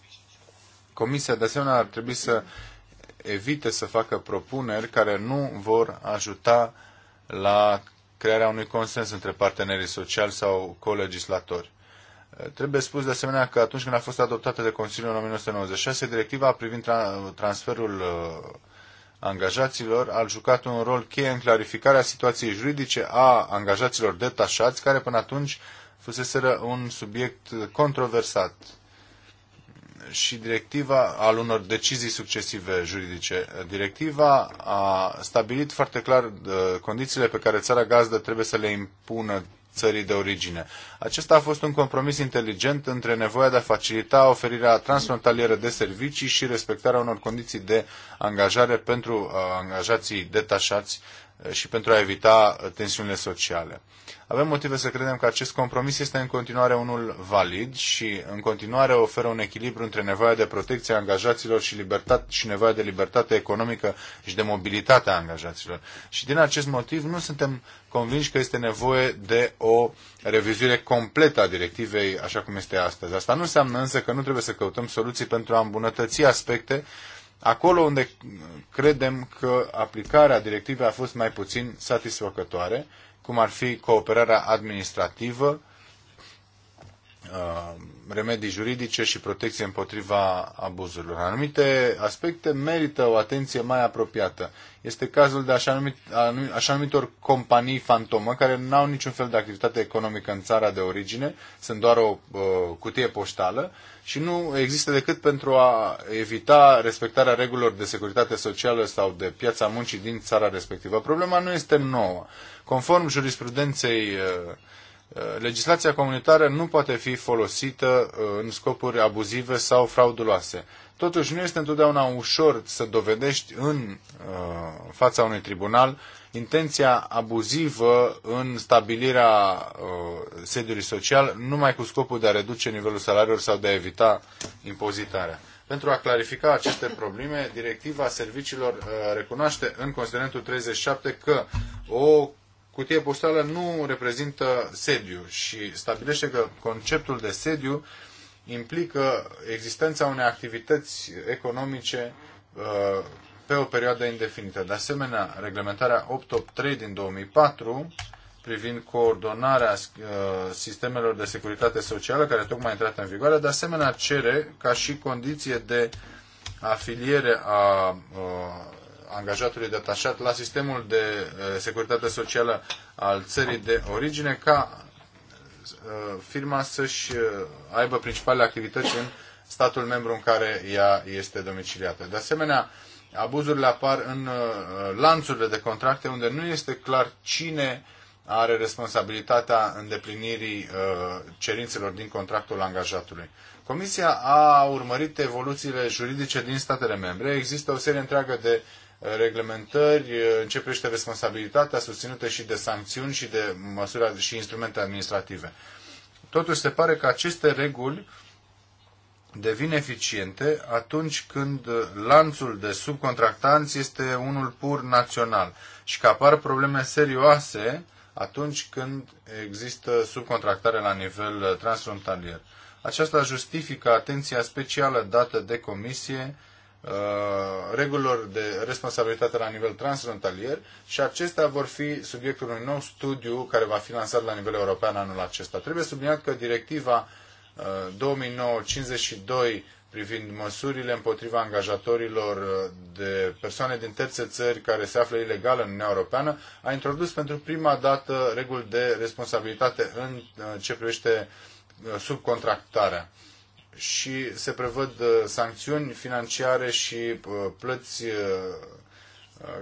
Speaker 1: Comisia, de asemenea, ar trebui să evite să facă propuneri care nu vor ajuta la crearea unui consens între partenerii sociali sau colegislatori. Trebuie spus de asemenea că atunci când a fost adoptată de Consiliul în 1996, directiva privind transferul uh, angajaților a jucat un rol cheie în clarificarea situației juridice a angajaților detașați, care până atunci fuseseră un subiect controversat și directiva al unor decizii succesive juridice. Directiva a stabilit foarte clar uh, condițiile pe care țara gazdă trebuie să le impună țării de origine. Acesta a fost un compromis inteligent între nevoia de a facilita oferirea transfrontalieră de servicii și respectarea unor condiții de angajare pentru uh, angajații detașați uh, și pentru a evita uh, tensiunile sociale. Avem motive să credem că acest compromis este în continuare unul valid și în continuare oferă un echilibru între nevoia de protecție a angajaților și, libertate, și nevoia de libertate economică și de mobilitate a angajaților. Și din acest motiv nu suntem convinși că este nevoie de o revizuire completă a directivei așa cum este astăzi. Asta nu înseamnă însă că nu trebuie să căutăm soluții pentru a îmbunătăți aspecte acolo unde credem că aplicarea directivei a fost mai puțin satisfăcătoare cum ar fi cooperarea administrativă, uh, remedii juridice și protecție împotriva abuzurilor. Anumite aspecte merită o atenție mai apropiată. Este cazul de așa, numit, așa numitor companii fantomă care nu au niciun fel de activitate economică în țara de origine, sunt doar o uh, cutie poștală și nu există decât pentru a evita respectarea regulilor de securitate socială sau de piața muncii din țara respectivă. Problema nu este nouă. Conform jurisprudenței uh, Uh, legislația comunitară nu poate fi folosită uh, în scopuri abuzive sau frauduloase. Totuși, nu este întotdeauna ușor să dovedești în uh, fața unui tribunal intenția abuzivă în stabilirea sediului social, numai cu scopul de a reduce nivelul salariilor sau de a evita impozitarea. Pentru a clarifica aceste probleme, Directiva Serviciilor recunoaște în considerentul 37 că o cutie poștală nu reprezintă sediu și stabilește că conceptul de sediu implică existența unei activități economice uh, pe o perioadă indefinită. De asemenea, reglementarea 883 din 2004 privind coordonarea uh, sistemelor de securitate socială, care tocmai a intrat în vigoare, de asemenea cere ca și condiție de afiliere a uh, angajatului detașat la sistemul de eh, securitate socială al țării de origine ca eh, firma să-și eh, aibă principalele activități în statul membru în care ea este domiciliată. De asemenea, abuzurile apar în lanțurile de contracte unde nu este clar cine are responsabilitatea îndeplinirii cerințelor din contractul angajatului. Comisia a urmărit evoluțiile juridice din statele membre. Există o serie întreagă de reglementări, uh, începește responsabilitatea susținută și de sancțiuni și de măsuri și instrumente administrative. Totuși se pare că aceste reguli devin eficiente atunci când uh, lanțul de subcontractanți este unul pur național și că apar probleme serioase atunci când există subcontractare la nivel uh, transfrontalier. Aceasta justifică atenția specială dată de comisie Uh, regulilor de responsabilitate la nivel transfrontalier și acestea vor fi subiectul unui nou studiu care va fi lansat la nivel european anul acesta. Trebuie subliniat că directiva 2009-52 uh, privind măsurile împotriva angajatorilor uh, de persoane din terțe țări care se află ilegal în Uniunea Europeană a introdus pentru prima dată reguli de responsabilitate în ce privește subcontractarea și se prevăd uh, sancțiuni financiare și uh, plăți uh,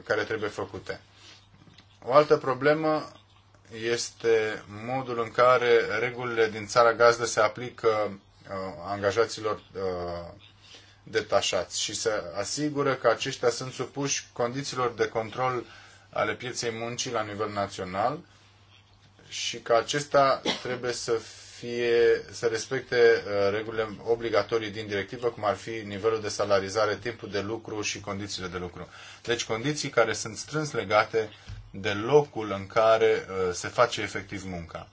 Speaker 1: care trebuie făcute. O altă problemă este modul în care regulile din țara gazdă se aplică angajaților detașați și se asigură că aceștia sunt supuși condițiilor de control ale pieței muncii la nivel național și că acesta trebuie să fie, să respecte uh, regulile obligatorii din directivă, cum ar fi nivelul de salarizare, timpul de lucru și condițiile de lucru. Deci condiții care sunt strâns legate de locul în care uh, se face efectiv munca.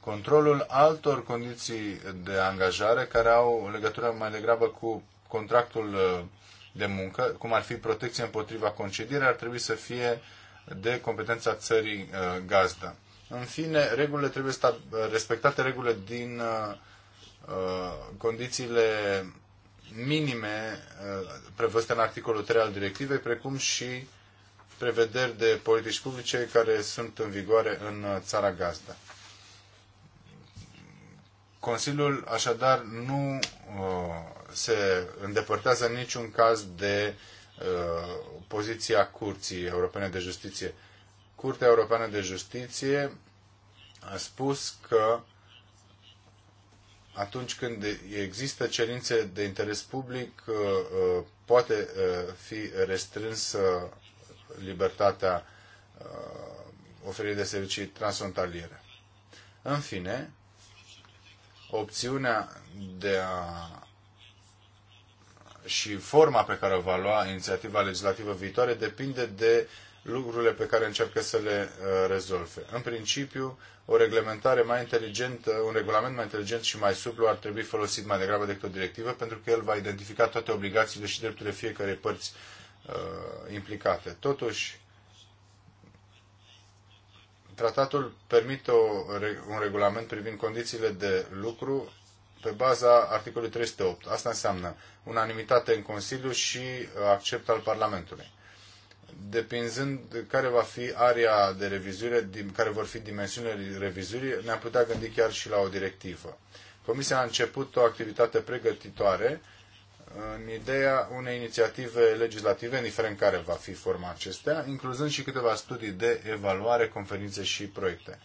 Speaker 1: Controlul altor condiții de angajare care au legătură mai degrabă cu contractul uh, de muncă, cum ar fi protecția împotriva concedierii, ar trebui să fie de competența țării gazdă. În fine, regulile trebuie respectate regulile din uh, uh, condițiile minime uh, prevăzute în articolul 3 al directivei, precum și prevederi de politici publice care sunt în vigoare în uh, țara gazdă. Consiliul așadar nu uh, se îndepărtează în niciun caz de uh, poziția Curții Europene de Justiție. Curtea Europeană de Justiție a spus că atunci când există cerințe de interes public, uh, uh, poate uh, fi restrânsă libertatea oferirii de servicii transfrontaliere. În fine, opțiunea de a și forma pe care o va lua inițiativa legislativă viitoare depinde de uh, lucrurile pe care încearcă să le uh, rezolve. În principiu, o reglementare mai inteligentă, un regulament mai inteligent și mai suplu ar trebui folosit mai degrabă decât o directivă, pentru că el va identifica toate obligațiile și drepturile fiecarei părți uh, implicate. Totuși, tratatul permite o, un regulament privind condițiile de lucru pe baza articolului 308. Asta înseamnă unanimitate în Consiliu și uh, accept al Parlamentului depinzând care va fi area de revizuire, din care vor fi dimensiunile revizuirii, ne-am putea gândi chiar și la o directivă. Comisia a început o activitate pregătitoare în ideea unei inițiative legislative, indiferent care va fi forma acestea, incluzând și câteva studii de evaluare, conferințe și proiecte.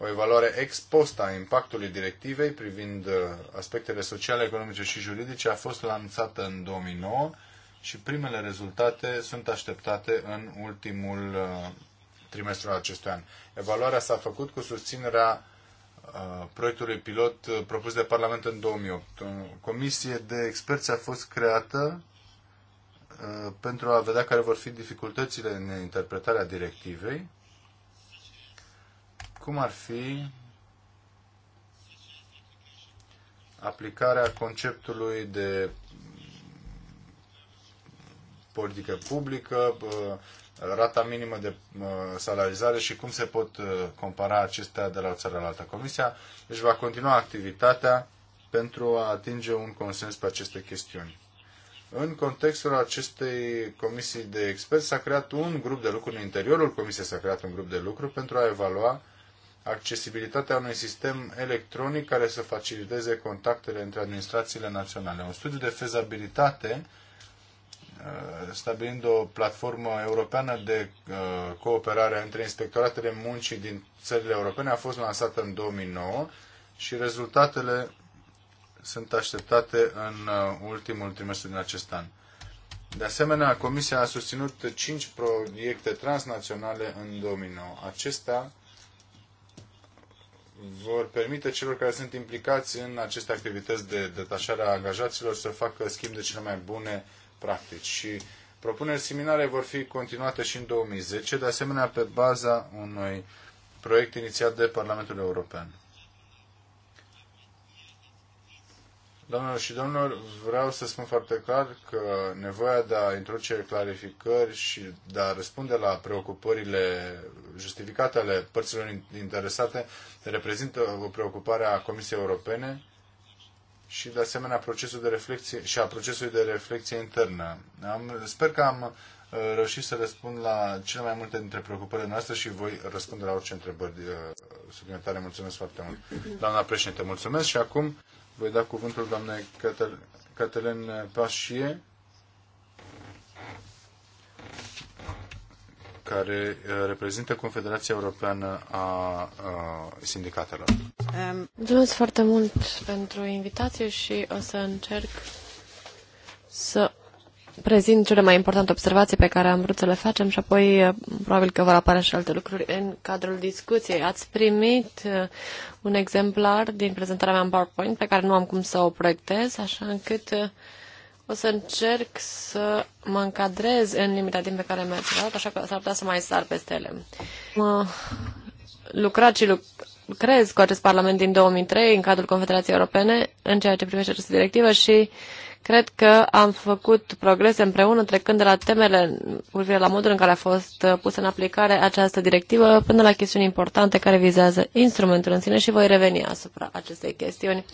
Speaker 1: O evaluare ex post a impactului directivei privind uh, aspectele sociale, economice și juridice a fost lansată în 2009 și primele rezultate sunt așteptate în ultimul uh, trimestru al acestui an. Evaluarea s-a făcut cu susținerea uh, proiectului pilot uh, propus de Parlament în 2008. O comisie de experți a fost creată pentru a vedea care vor fi dificultățile în interpretarea directivei, cum ar fi aplicarea conceptului de politică publică, uh, rata minimă de uh, salarizare și cum se pot uh, compara acestea de la o țară la alta. Comisia își va continua activitatea pentru a atinge un consens pe aceste chestiuni. În contextul acestei comisii de experți s-a creat un grup de lucru, în interiorul comisiei s-a creat un grup de lucru pentru a evalua accesibilitatea unui sistem electronic care să faciliteze contactele între administrațiile naționale. Un studiu de fezabilitate Uh, stabilind o platformă europeană de uh, cooperare între inspectoratele muncii din țările europene a fost lansată în 2009 și rezultatele sunt așteptate în uh, ultimul trimestru din acest an. De asemenea, Comisia a susținut 5 proiecte transnaționale în 2009. Acestea vor permite celor care sunt implicați în aceste activități de detașare a angajaților să facă schimb de cele mai bune practici și propuneri similare vor fi continuate și în 2010, de asemenea pe baza unui proiect inițiat de Parlamentul European. Domnilor și domnilor, vreau să spun foarte clar că nevoia de a introduce clarificări și de a răspunde la preocupările justificate ale părților interesate reprezintă o preocupare a Comisiei Europene și de asemenea procesul de reflexie și a procesului de reflexie internă. Am, sper că am uh, reușit să răspund la cele mai multe dintre preocupările noastre și voi răspunde la orice întrebări uh, suplimentare. Mulțumesc foarte mult, doamna președinte. Mulțumesc și acum voi da cuvântul doamnei Cătăl- Cătălin Pașie care uh, reprezintă Confederația Europeană a uh, Sindicatelor.
Speaker 4: Um, Mulțumesc foarte mult pentru invitație și o să încerc să prezint cele mai importante observații pe care am vrut să le facem și apoi uh, probabil că vor apărea și alte lucruri în cadrul discuției. Ați primit un exemplar din prezentarea mea în PowerPoint pe care nu am cum să o proiectez, așa încât o să încerc să mă încadrez în limita timp pe care mi-a dat, așa că s-ar putea să mai sar peste ele. Mă lucrat și lucrez cu acest Parlament din 2003 în cadrul Confederației Europene în ceea ce privește această directivă și cred că am făcut progrese împreună trecând de la temele cu privire la modul în care a fost pusă în aplicare această directivă până la chestiuni importante care vizează instrumentul în sine și voi reveni asupra acestei chestiuni.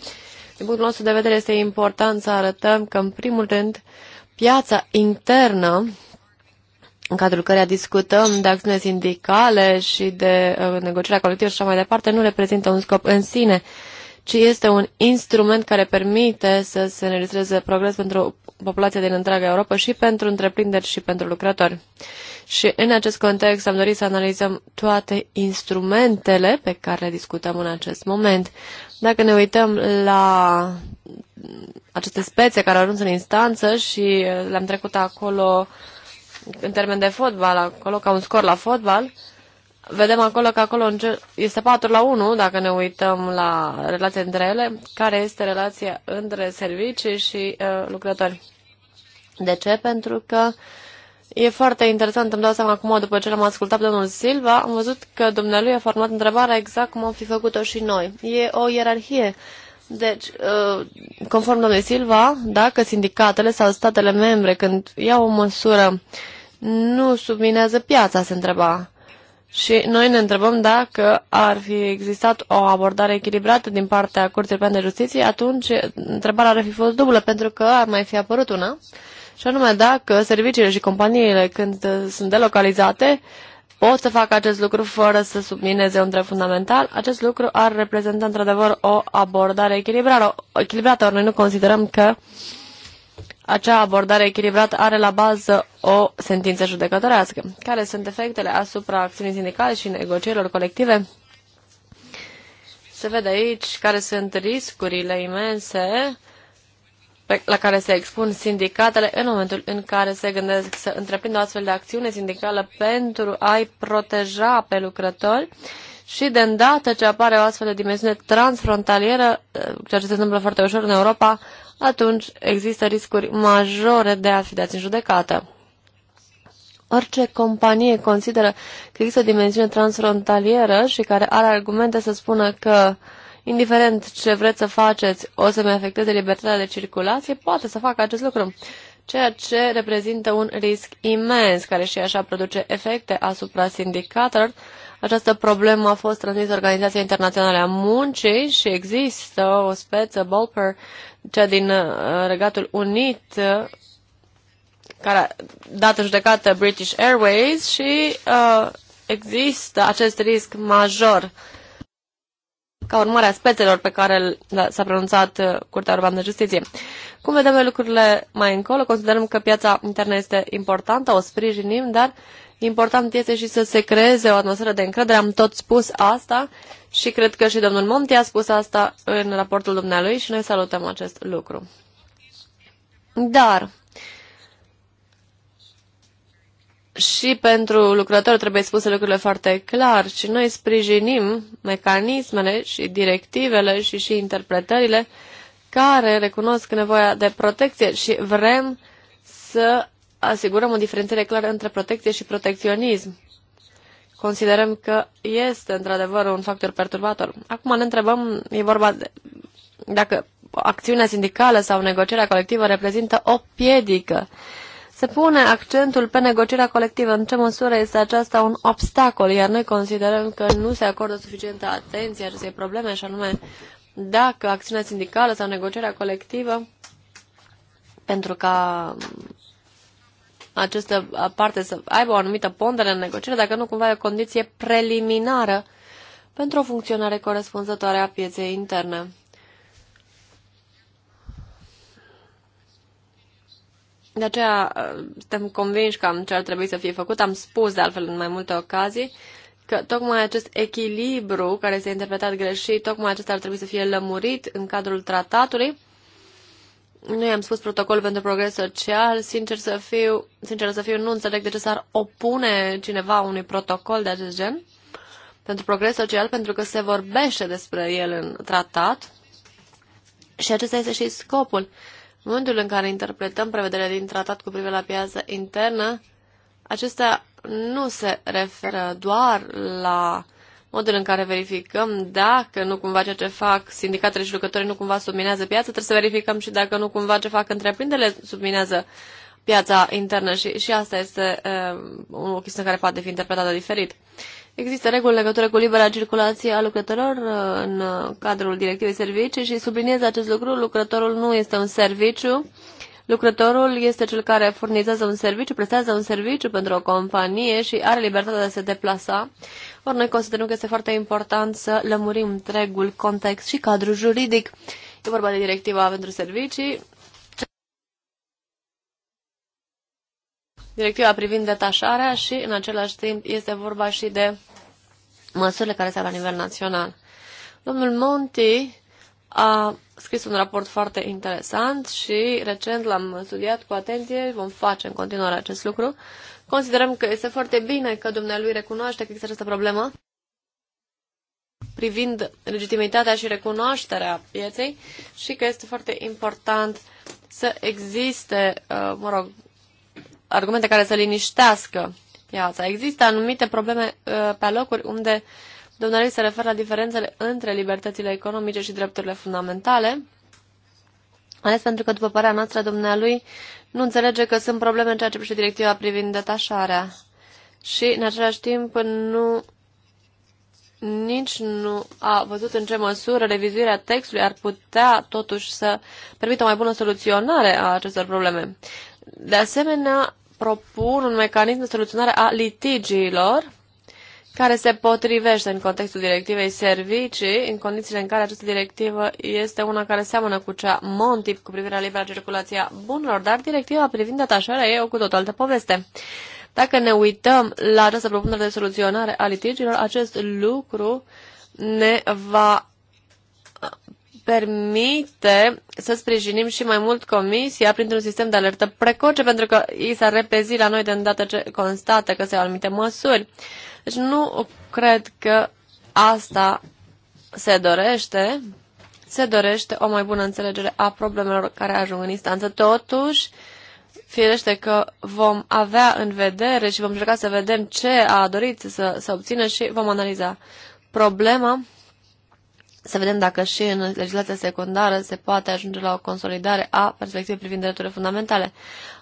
Speaker 4: Din punctul nostru de vedere este important să arătăm că, în primul rând, piața internă în cadrul căreia discutăm de acțiune sindicale și de uh, negocierea colectivă și așa mai departe, nu reprezintă un scop în sine, ci este un instrument care permite să se înregistreze progres pentru populația din întreaga Europa și pentru întreprinderi și pentru lucrători. Și în acest context am dorit să analizăm toate instrumentele pe care le discutăm în acest moment. Dacă ne uităm la aceste spețe care au ajuns în instanță și le-am trecut acolo în termen de fotbal, acolo ca un scor la fotbal, vedem acolo că acolo este 4 la 1, dacă ne uităm la relația între ele, care este relația între servicii și uh, lucrători. De ce? Pentru că uh, E foarte interesant, îmi dau seama acum, după ce l-am ascultat pe domnul Silva, am văzut că dumnealui a format întrebarea exact cum am fi făcut-o și noi. E o ierarhie. Deci, uh, conform domnului Silva, dacă sindicatele sau statele membre, când iau o măsură, nu subminează piața, se întreba. Și noi ne întrebăm dacă ar fi existat o abordare echilibrată din partea Curții Europene de Justiție, atunci întrebarea ar fi fost dublă, pentru că ar mai fi apărut una și anume dacă serviciile și companiile când uh, sunt delocalizate pot să facă acest lucru fără să submineze un drept fundamental, acest lucru ar reprezenta într-adevăr o abordare echilibrată. Ori noi nu considerăm că acea abordare echilibrată are la bază o sentință judecătorească. Care sunt efectele asupra acțiunii sindicale și negocierilor colective? Se vede aici care sunt riscurile imense pe, la care se expun sindicatele în momentul în care se gândesc să întreprindă o astfel de acțiune sindicală pentru a-i proteja pe lucrători și de îndată ce apare o astfel de dimensiune transfrontalieră, eh, ceea ce se întâmplă foarte ușor în Europa, atunci există riscuri majore de a fi dați în judecată. Orice companie consideră că există o dimensiune transfrontalieră și care are argumente să spună că uh, indiferent ce vreți să faceți, o să-mi afecteze libertatea de circulație, poate să facă acest lucru ceea ce reprezintă un risc imens, care și așa produce efecte asupra sindicatelor. Această problemă a fost transmisă Organizației Internaționale a Muncii și există o speță, Bolper, cea din uh, Regatul Unit, uh, care a dat în judecată British Airways și uh, există acest risc major ca urmare a spețelor pe care da, s-a pronunțat uh, Curtea Urbană de Justiție. Cum vedem lucrurile mai încolo, considerăm că piața internă este importantă, o sprijinim, dar important este și să se creeze o atmosferă de încredere. Am tot spus asta și cred că și domnul Monti a spus asta în raportul dumnealui și noi salutăm acest lucru. Dar și pentru lucrători trebuie spuse lucrurile foarte clar și noi sprijinim mecanismele și directivele și și interpretările care recunosc nevoia de protecție și vrem să asigurăm o diferențiere clară între protecție și protecționism. Considerăm că este într-adevăr un factor perturbator. Acum ne întrebăm, e vorba de, dacă acțiunea sindicală sau negocierea colectivă reprezintă o piedică se pune accentul pe negocierea colectivă. În ce măsură este aceasta un obstacol? Iar noi considerăm că nu se acordă suficientă atenție acestei probleme, și anume dacă acțiunea sindicală sau negocierea colectivă pentru ca această parte să aibă o anumită pondere în negociere, dacă nu cumva e o condiție preliminară pentru o funcționare corespunzătoare a pieței interne. De aceea uh, suntem convinși că ce ar trebui să fie făcut. Am spus, de altfel, în mai multe ocazii, că tocmai acest echilibru care s-a interpretat greșit, tocmai acesta ar trebui să fie lămurit în cadrul tratatului. Nu i-am spus protocol pentru progres social, sincer să fiu, sincer să fiu, nu înțeleg de ce s-ar opune cineva unui protocol de acest gen pentru progres social, pentru că se vorbește despre el în tratat și acesta este și scopul momentul în care interpretăm prevederile din tratat cu privire la piața internă, acestea nu se referă doar la modul în care verificăm dacă nu cumva ceea ce fac sindicatele și lucrătorii nu cumva subminează piața, trebuie să verificăm și dacă nu cumva ce fac întreprinderile subminează piața internă și, și asta este uh, o chestie care poate fi interpretată diferit. Există reguli în legătură cu libera circulație a lucrătorilor uh, în uh, cadrul directivei servicii și subliniez acest lucru, lucrătorul nu este un serviciu, lucrătorul este cel care furnizează un serviciu, prestează un serviciu pentru o companie și are libertatea de a se deplasa. Ori noi considerăm că este foarte important să lămurim întregul context și cadrul juridic. E vorba de directiva pentru servicii, directiva privind detașarea și, în același timp, este vorba și de măsurile care se la nivel național. Domnul Monti a scris un raport foarte interesant și recent l-am studiat cu atenție, vom face în continuare acest lucru. Considerăm că este foarte bine că dumnealui recunoaște că există această problemă privind legitimitatea și recunoașterea pieței și că este foarte important să existe, uh, mă rog, argumente care să liniștească piața. Există anumite probleme uh, pe locuri unde domnului se referă la diferențele între libertățile economice și drepturile fundamentale, ales pentru că, după părerea noastră, dumnealui nu înțelege că sunt probleme în ceea ce privește directiva privind detașarea. Și, în același timp, nu nici nu a văzut în ce măsură revizuirea textului ar putea totuși să permită o mai bună soluționare a acestor probleme. De asemenea, propun un mecanism de soluționare a litigiilor care se potrivește în contextul directivei servicii, în condițiile în care această directivă este una care seamănă cu cea Montip cu privire la libera circulație a bunurilor, dar directiva privind atașarea e o cu totul altă poveste. Dacă ne uităm la această propunere de soluționare a litigiilor, acest lucru ne va permite să sprijinim și mai mult comisia printr-un sistem de alertă precoce, pentru că ei s-ar repezi la noi de îndată ce constată că se au anumite măsuri. Deci nu cred că asta se dorește. Se dorește o mai bună înțelegere a problemelor care ajung în instanță. Totuși, firește că vom avea în vedere și vom încerca să vedem ce a dorit să, să obțină și vom analiza problema să vedem dacă și în legislația secundară se poate ajunge la o consolidare a perspectivei privind drepturile fundamentale.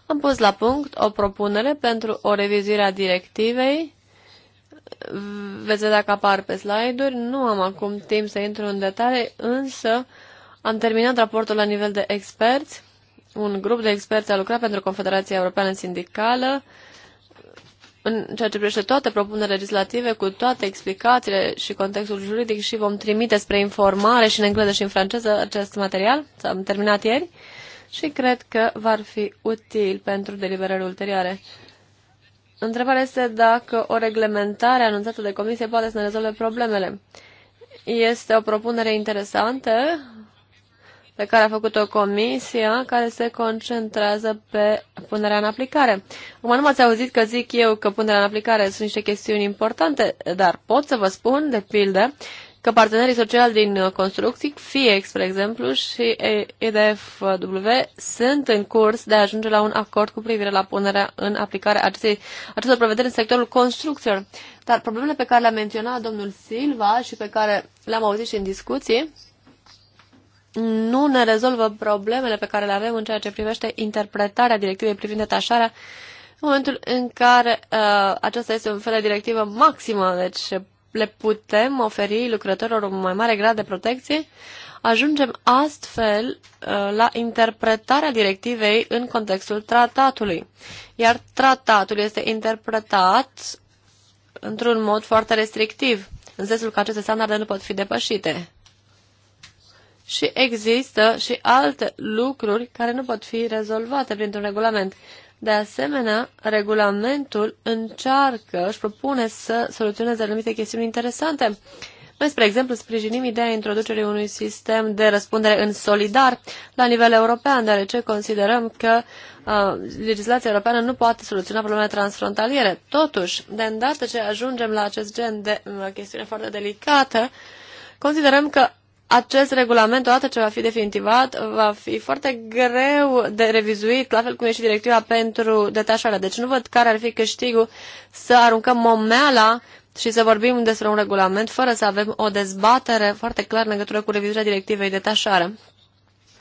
Speaker 4: Am pus la punct o propunere pentru o revizuire a directivei. Veți vedea că apar pe slide-uri. Nu am acum timp să intru în detalii, însă am terminat raportul la nivel de experți. Un grup de experți a lucrat pentru Confederația Europeană Sindicală în ceea ce privește toate propunerile legislative, cu toate explicațiile și contextul juridic și vom trimite spre informare și în engleză și în franceză acest material. S-am terminat ieri și cred că va fi util pentru deliberări ulterioare. Întrebarea este dacă o reglementare anunțată de comisie poate să ne rezolve problemele. Este o propunere interesantă, pe care a făcut-o comisia, care se concentrează pe punerea în aplicare. Acum nu m-ați auzit că zic eu că punerea în aplicare sunt niște chestiuni importante, dar pot să vă spun, de pildă, că partenerii sociali din construcții, FIEX, spre exemplu, și EDFW, sunt în curs de a ajunge la un acord cu privire la punerea în aplicare acestei, acestor prevederi în sectorul construcțiilor. Dar problemele pe care le-a menționat domnul Silva și pe care le-am auzit și în discuții, nu ne rezolvă problemele pe care le avem în ceea ce privește interpretarea directivei privind detașarea în momentul în care uh, aceasta este un fel de directivă maximă, deci le putem oferi lucrătorilor un mai mare grad de protecție, ajungem astfel uh, la interpretarea directivei în contextul tratatului. Iar tratatul este interpretat într-un mod foarte restrictiv, în sensul că aceste standarde nu pot fi depășite și există și alte lucruri care nu pot fi rezolvate printr-un regulament. De asemenea, regulamentul încearcă, își propune să soluționeze anumite chestiuni interesante. Noi, spre exemplu, sprijinim ideea introducerii unui sistem de răspundere în solidar la nivel european, deoarece considerăm că uh, legislația europeană nu poate soluționa probleme transfrontaliere. Totuși, de îndată ce ajungem la acest gen de uh, chestiune foarte delicată, considerăm că acest regulament, odată ce va fi definitivat, va fi foarte greu de revizuit, la fel cum e și directiva pentru detașarea. Deci nu văd care ar fi câștigul să aruncăm momeala și să vorbim despre un regulament fără să avem o dezbatere foarte clară în legătură cu revizuirea directivei detașare.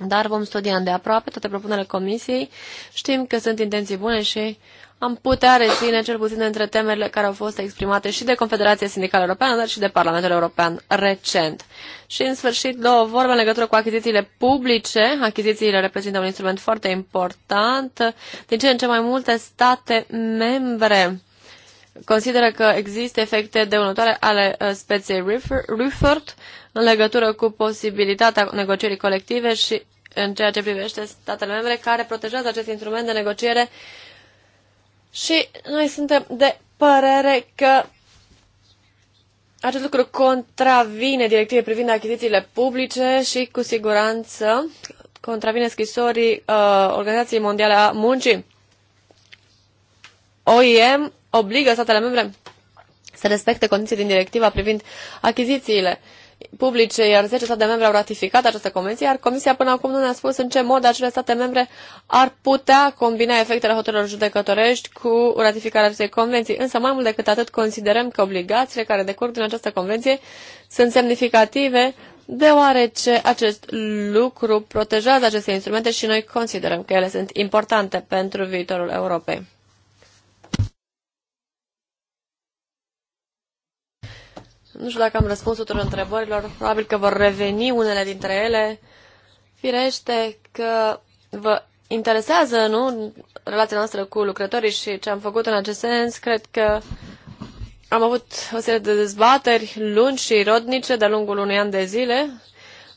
Speaker 4: Dar vom studia îndeaproape toate propunerile comisiei. Știm că sunt intenții bune și am putea reține cel puțin între temerile care au fost exprimate și de Confederația Sindicală Europeană, dar și de Parlamentul European recent. Și, în sfârșit, două vorbe în legătură cu achizițiile publice. Achizițiile reprezintă un instrument foarte important. Din ce în ce mai multe state membre consideră că există efecte dăunătoare ale uh, speției Rufford în legătură cu posibilitatea negocierii colective și în ceea ce privește statele membre care protejează acest instrument de negociere și noi suntem de părere că acest lucru contravine directivei privind achizițiile publice și cu siguranță contravine scrisorii uh, Organizației Mondiale a Muncii. OIM obligă statele membre să respecte condiții din directiva privind achizițiile. Uh, publice, iar 10 state membre au ratificat această convenție, iar Comisia până acum nu ne-a spus în ce mod acele state membre ar putea combina efectele hotărârilor judecătorești cu ratificarea acestei convenții. Însă, mai mult decât atât, considerăm că obligațiile care decurg din această convenție sunt semnificative deoarece acest lucru protejează aceste instrumente și noi considerăm că ele sunt importante pentru viitorul Europei. Nu știu dacă am răspuns tuturor întrebărilor, probabil că vor reveni unele dintre ele. Firește că vă interesează, nu, relația noastră cu lucrătorii și ce am făcut în acest sens. Cred că am avut o serie de dezbateri lungi și rodnice de-a lungul unui an de zile,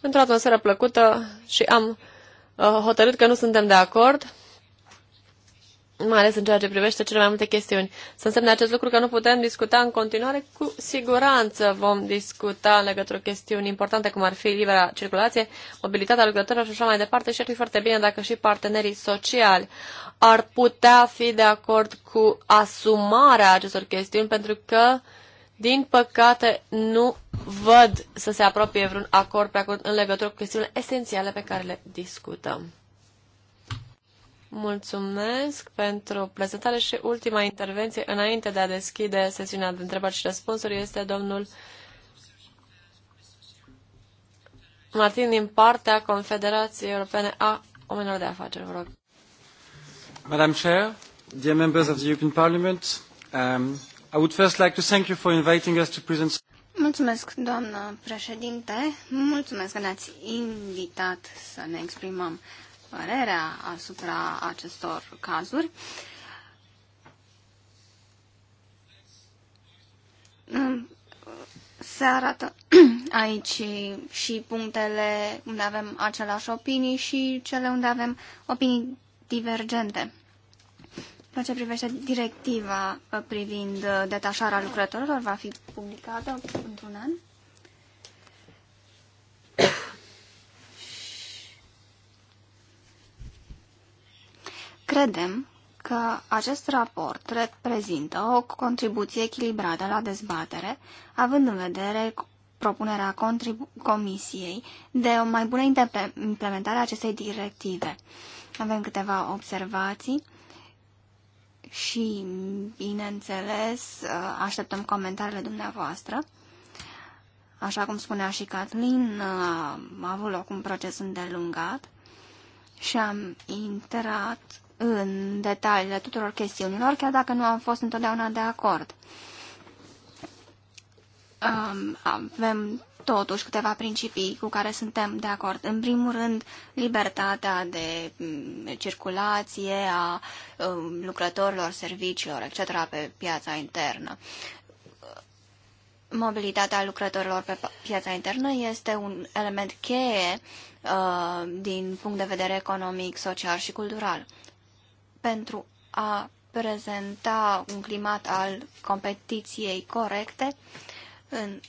Speaker 4: într-o atmosferă plăcută și am uh, hotărât că nu suntem de acord mai ales în ceea ce privește cele mai multe chestiuni. Să însemne acest lucru că nu putem discuta în continuare, cu siguranță vom discuta în legătură chestiuni importante, cum ar fi libera circulație, mobilitatea lucrătorilor și așa mai departe și ar fi foarte bine dacă și partenerii sociali ar putea fi de acord cu asumarea acestor chestiuni, pentru că din păcate, nu văd să se apropie vreun acord pe acord în legătură cu chestiunile esențiale pe care le discutăm. Mulțumesc pentru prezentare și ultima intervenție înainte de a deschide sesiunea de întrebări și răspunsuri este domnul Martin din partea Confederației Europene a Oamenilor de Afaceri. Vă rog.
Speaker 2: Madam Chair, dear members of the European Parliament, um, I would first like to thank you for inviting us to present
Speaker 3: Mulțumesc, doamnă președinte. Mulțumesc că ne-ați invitat să ne exprimăm părerea asupra acestor cazuri. Mm, se arată aici și punctele unde avem aceleași opinii și cele unde avem opinii divergente. În ce privește directiva privind detașarea lucrătorilor, va fi publicată într-un an. Credem că acest raport reprezintă o contribuție echilibrată la dezbatere, având în vedere propunerea Comisiei de o mai bună implementare a acestei directive. Avem câteva observații și, bineînțeles, așteptăm comentariile dumneavoastră. Așa cum spunea și Catlin, a avut loc un proces îndelungat și am intrat în detaliile tuturor chestiunilor, chiar dacă nu am fost întotdeauna de acord. Avem totuși câteva principii cu care suntem de acord. În primul rând, libertatea de mm, circulație a um, lucrătorilor, serviciilor, etc. pe piața internă. Mobilitatea lucrătorilor pe piața internă este un element cheie uh, din punct de vedere economic, social și cultural pentru a prezenta un climat al competiției corecte în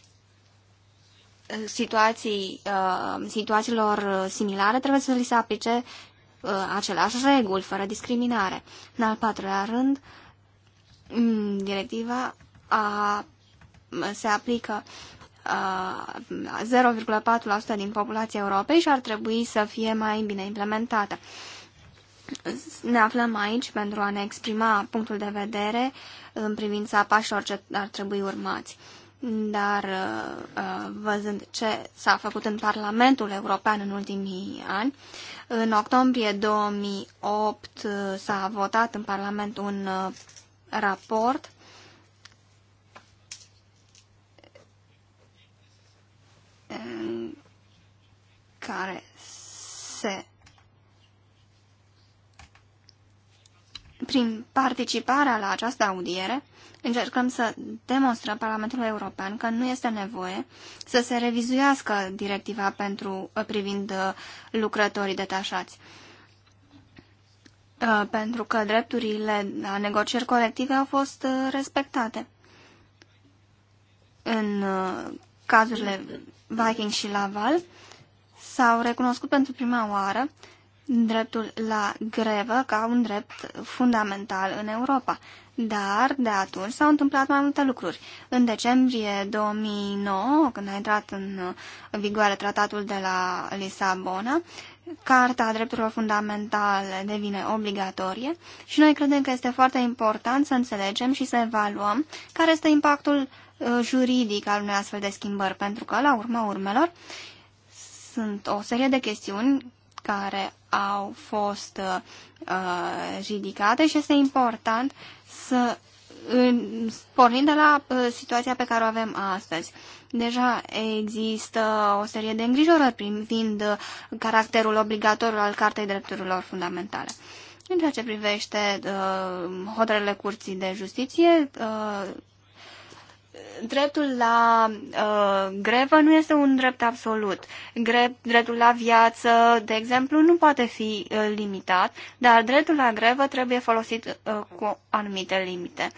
Speaker 3: situații, uh, situațiilor similare, trebuie să li se aplice uh, același reguli, fără discriminare. În al patrulea rând, mm, directiva a, se aplică 0,4% uh, din populația Europei și ar trebui să fie mai bine implementată ne aflăm aici pentru a ne exprima punctul de vedere în privința pașilor ce ar trebui urmați. Dar uh, uh, văzând ce s-a făcut în Parlamentul European în ultimii ani, în octombrie 2008 uh, s-a votat în Parlament un raport care se Prin participarea la această audiere, încercăm să demonstrăm Parlamentului European că nu este nevoie să se revizuiască directiva pentru, uh, privind uh, lucrătorii detașați. Uh, pentru că drepturile la negocieri colective au fost respectate. În cazurile Viking și Laval s-au recunoscut pentru prima oară dreptul la grevă ca un drept fundamental în Europa. Dar de atunci s-au întâmplat mai multe lucruri. În decembrie 2009, când a intrat în vigoare tratatul de la Lisabona, Carta drepturilor fundamentale devine obligatorie și noi credem că este foarte important să înțelegem și să evaluăm care este impactul uh, juridic al unei astfel de schimbări, pentru că, la urma urmelor, sunt o serie de chestiuni care au fost uh, ridicate și este important să în, pornind de la uh, situația pe care o avem astăzi. Deja există o serie de îngrijorări privind uh, caracterul obligatoriu al Cartei Drepturilor Fundamentale. În ceea ce privește uh, hotărârile Curții de Justiție, uh, dreptul la uh, grevă nu este un drept absolut. Gre dreptul la viață, de exemplu, nu poate fi uh, limitat, dar dreptul la grevă trebuie folosit uh, cu anumite limite.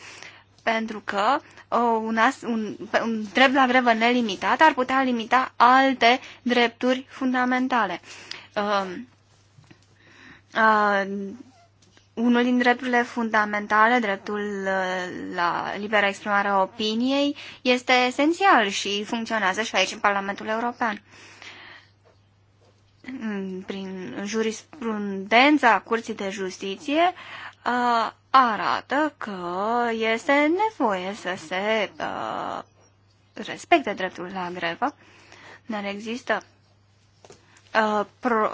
Speaker 3: Pentru că uh, un, as, un, un drept la grevă nelimitat ar putea limita alte drepturi fundamentale. Uh, uh, unul din drepturile fundamentale, dreptul uh, la liberă exprimare a opiniei, este esențial și funcționează și aici în Parlamentul European. Mm, prin jurisprudența Curții de Justiție uh, arată că este nevoie să se uh, respecte dreptul la grevă, dar există pro,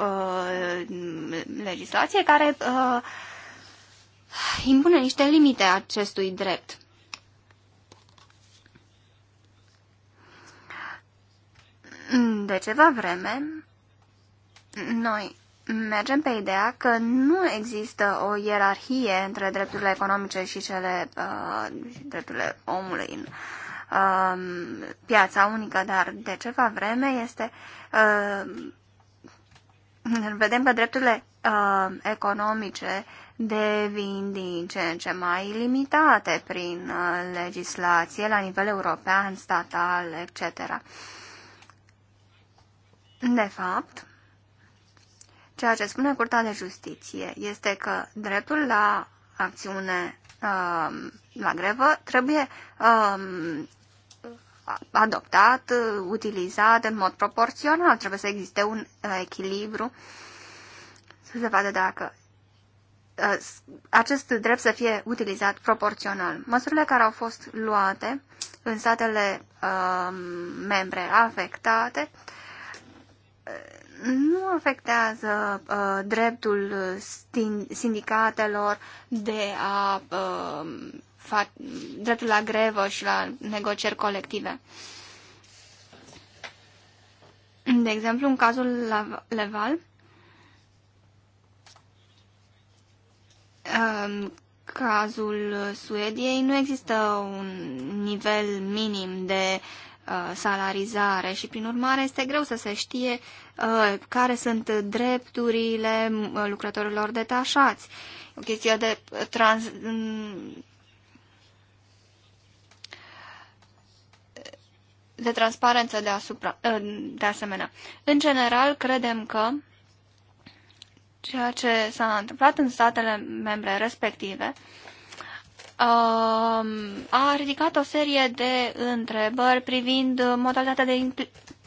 Speaker 3: legislație care uh, impune niște limite acestui drept. De ceva vreme, noi mergem pe ideea că nu există o ierarhie între drepturile economice și cele uh, drepturile omului în uh, piața unică, dar de ceva vreme este uh, vedem că drepturile uh, economice devin din ce în ce mai limitate prin uh, legislație la nivel european, statal, etc. De fapt, ceea ce spune Curtea de Justiție este că dreptul la acțiune um, la grevă trebuie um, adoptat, utilizat în mod proporțional. Trebuie să existe un echilibru să se vadă dacă Uh, acest drept să fie utilizat proporțional. Măsurile care au fost luate în statele uh, membre afectate uh, nu afectează uh, dreptul sindicatelor de a uh, fa- dreptul la grevă și la negocieri colective. De exemplu, în cazul Leval, um, cazul Suediei nu există un nivel minim de uh, salarizare și prin urmare este greu să se știe uh, care sunt drepturile lucrătorilor detașați. O chestie de trans... de transparență de, asupra, eh, de asemenea. În general, credem că ceea ce s-a întâmplat în statele membre respective um, a ridicat o serie de întrebări privind modalitatea de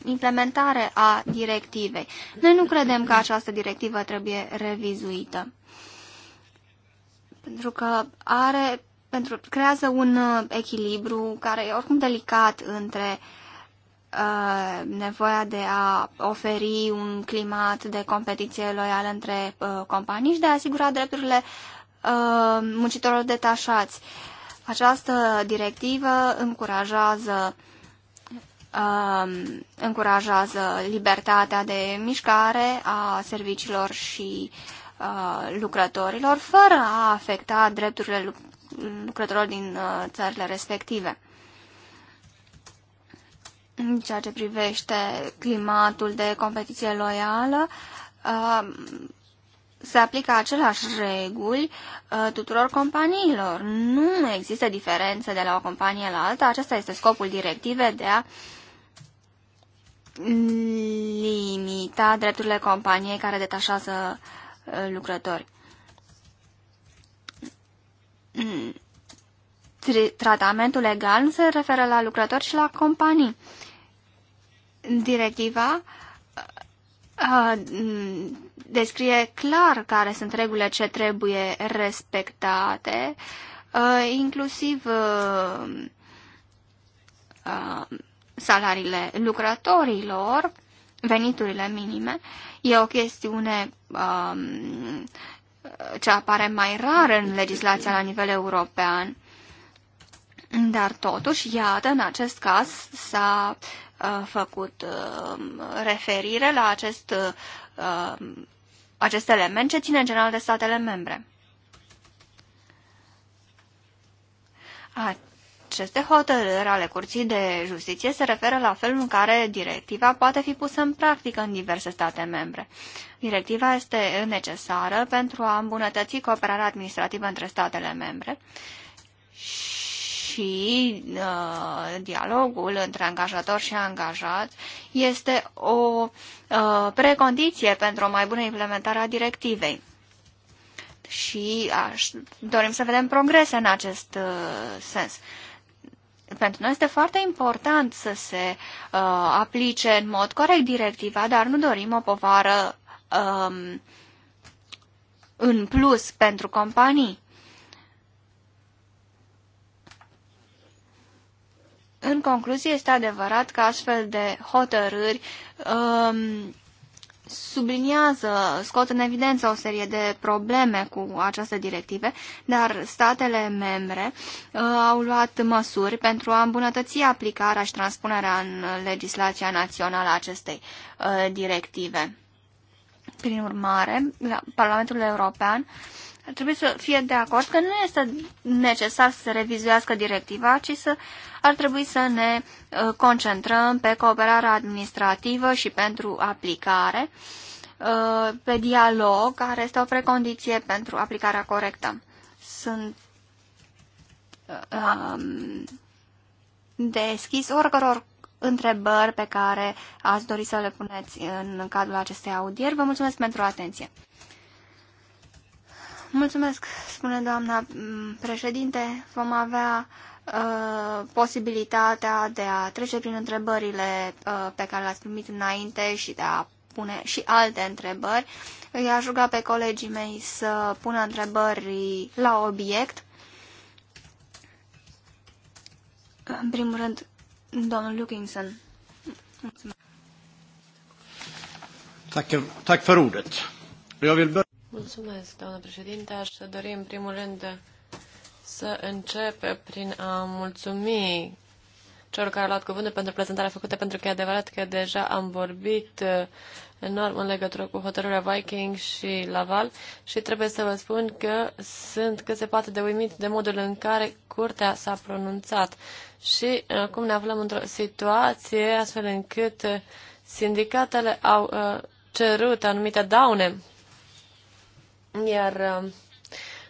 Speaker 3: implementare a directivei. Noi nu credem că această directivă trebuie revizuită, pentru că are, pentru, creează un echilibru care e oricum delicat între uh, Uh, nevoia de a oferi un climat de competiție loială între uh, companii și de a asigura drepturile uh, muncitorilor detașați. Această directivă încurajează um, încurajează libertatea de mișcare a serviciilor și lucrătorilor, fără a afecta drepturile lucrătorilor din țările respective în ceea ce privește climatul de competiție loială, uh, se aplică același reguli uh, tuturor companiilor. Nu există diferențe de la o companie la alta. Acesta este scopul directive de a limita drepturile companiei care detașează uh, lucrători mm. tratamentul legal nu se referă la lucrători și la companii. Directiva uh, descrie clar care sunt regulile ce trebuie respectate, uh, inclusiv uh, salariile lucrătorilor, veniturile minime. E o chestiune um, ce apare mai rar în legislația la nivel european. Dar totuși, iată, în acest caz s-a uh, făcut um, referire la acest, um, acest element ce ține în general de statele membre. Aceste hotărâri ale Curții de Justiție se referă la felul în care directiva poate fi pusă în practică în diverse state membre. Directiva este necesară pentru a îmbunătăți cooperarea administrativă între statele membre și uh, dialogul între angajator și angajat este o uh, precondiție pentru o mai bună implementare a directivei. Și aș, dorim să vedem progrese în acest uh, sens. Pentru noi este foarte important să se uh, aplice în mod corect directiva, dar nu dorim o povară um, în plus pentru companii În concluzie, este adevărat că astfel de hotărâri um, subliniază, scot în evidență o serie de probleme cu această directive, dar statele membre uh, au luat măsuri pentru a îmbunătăți aplicarea și transpunerea în legislația națională a acestei uh, directive. Prin urmare, la Parlamentul European uh, ar trebui să fie de acord că nu este necesar să se revizuiască directiva, ci să ar trebui să ne ă, concentrăm pe cooperarea administrativă și pentru aplicare, ă, pe dialog, care este o precondiție pentru aplicarea corectă. Sunt um, deschis oricăror întrebări pe care ați dori să le puneți în cadrul acestei audieri. Vă mulțumesc pentru atenție. Mulțumesc, spune doamna mm, președinte. Vom avea uh, posibilitatea de a trece prin întrebările uh, pe care le-ați primit înainte și de a pune și alte întrebări. Îi aș ruga pe colegii mei să pună întrebări la obiect. În primul rând, domnul Lukinson. Mulțumesc.
Speaker 2: Tack, tack för ordet. Jag vill börja...
Speaker 4: Mulțumesc, doamnă președinte. Aș dori în primul rând să încep prin a mulțumi celor care au luat cuvântul pentru prezentarea făcută, pentru că e adevărat că deja am vorbit uh, enorm în legătură cu hotărârea Viking și Laval și trebuie să vă spun că sunt cât se poate de uimit de modul în care curtea s-a pronunțat. Și uh, acum ne aflăm într-o situație astfel încât sindicatele au uh, cerut anumite daune iar um,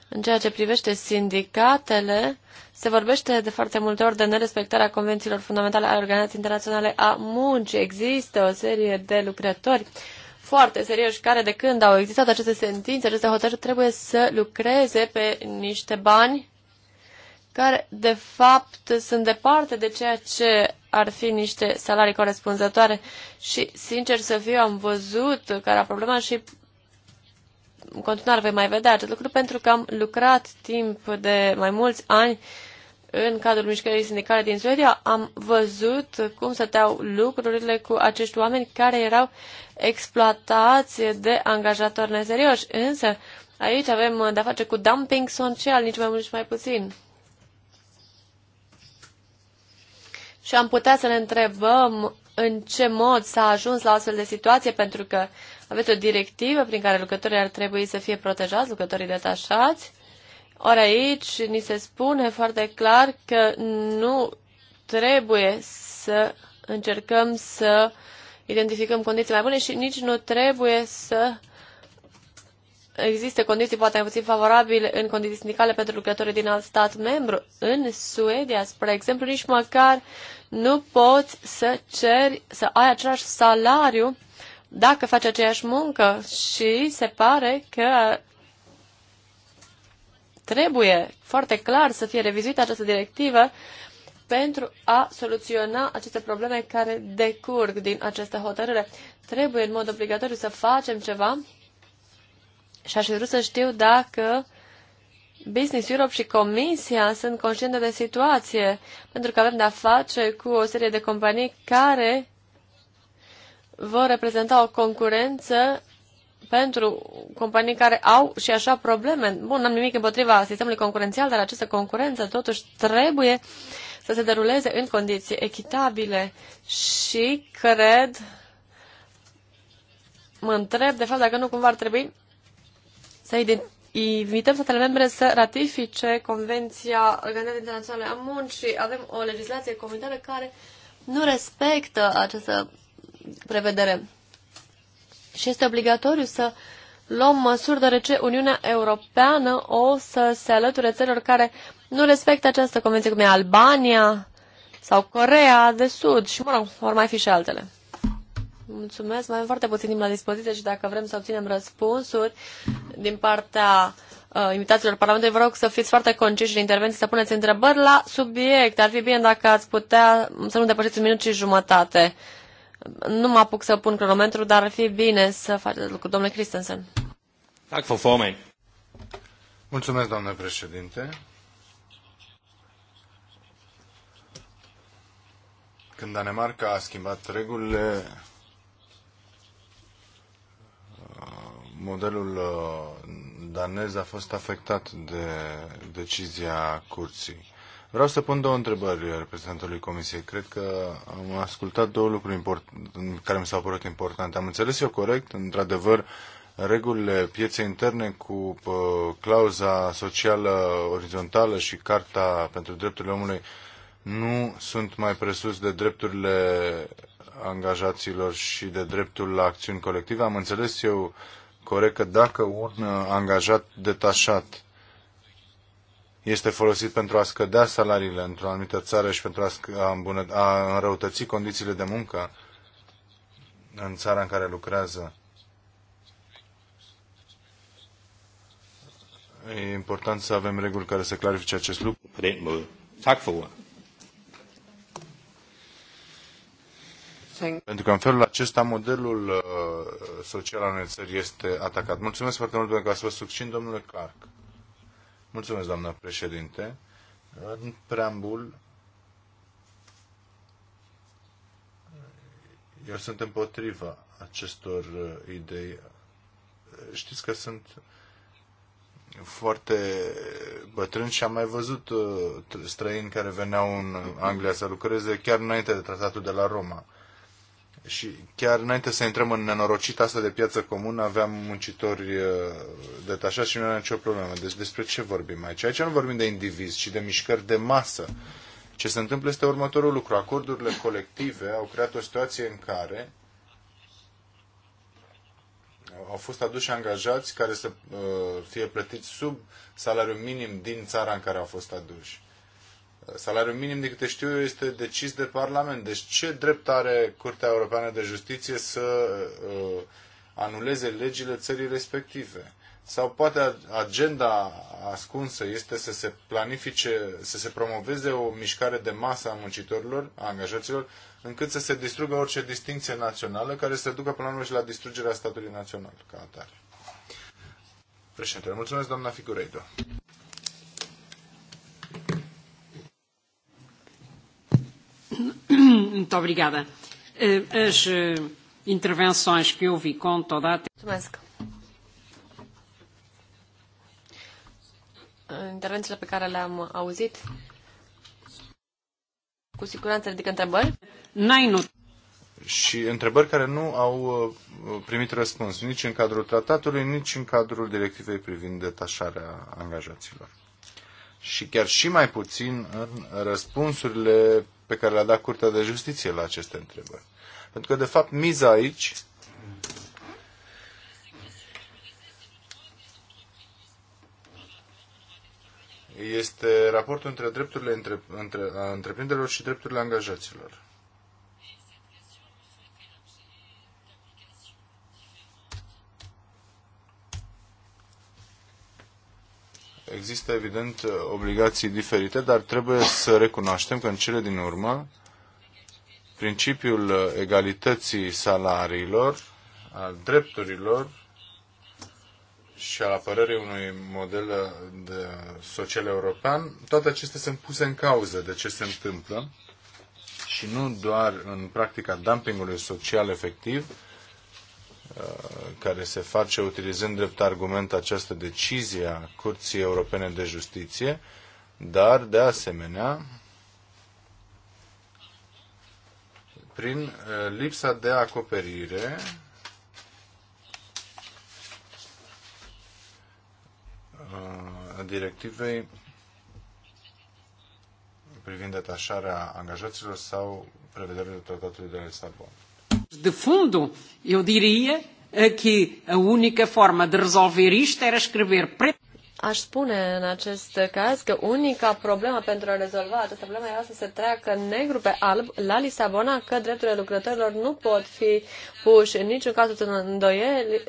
Speaker 4: în ceea ce privește sindicatele, se vorbește de foarte multe ori de nerespectarea convențiilor fundamentale ale Organizației Internaționale a Muncii. Există o serie de lucrători foarte serioși care de când au existat aceste sentințe, aceste hotărâri, trebuie să lucreze pe niște bani care de fapt sunt departe de ceea ce ar fi niște salarii corespunzătoare și sincer să fiu am văzut care a problema și în continuare vei mai vedea acest lucru pentru că am lucrat timp de mai mulți ani în cadrul mișcării sindicale din Suedia, am văzut cum stăteau lucrurile cu acești oameni care erau exploatați de angajatori neserioși. Însă, aici avem de-a face cu dumping social, nici mai mult, nici mai puțin. Și am putea să ne întrebăm în ce mod s-a ajuns la astfel de situație, pentru că aveți o directivă prin care lucrătorii ar trebui să fie protejați, lucrătorii detașați. Ori aici ni se spune foarte clar că nu trebuie să încercăm să identificăm condiții mai bune și nici nu trebuie să existe condiții poate mai puțin favorabile în condiții sindicale pentru lucrătorii din alt stat membru. În Suedia, spre exemplu, nici măcar nu poți să ceri să ai același salariu dacă face aceeași muncă și se pare că trebuie foarte clar să fie revizuită această directivă pentru a soluționa aceste probleme care decurg din această hotărâre. Trebuie în mod obligatoriu să facem ceva și aș vrea să știu dacă Business Europe și Comisia sunt conștiente de situație, pentru că avem de-a face cu o serie de companii care vor reprezenta o concurență pentru companii care au și așa probleme. Bun, n-am nimic împotriva sistemului concurențial, dar această concurență totuși trebuie să se deruleze în condiții echitabile și cred, mă întreb de fapt dacă nu cumva ar trebui să invităm statele membre să ratifice Convenția Organizației Internaționale a Muncii. Avem o legislație comunitară care nu respectă această prevedere. Și este obligatoriu să luăm măsuri deoarece Uniunea Europeană o să se alăture țărilor care nu respectă această convenție, cum e Albania sau Corea de Sud și, mă rog, vor mai fi și altele. Mulțumesc, mai avem foarte puțin timp la dispoziție și dacă vrem să obținem răspunsuri din partea uh, invitațiilor Parlamentului, vă rog să fiți foarte conciși în intervenții, să puneți întrebări la subiect. Ar fi bine dacă ați putea să nu depășiți un minut și jumătate. Nu mă apuc să pun cronometru, dar ar fi bine să faceți lucru. Domnule Christensen.
Speaker 1: Tak for formand. Mulțumesc, domnule președinte. Când Danemarca a schimbat regulile, modelul uh, danez a fost afectat de decizia curții. Vreau să pun două întrebări reprezentantului Comisiei. Cred că am ascultat două lucruri import, care mi s-au părut importante. Am înțeles eu corect, într-adevăr, regulile pieței interne cu pă, clauza socială orizontală și Carta pentru Drepturile Omului nu sunt mai presus de drepturile angajaților și de dreptul la acțiuni colective. Am înțeles eu corect că dacă un angajat detașat este folosit pentru a scădea salariile într-o anumită țară și pentru a, îmbunăt- a înrăutăți condițiile de muncă în țara în care lucrează. E important să avem reguli care să clarifice acest lucru. Pe Pentru că în felul acesta modelul uh, social al unei țări este atacat. Mulțumesc foarte mult pentru că ați fost succint, domnule Clark. Mulțumesc, doamnă președinte. În preambul, eu sunt împotriva acestor uh, idei. Știți că sunt foarte bătrân și am mai văzut uh, străini care veneau în Anglia să lucreze chiar înainte de tratatul de la Roma. Și chiar înainte să intrăm în nenorocita asta de piață comună, aveam muncitori uh, detașați și nu era nicio problemă. Deci despre ce vorbim aici? Aici nu vorbim de indivizi, ci de mișcări de masă. Ce se întâmplă este următorul lucru. Acordurile colective au creat o situație în care au fost aduși angajați care să uh, fie plătiți sub salariul minim din țara în care au fost aduși. Salariul minim, de câte știu eu, este decis de Parlament. Deci ce drept are Curtea Europeană de Justiție să uh, anuleze legile țării respective? Sau poate agenda ascunsă este să se planifice, să se promoveze o mișcare de masă a muncitorilor, a angajaților, încât să se distrugă orice distinție națională care să ducă până la și la distrugerea statului național ca atare. Președinte, mulțumesc doamna Figureido.
Speaker 2: Eh, as eh, intervenções que ouvi com toda a
Speaker 4: Intervențiile pe care le-am auzit cu siguranță ridică întrebări. n nu.
Speaker 1: Și întrebări care nu au uh, primit răspuns nici în cadrul tratatului, nici în cadrul directivei privind detașarea angajaților. Și chiar și mai puțin în răspunsurile pe care le-a dat Curtea de Justiție la aceste întrebări. Pentru că, de fapt, miza aici este raportul între drepturile între, între, întreprinderilor și drepturile angajaților. Există, evident, obligații diferite, dar trebuie să recunoaștem că în cele din urmă principiul egalității salariilor, al drepturilor și al apărării unui model de social european, toate acestea sunt puse în cauză de ce se întâmplă și nu doar în practica dumpingului social efectiv, Uh, care se face utilizând drept argument această decizie a Curții Europene de Justiție, dar de asemenea prin uh, lipsa de acoperire uh, a directivei privind detașarea angajaților sau prevederile tratatului de la Lisabona.
Speaker 2: De fundo, eu diria que a única forma de resolver isto era escrever preto.
Speaker 4: Aș spune în acest caz că unica problemă pentru a rezolva această problemă era să se treacă negru pe alb la Lisabona, că drepturile lucrătorilor nu pot fi puși în niciun caz în îndoieli,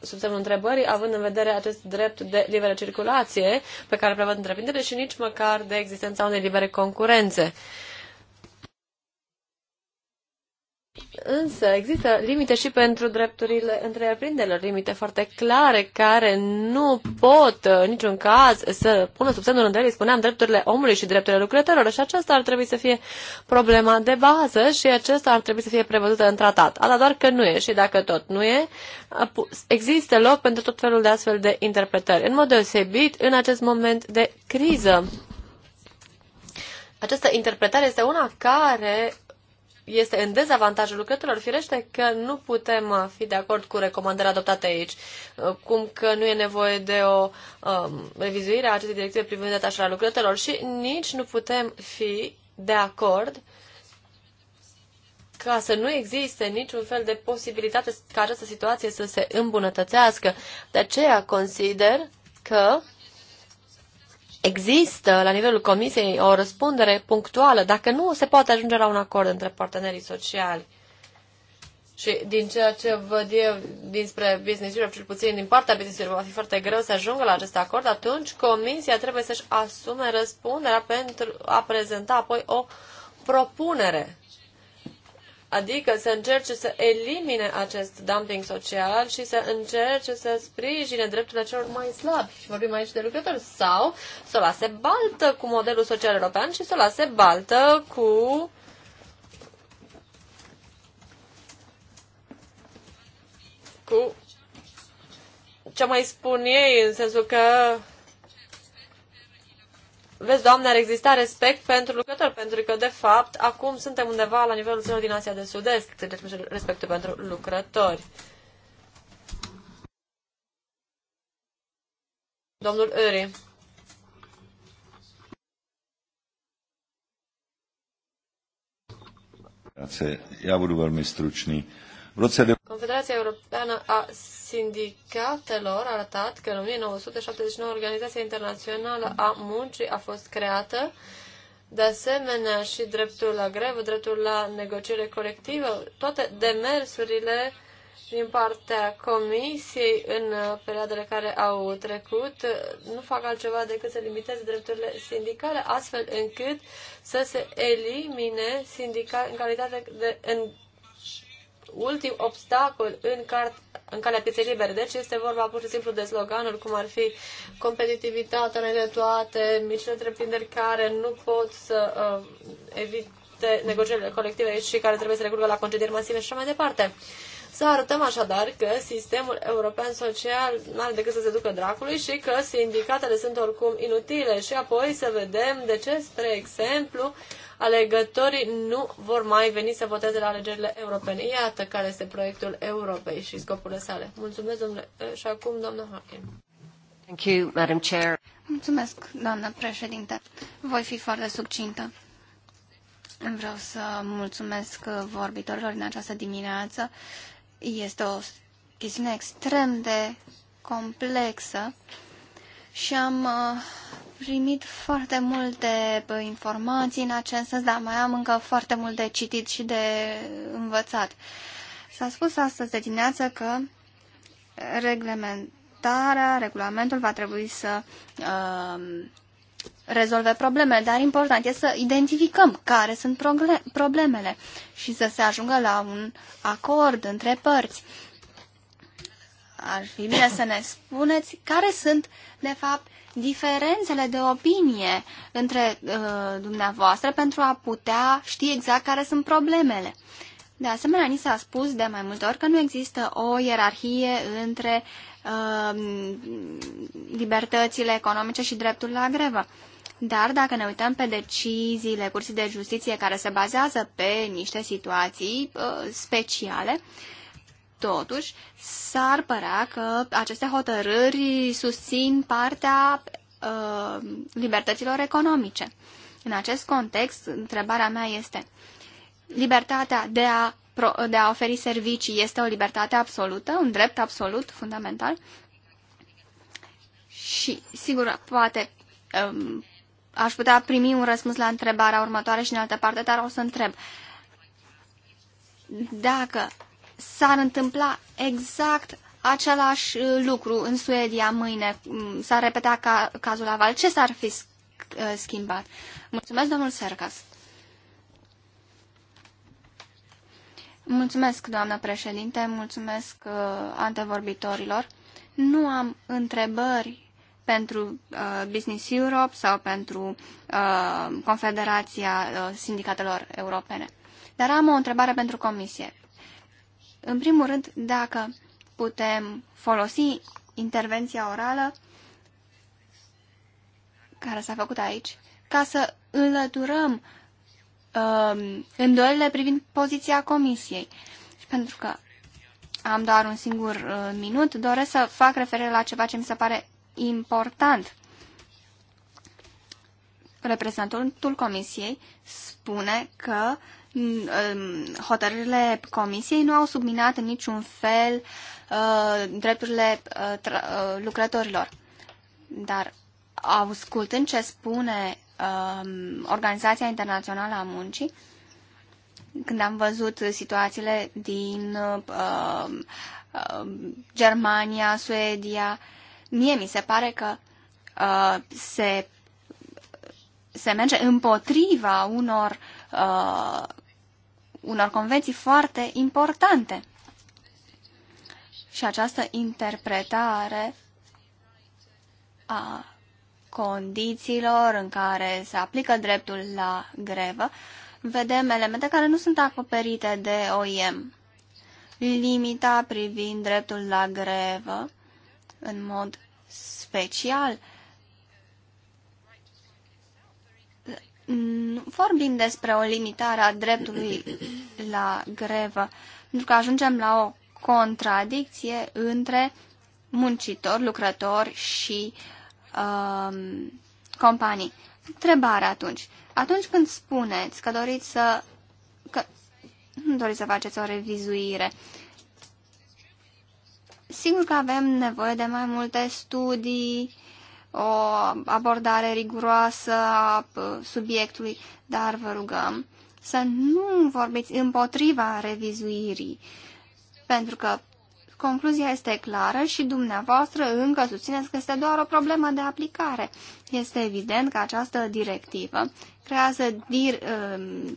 Speaker 4: sub semnul întrebării, având în vedere acest drept de liberă circulație pe care prevăd întreprinderile și nici măcar de existența unei libere concurențe. Însă există limite și pentru drepturile întreprinderilor, limite foarte clare care nu pot uh, în niciun caz să pună sub semnul întrebării, spuneam, drepturile omului și drepturile lucrătorilor și aceasta ar trebui să fie problema de bază și acesta ar trebui să fie prevăzută în tratat. Asta doar că nu e și dacă tot nu e, există loc pentru tot felul de astfel de interpretări, în mod deosebit în acest moment de criză. Această interpretare este una care este în dezavantajul lucrătorilor. Firește că nu putem uh, fi de acord cu recomandarea adoptată aici, uh, cum că nu e nevoie de o um, revizuire a acestei directive privind detașarea lucrătorilor și nici nu putem fi de acord ca să nu existe niciun fel de posibilitate ca această situație să se îmbunătățească. De aceea consider că există la nivelul comisiei o răspundere punctuală dacă nu se poate ajunge la un acord între partenerii sociali. Și din ceea ce văd eu dinspre Business Europe, cel puțin din partea Business Europe, va fi foarte greu să ajungă la acest acord, atunci Comisia trebuie să-și asume răspunderea pentru a prezenta apoi o propunere Adică să încerce să elimine acest dumping social și să încerce să sprijine drepturile celor mai slabi. Și vorbim aici de lucrători. Sau să o lase baltă cu modelul social european și să o lase baltă cu cu ce mai spun ei, în sensul că vezi, doamne, ar exista respect pentru lucrători, pentru că, de fapt, acum suntem undeva la nivelul țărilor din Asia de Sud-Est, respectul pentru lucrători. Domnul Uri.
Speaker 1: Grazie. Ja budu velmi stručný.
Speaker 4: Confederația Europeană a Sindicatelor a arătat că în 1979 Organizația Internațională a Muncii a fost creată, de asemenea și dreptul la grevă, dreptul la negociere colectivă, toate demersurile din partea Comisiei în perioadele care au trecut nu fac altceva decât să limiteze drepturile sindicale, astfel încât să se elimine sindica, în calitate de, în ultim obstacol în, cart, în calea pieței libere. Deci este vorba pur și simplu de sloganuri, cum ar fi competitivitatea de toate, micile întreprinderi care nu pot să uh, evite negocierile colective și care trebuie să recurgă la concedieri masive și așa mai departe. Să arătăm așadar că sistemul european social nu are decât să se ducă dracului și că sindicatele sunt oricum inutile și apoi să vedem de ce, spre exemplu, uh, alegătorii nu vor mai veni să voteze la alegerile europene. Iată care este proiectul Europei și scopurile sale. Mulțumesc, domnule. Și acum, doamna Harkin.
Speaker 3: Thank you, Madam Chair. Mulțumesc, doamna președinte. Voi fi foarte succintă. Vreau să mulțumesc vorbitorilor în această dimineață. Este o chestiune extrem de complexă și am uh, primit foarte multe informații în acest sens, dar mai am încă foarte mult de citit și de învățat. S-a spus astăzi de dimineață că reglementarea, regulamentul va trebui să uh, rezolve problemele, dar important este să identificăm care sunt problemele și să se ajungă la un acord între părți. Ar fi bine să ne spuneți care sunt, de fapt, diferențele de opinie între uh, dumneavoastră pentru a putea ști exact care sunt problemele. De asemenea, ni s-a spus de mai multe ori că nu există o ierarhie între uh, libertățile economice și dreptul la grevă. Dar dacă ne uităm pe deciziile Curții de Justiție care se bazează pe niște situații uh, speciale, uh, Totuși, s-ar părea că aceste hotărâri susțin partea uh, libertăților economice. În acest context, întrebarea mea este, libertatea de a, de a oferi servicii este o libertate absolută, un drept absolut, fundamental? Și, sigur, poate um, aș putea primi un răspuns la întrebarea următoare și în altă parte, dar o să întreb. Dacă s-ar întâmpla exact același uh, lucru în Suedia mâine, mm, s-ar repeta ca, cazul aval, ce s-ar fi uh, schimbat? Mulțumesc, domnul Sercas. Mulțumesc, doamnă președinte, mulțumesc uh, antevorbitorilor. Nu am întrebări pentru uh, Business Europe sau pentru uh, Confederația uh, Sindicatelor Europene. Dar am o întrebare pentru Comisie. În primul rând, dacă putem folosi intervenția orală care s-a făcut aici, ca să înlăturăm um, îndoielile privind poziția comisiei. Și pentru că am doar un singur uh, minut, doresc să fac referire la ceva ce mi se pare important. Reprezentantul comisiei spune că uh, hotărârile comisiei nu au subminat în niciun fel uh, drepturile uh, uh, lucrătorilor. Dar ascultând ce spune um, Organizația Internațională a Muncii, când am văzut situațiile din Germania, Suedia, mie mi se pare că se, se merge împotriva unor unor convenții foarte importante. Și această interpretare a condițiilor în care se aplică dreptul la grevă, vedem elemente care nu sunt acoperite de OIM. Limita privind dreptul la grevă, în mod special, nu mm, vorbim despre o limitare a dreptului la grevă, pentru că ajungem la o contradicție între muncitori, lucrători și um, uh, companii. Întrebare atunci. Atunci când spuneți că doriți să... Că nu doriți să faceți o revizuire, sigur că avem nevoie de mai multe studii, o abordare riguroasă a subiectului, dar vă rugăm să nu vorbiți împotriva revizuirii, pentru că concluzia este clară și dumneavoastră încă susțineți că este doar o problemă de aplicare. Este evident că această directivă creează dir, um,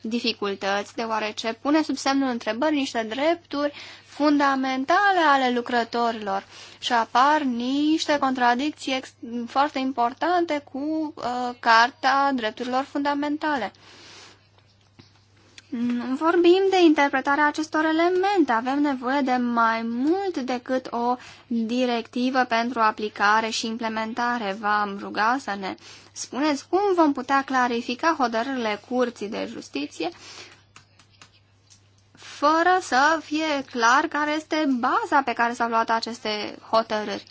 Speaker 3: dificultăți, deoarece pune sub semnul întrebării niște drepturi fundamentale ale lucrătorilor și apar niște contradicții foarte importante cu uh, Carta Drepturilor Fundamentale. Vorbim de interpretarea acestor elemente. Avem nevoie de mai mult decât o directivă pentru aplicare și implementare. V-am ruga să ne spuneți cum vom putea clarifica hotărârile curții de justiție fără să fie clar care este baza pe care s-au luat aceste hotărâri.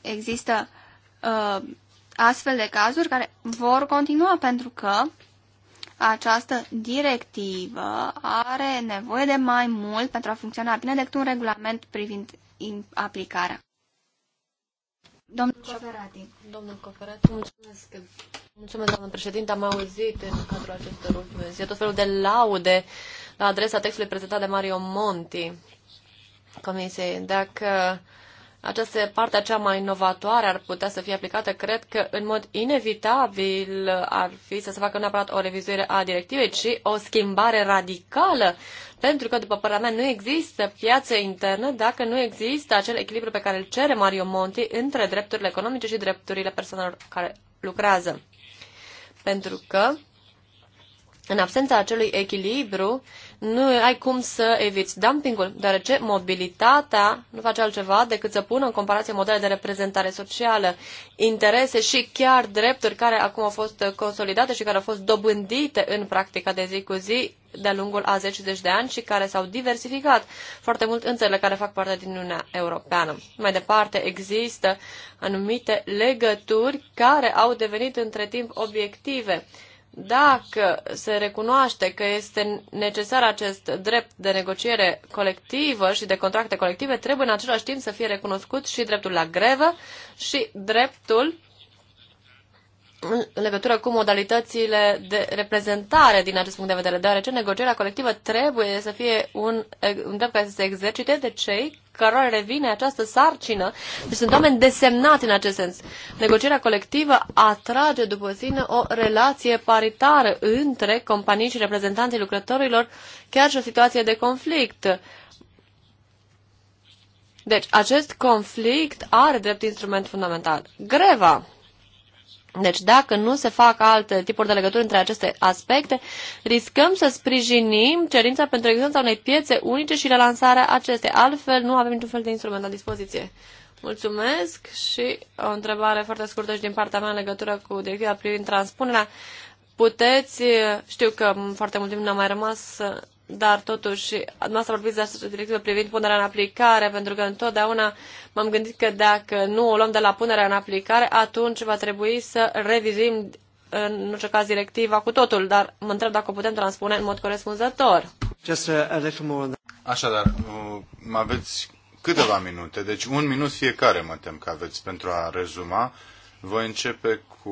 Speaker 3: Există uh, astfel de cazuri care vor continua pentru că această directivă are nevoie de mai mult pentru a funcționa bine decât un regulament privind aplicarea. Domnul
Speaker 4: Coferati. Domnul Coferati, mulțumesc. Mulțumesc, doamnă președinte. Am auzit în cadrul acestor ultime zile tot felul de laude la adresa textului prezentat de Mario Monti Comisiei. Dacă această parte cea mai inovatoare ar putea să fie aplicată, cred că în mod inevitabil ar fi să se facă neapărat o revizuire a directivei, ci o schimbare radicală pentru că, după părerea mea, nu există piață internă dacă nu există acel echilibru pe care îl cere Mario Monti între drepturile economice și drepturile persoanelor care lucrează. Pentru că, în absența acelui echilibru, nu ai cum să eviți dumpingul, deoarece mobilitatea nu face altceva decât să pună în comparație modele de reprezentare socială, interese și chiar drepturi care acum au fost consolidate și care au fost dobândite în practica de zi cu zi de-a lungul a 10 zeci de ani și care s-au diversificat foarte mult în țările care fac parte din Uniunea Europeană. Mai departe, există anumite legături care au devenit între timp obiective dacă se recunoaște că este necesar acest drept de negociere colectivă și de contracte colective, trebuie în același timp să fie recunoscut și dreptul la grevă și dreptul în legătură cu modalitățile de reprezentare din acest punct de vedere, deoarece negocierea colectivă trebuie să fie un, un drept care să se exercite de cei cărora revine această sarcină. Deci sunt oameni desemnați în acest sens. Negocierea colectivă atrage după sine o relație paritară între companii și reprezentanții lucrătorilor, chiar și o situație de conflict. Deci, acest conflict are drept instrument fundamental. Greva deci dacă nu se fac alte tipuri de legături între aceste aspecte, riscăm să sprijinim cerința pentru existența unei piețe unice și relansarea acestei. Altfel, nu avem niciun fel de instrument la dispoziție. Mulțumesc și o întrebare foarte scurtă și din partea mea în legătură cu directiva privind transpunerea. Puteți, știu că foarte mult timp n-a mai rămas dar totuși, noastră vorbiți de această directivă privind punerea în aplicare, pentru că întotdeauna m-am gândit că dacă nu o luăm de la punerea în aplicare, atunci va trebui să revizim în orice caz directiva cu totul, dar mă întreb dacă o putem transpune în mod
Speaker 2: corespunzător.
Speaker 1: Just a, Așadar, mă uh, aveți câteva minute, deci un minut fiecare mă tem că aveți pentru a rezuma. Voi începe cu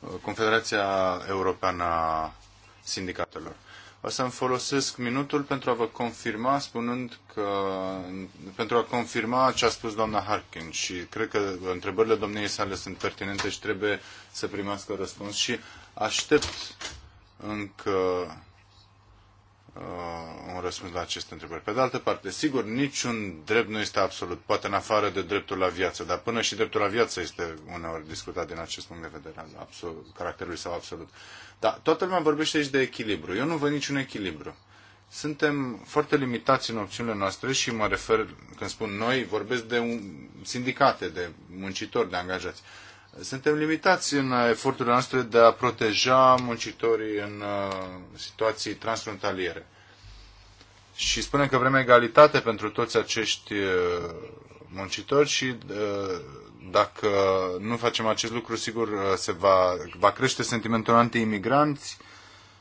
Speaker 1: uh, Confederația Europeană a sindicatelor. O să-mi folosesc minutul pentru a vă confirma, spunând că, pentru a confirma ce a spus doamna Harkin și cred că întrebările domniei sale sunt pertinente și trebuie să primească răspuns și aștept încă Uh, un răspuns la aceste întrebări. Pe de altă parte, sigur, niciun drept nu este absolut, poate în afară de dreptul la viață, dar până și dreptul la viață este uneori discutat din acest punct de vedere al absolut, caracterului sau absolut. Dar toată lumea vorbește aici de echilibru. Eu nu văd niciun echilibru. Suntem foarte limitați în opțiunile noastre și mă refer, când spun noi, vorbesc de un, sindicate, de muncitori, de angajați. Suntem limitați în eforturile noastre de a proteja muncitorii în uh, situații transfrontaliere. Și spunem că vrem egalitate pentru toți acești uh, muncitori și uh, dacă nu facem acest lucru, sigur se va, va crește sentimentul anti-imigranți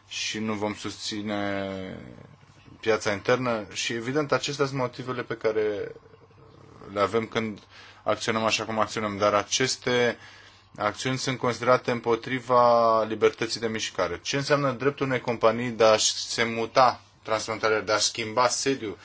Speaker 1: și nu vom susține piața internă și evident acestea sunt motivele pe care le avem când acționăm așa cum acționăm, dar aceste uh, acțiuni sunt considerate împotriva libertății de mișcare. Ce înseamnă dreptul unei companii de a se muta transfrontalier, de a schimba sediu?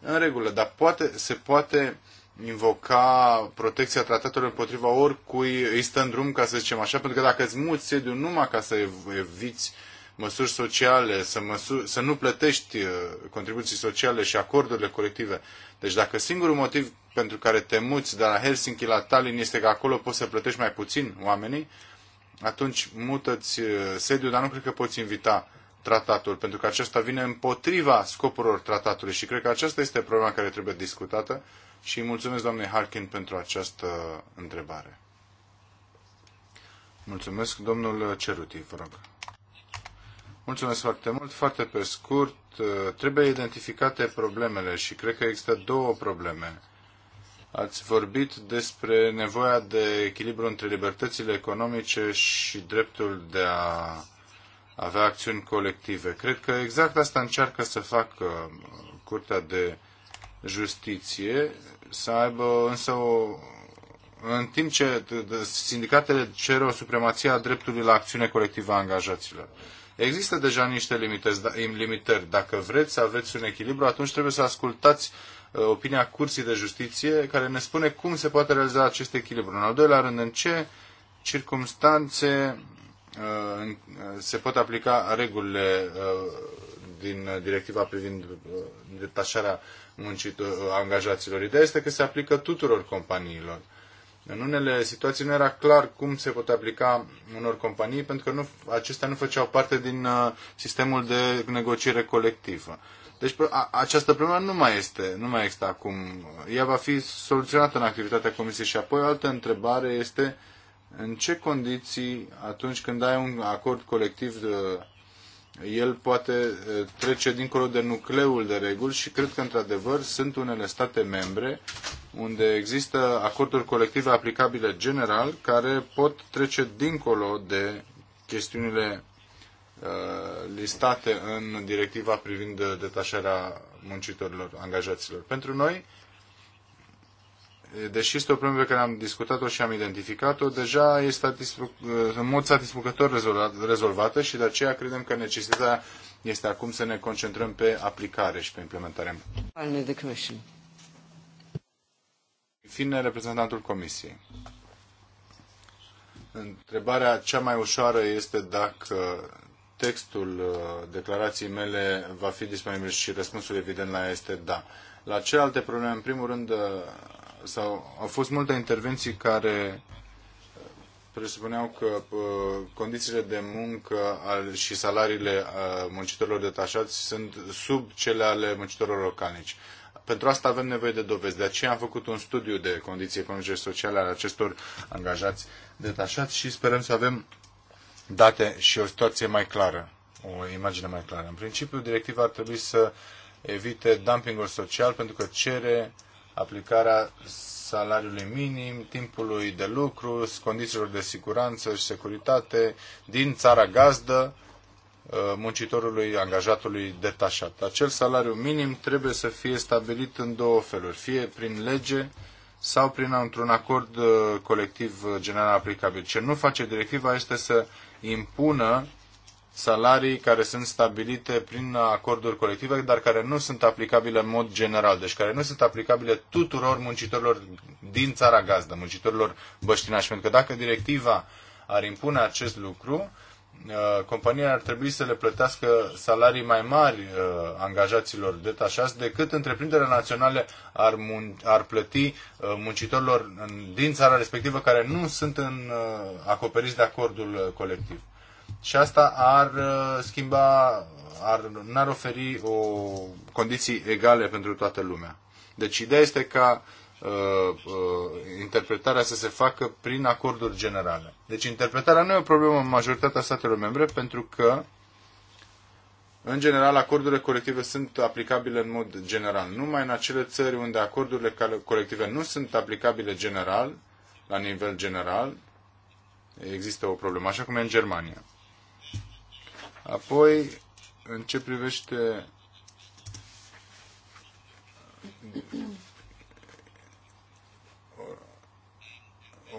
Speaker 1: În regulă, dar poate, se poate invoca protecția tratatelor împotriva oricui îi stă în drum, ca să zicem așa, pentru că dacă îți muți sediu numai ca să eviți măsuri sociale, să, să nu plătești uh, contribuții sociale și acordurile colective. Deci dacă singurul motiv pentru care te muți de la Helsinki la Tallinn este că acolo poți să plătești mai puțin oamenii, atunci mută-ți uh, sediul, dar nu cred că poți invita tratatul, pentru că acesta vine împotriva scopurilor tratatului și cred că aceasta este problema care trebuie discutată și mulțumesc doamnei Harkin pentru această întrebare. Mulțumesc, domnul Ceruti, vă rog. Mulțumesc foarte mult. Foarte pe scurt, uh, trebuie identificate problemele și cred că există două probleme. Ați vorbit despre nevoia de echilibru între libertățile economice și dreptul de a avea acțiuni colective. Cred că exact asta încearcă să facă uh, Curtea de Justiție, să aibă însă o, în timp ce sindicatele cer o supremație a dreptului la acțiune colectivă a angajaților. Există deja niște da, limitări. Dacă vreți să aveți un echilibru, atunci trebuie să ascultați uh, opinia Curții de Justiție, care ne spune cum se poate realiza acest echilibru. În al doilea rând, în ce circumstanțe uh, uh, se pot aplica regulile din directiva privind detașarea muncitor, angajaților. Ideea este că se aplică tuturor companiilor. În unele situații nu era clar cum se pot aplica unor companii, pentru că nu, acestea nu făceau parte din uh, sistemul de negociere colectivă. Deci a, această problemă nu mai este, nu mai există acum. Ea va fi soluționată în activitatea comisiei și apoi o altă întrebare este în ce condiții atunci când ai un acord colectiv de, uh, el poate eh, trece dincolo de nucleul de reguli și cred că, într-adevăr, sunt unele state membre unde există acorduri colective aplicabile general care pot trece dincolo de chestiunile eh, listate în directiva privind detașarea muncitorilor, angajaților. Pentru noi, deși este o problemă pe care am discutat-o și am identificat-o, deja este în mod satisfăcător rezolvată și de aceea credem că necesitatea este acum să ne concentrăm pe aplicare și pe implementare. În fine, reprezentantul Comisiei. Întrebarea cea mai ușoară este dacă textul uh, declarației mele va fi disponibil și răspunsul evident la ea este da. La celelalte probleme, în primul rând, uh, sau au fost multe intervenții care presupuneau că uh, condițiile de muncă al, și salariile uh, muncitorilor detașați sunt sub cele ale muncitorilor localnici. Pentru asta avem nevoie de dovezi. De aceea am făcut un studiu de condiții economice și sociale ale acestor angajați detașați și sperăm să avem date și o situație mai clară, o imagine mai clară. În principiu, directiva ar trebui să evite dumpingul social pentru că cere aplicarea salariului minim, timpului de lucru, condițiilor de siguranță și securitate din țara gazdă uh, muncitorului, angajatului detașat. Acel salariu minim trebuie să fie stabilit în două feluri, fie prin lege sau prin un acord uh, colectiv uh, general aplicabil. Ce nu face directiva este să impună salarii care sunt stabilite prin acorduri colective, dar care nu sunt aplicabile în mod general, deci care nu sunt aplicabile tuturor muncitorilor din țara gazdă, muncitorilor băștinași. Pentru că dacă directiva ar impune acest lucru, uh, companiile ar trebui să le plătească salarii mai mari uh, angajaților detașați decât întreprinderile naționale ar, mun- ar plăti uh, muncitorilor din țara respectivă care nu sunt în, acoperiți de acordul colectiv. Și asta ar uh, schimba, ar, n-ar oferi o condiții egale pentru toată lumea. Deci ideea este ca uh, uh, interpretarea să se facă prin acorduri generale. Deci interpretarea nu e o problemă în majoritatea statelor membre pentru că în general, acordurile colective sunt aplicabile în mod general. Numai în acele țări unde acordurile colective nu sunt aplicabile general, la nivel general, există o problemă, așa cum e în Germania. Apoi, în ce privește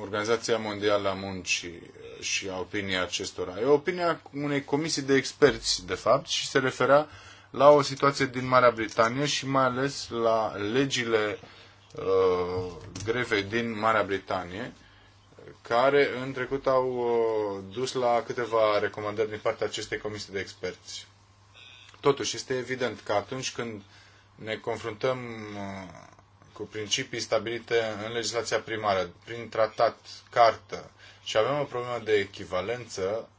Speaker 1: Organizația Mondială a Muncii și a opinia acestora. E opinia unei comisii de experți, de fapt, și se referea la o situație din Marea Britanie și mai ales la legile uh, grevei din Marea Britanie care în trecut au uh, dus la câteva recomandări din partea acestei comisii de experți. Totuși, este evident că atunci când ne confruntăm uh, cu principii stabilite în legislația primară, prin tratat, cartă, și avem o problemă de echivalență,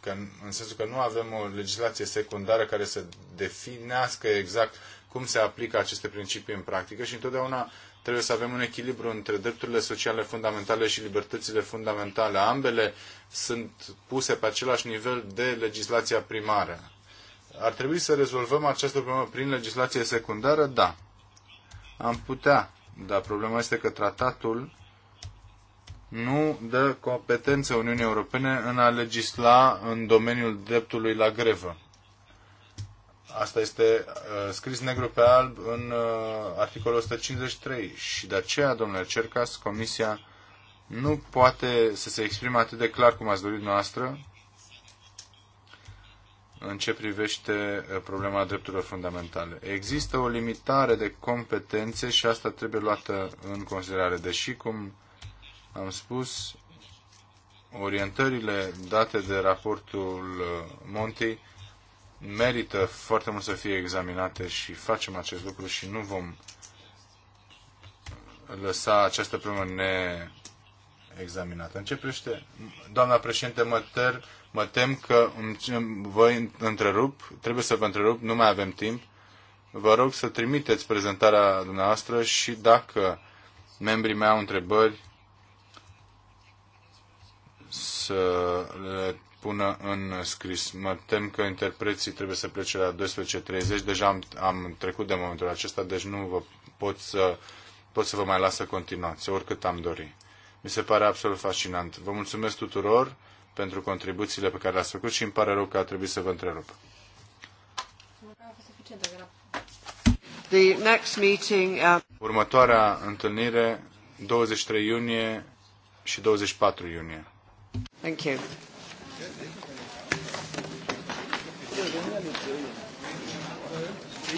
Speaker 1: că, în sensul că nu avem o legislație secundară care să definească exact cum se aplică aceste principii în practică și întotdeauna Trebuie să avem un echilibru între drepturile sociale fundamentale și libertățile fundamentale. Ambele sunt puse pe același nivel de legislația primară. Ar trebui să rezolvăm această problemă prin legislație secundară? Da. Am putea, dar problema este că tratatul nu dă competență Uniunii Europene în a legisla în domeniul dreptului la grevă. Asta este uh, scris negru pe alb în uh, articolul 153 și de aceea, domnule Cercas, Comisia nu poate să se exprime atât de clar cum ați dorit noastră în ce privește uh, problema drepturilor fundamentale. Există o limitare de competențe și asta trebuie luată în considerare, deși, cum am spus, orientările date de raportul uh, Monti merită foarte mult să fie examinate și facem acest lucru și nu vom lăsa această problemă neexaminată. Începește. doamna președinte, mă, ter, mă tem că vă întrerup, trebuie să vă întrerup, nu mai avem timp. Vă rog să trimiteți prezentarea dumneavoastră și dacă membrii mei au întrebări, să le pună în scris. Mă tem că interpreții trebuie să plece la 12.30. Deja am, am trecut de momentul acesta, deci nu vă pot să, pot să vă mai las să continuați, oricât am dori. Mi se pare absolut fascinant. Vă mulțumesc tuturor pentru contribuțiile pe care le-ați făcut și îmi pare rău că a trebuit să vă întrerup.
Speaker 2: The next meeting, uh...
Speaker 1: Următoarea întâlnire, 23 iunie și 24 iunie.
Speaker 2: Thank you. Evet, evet.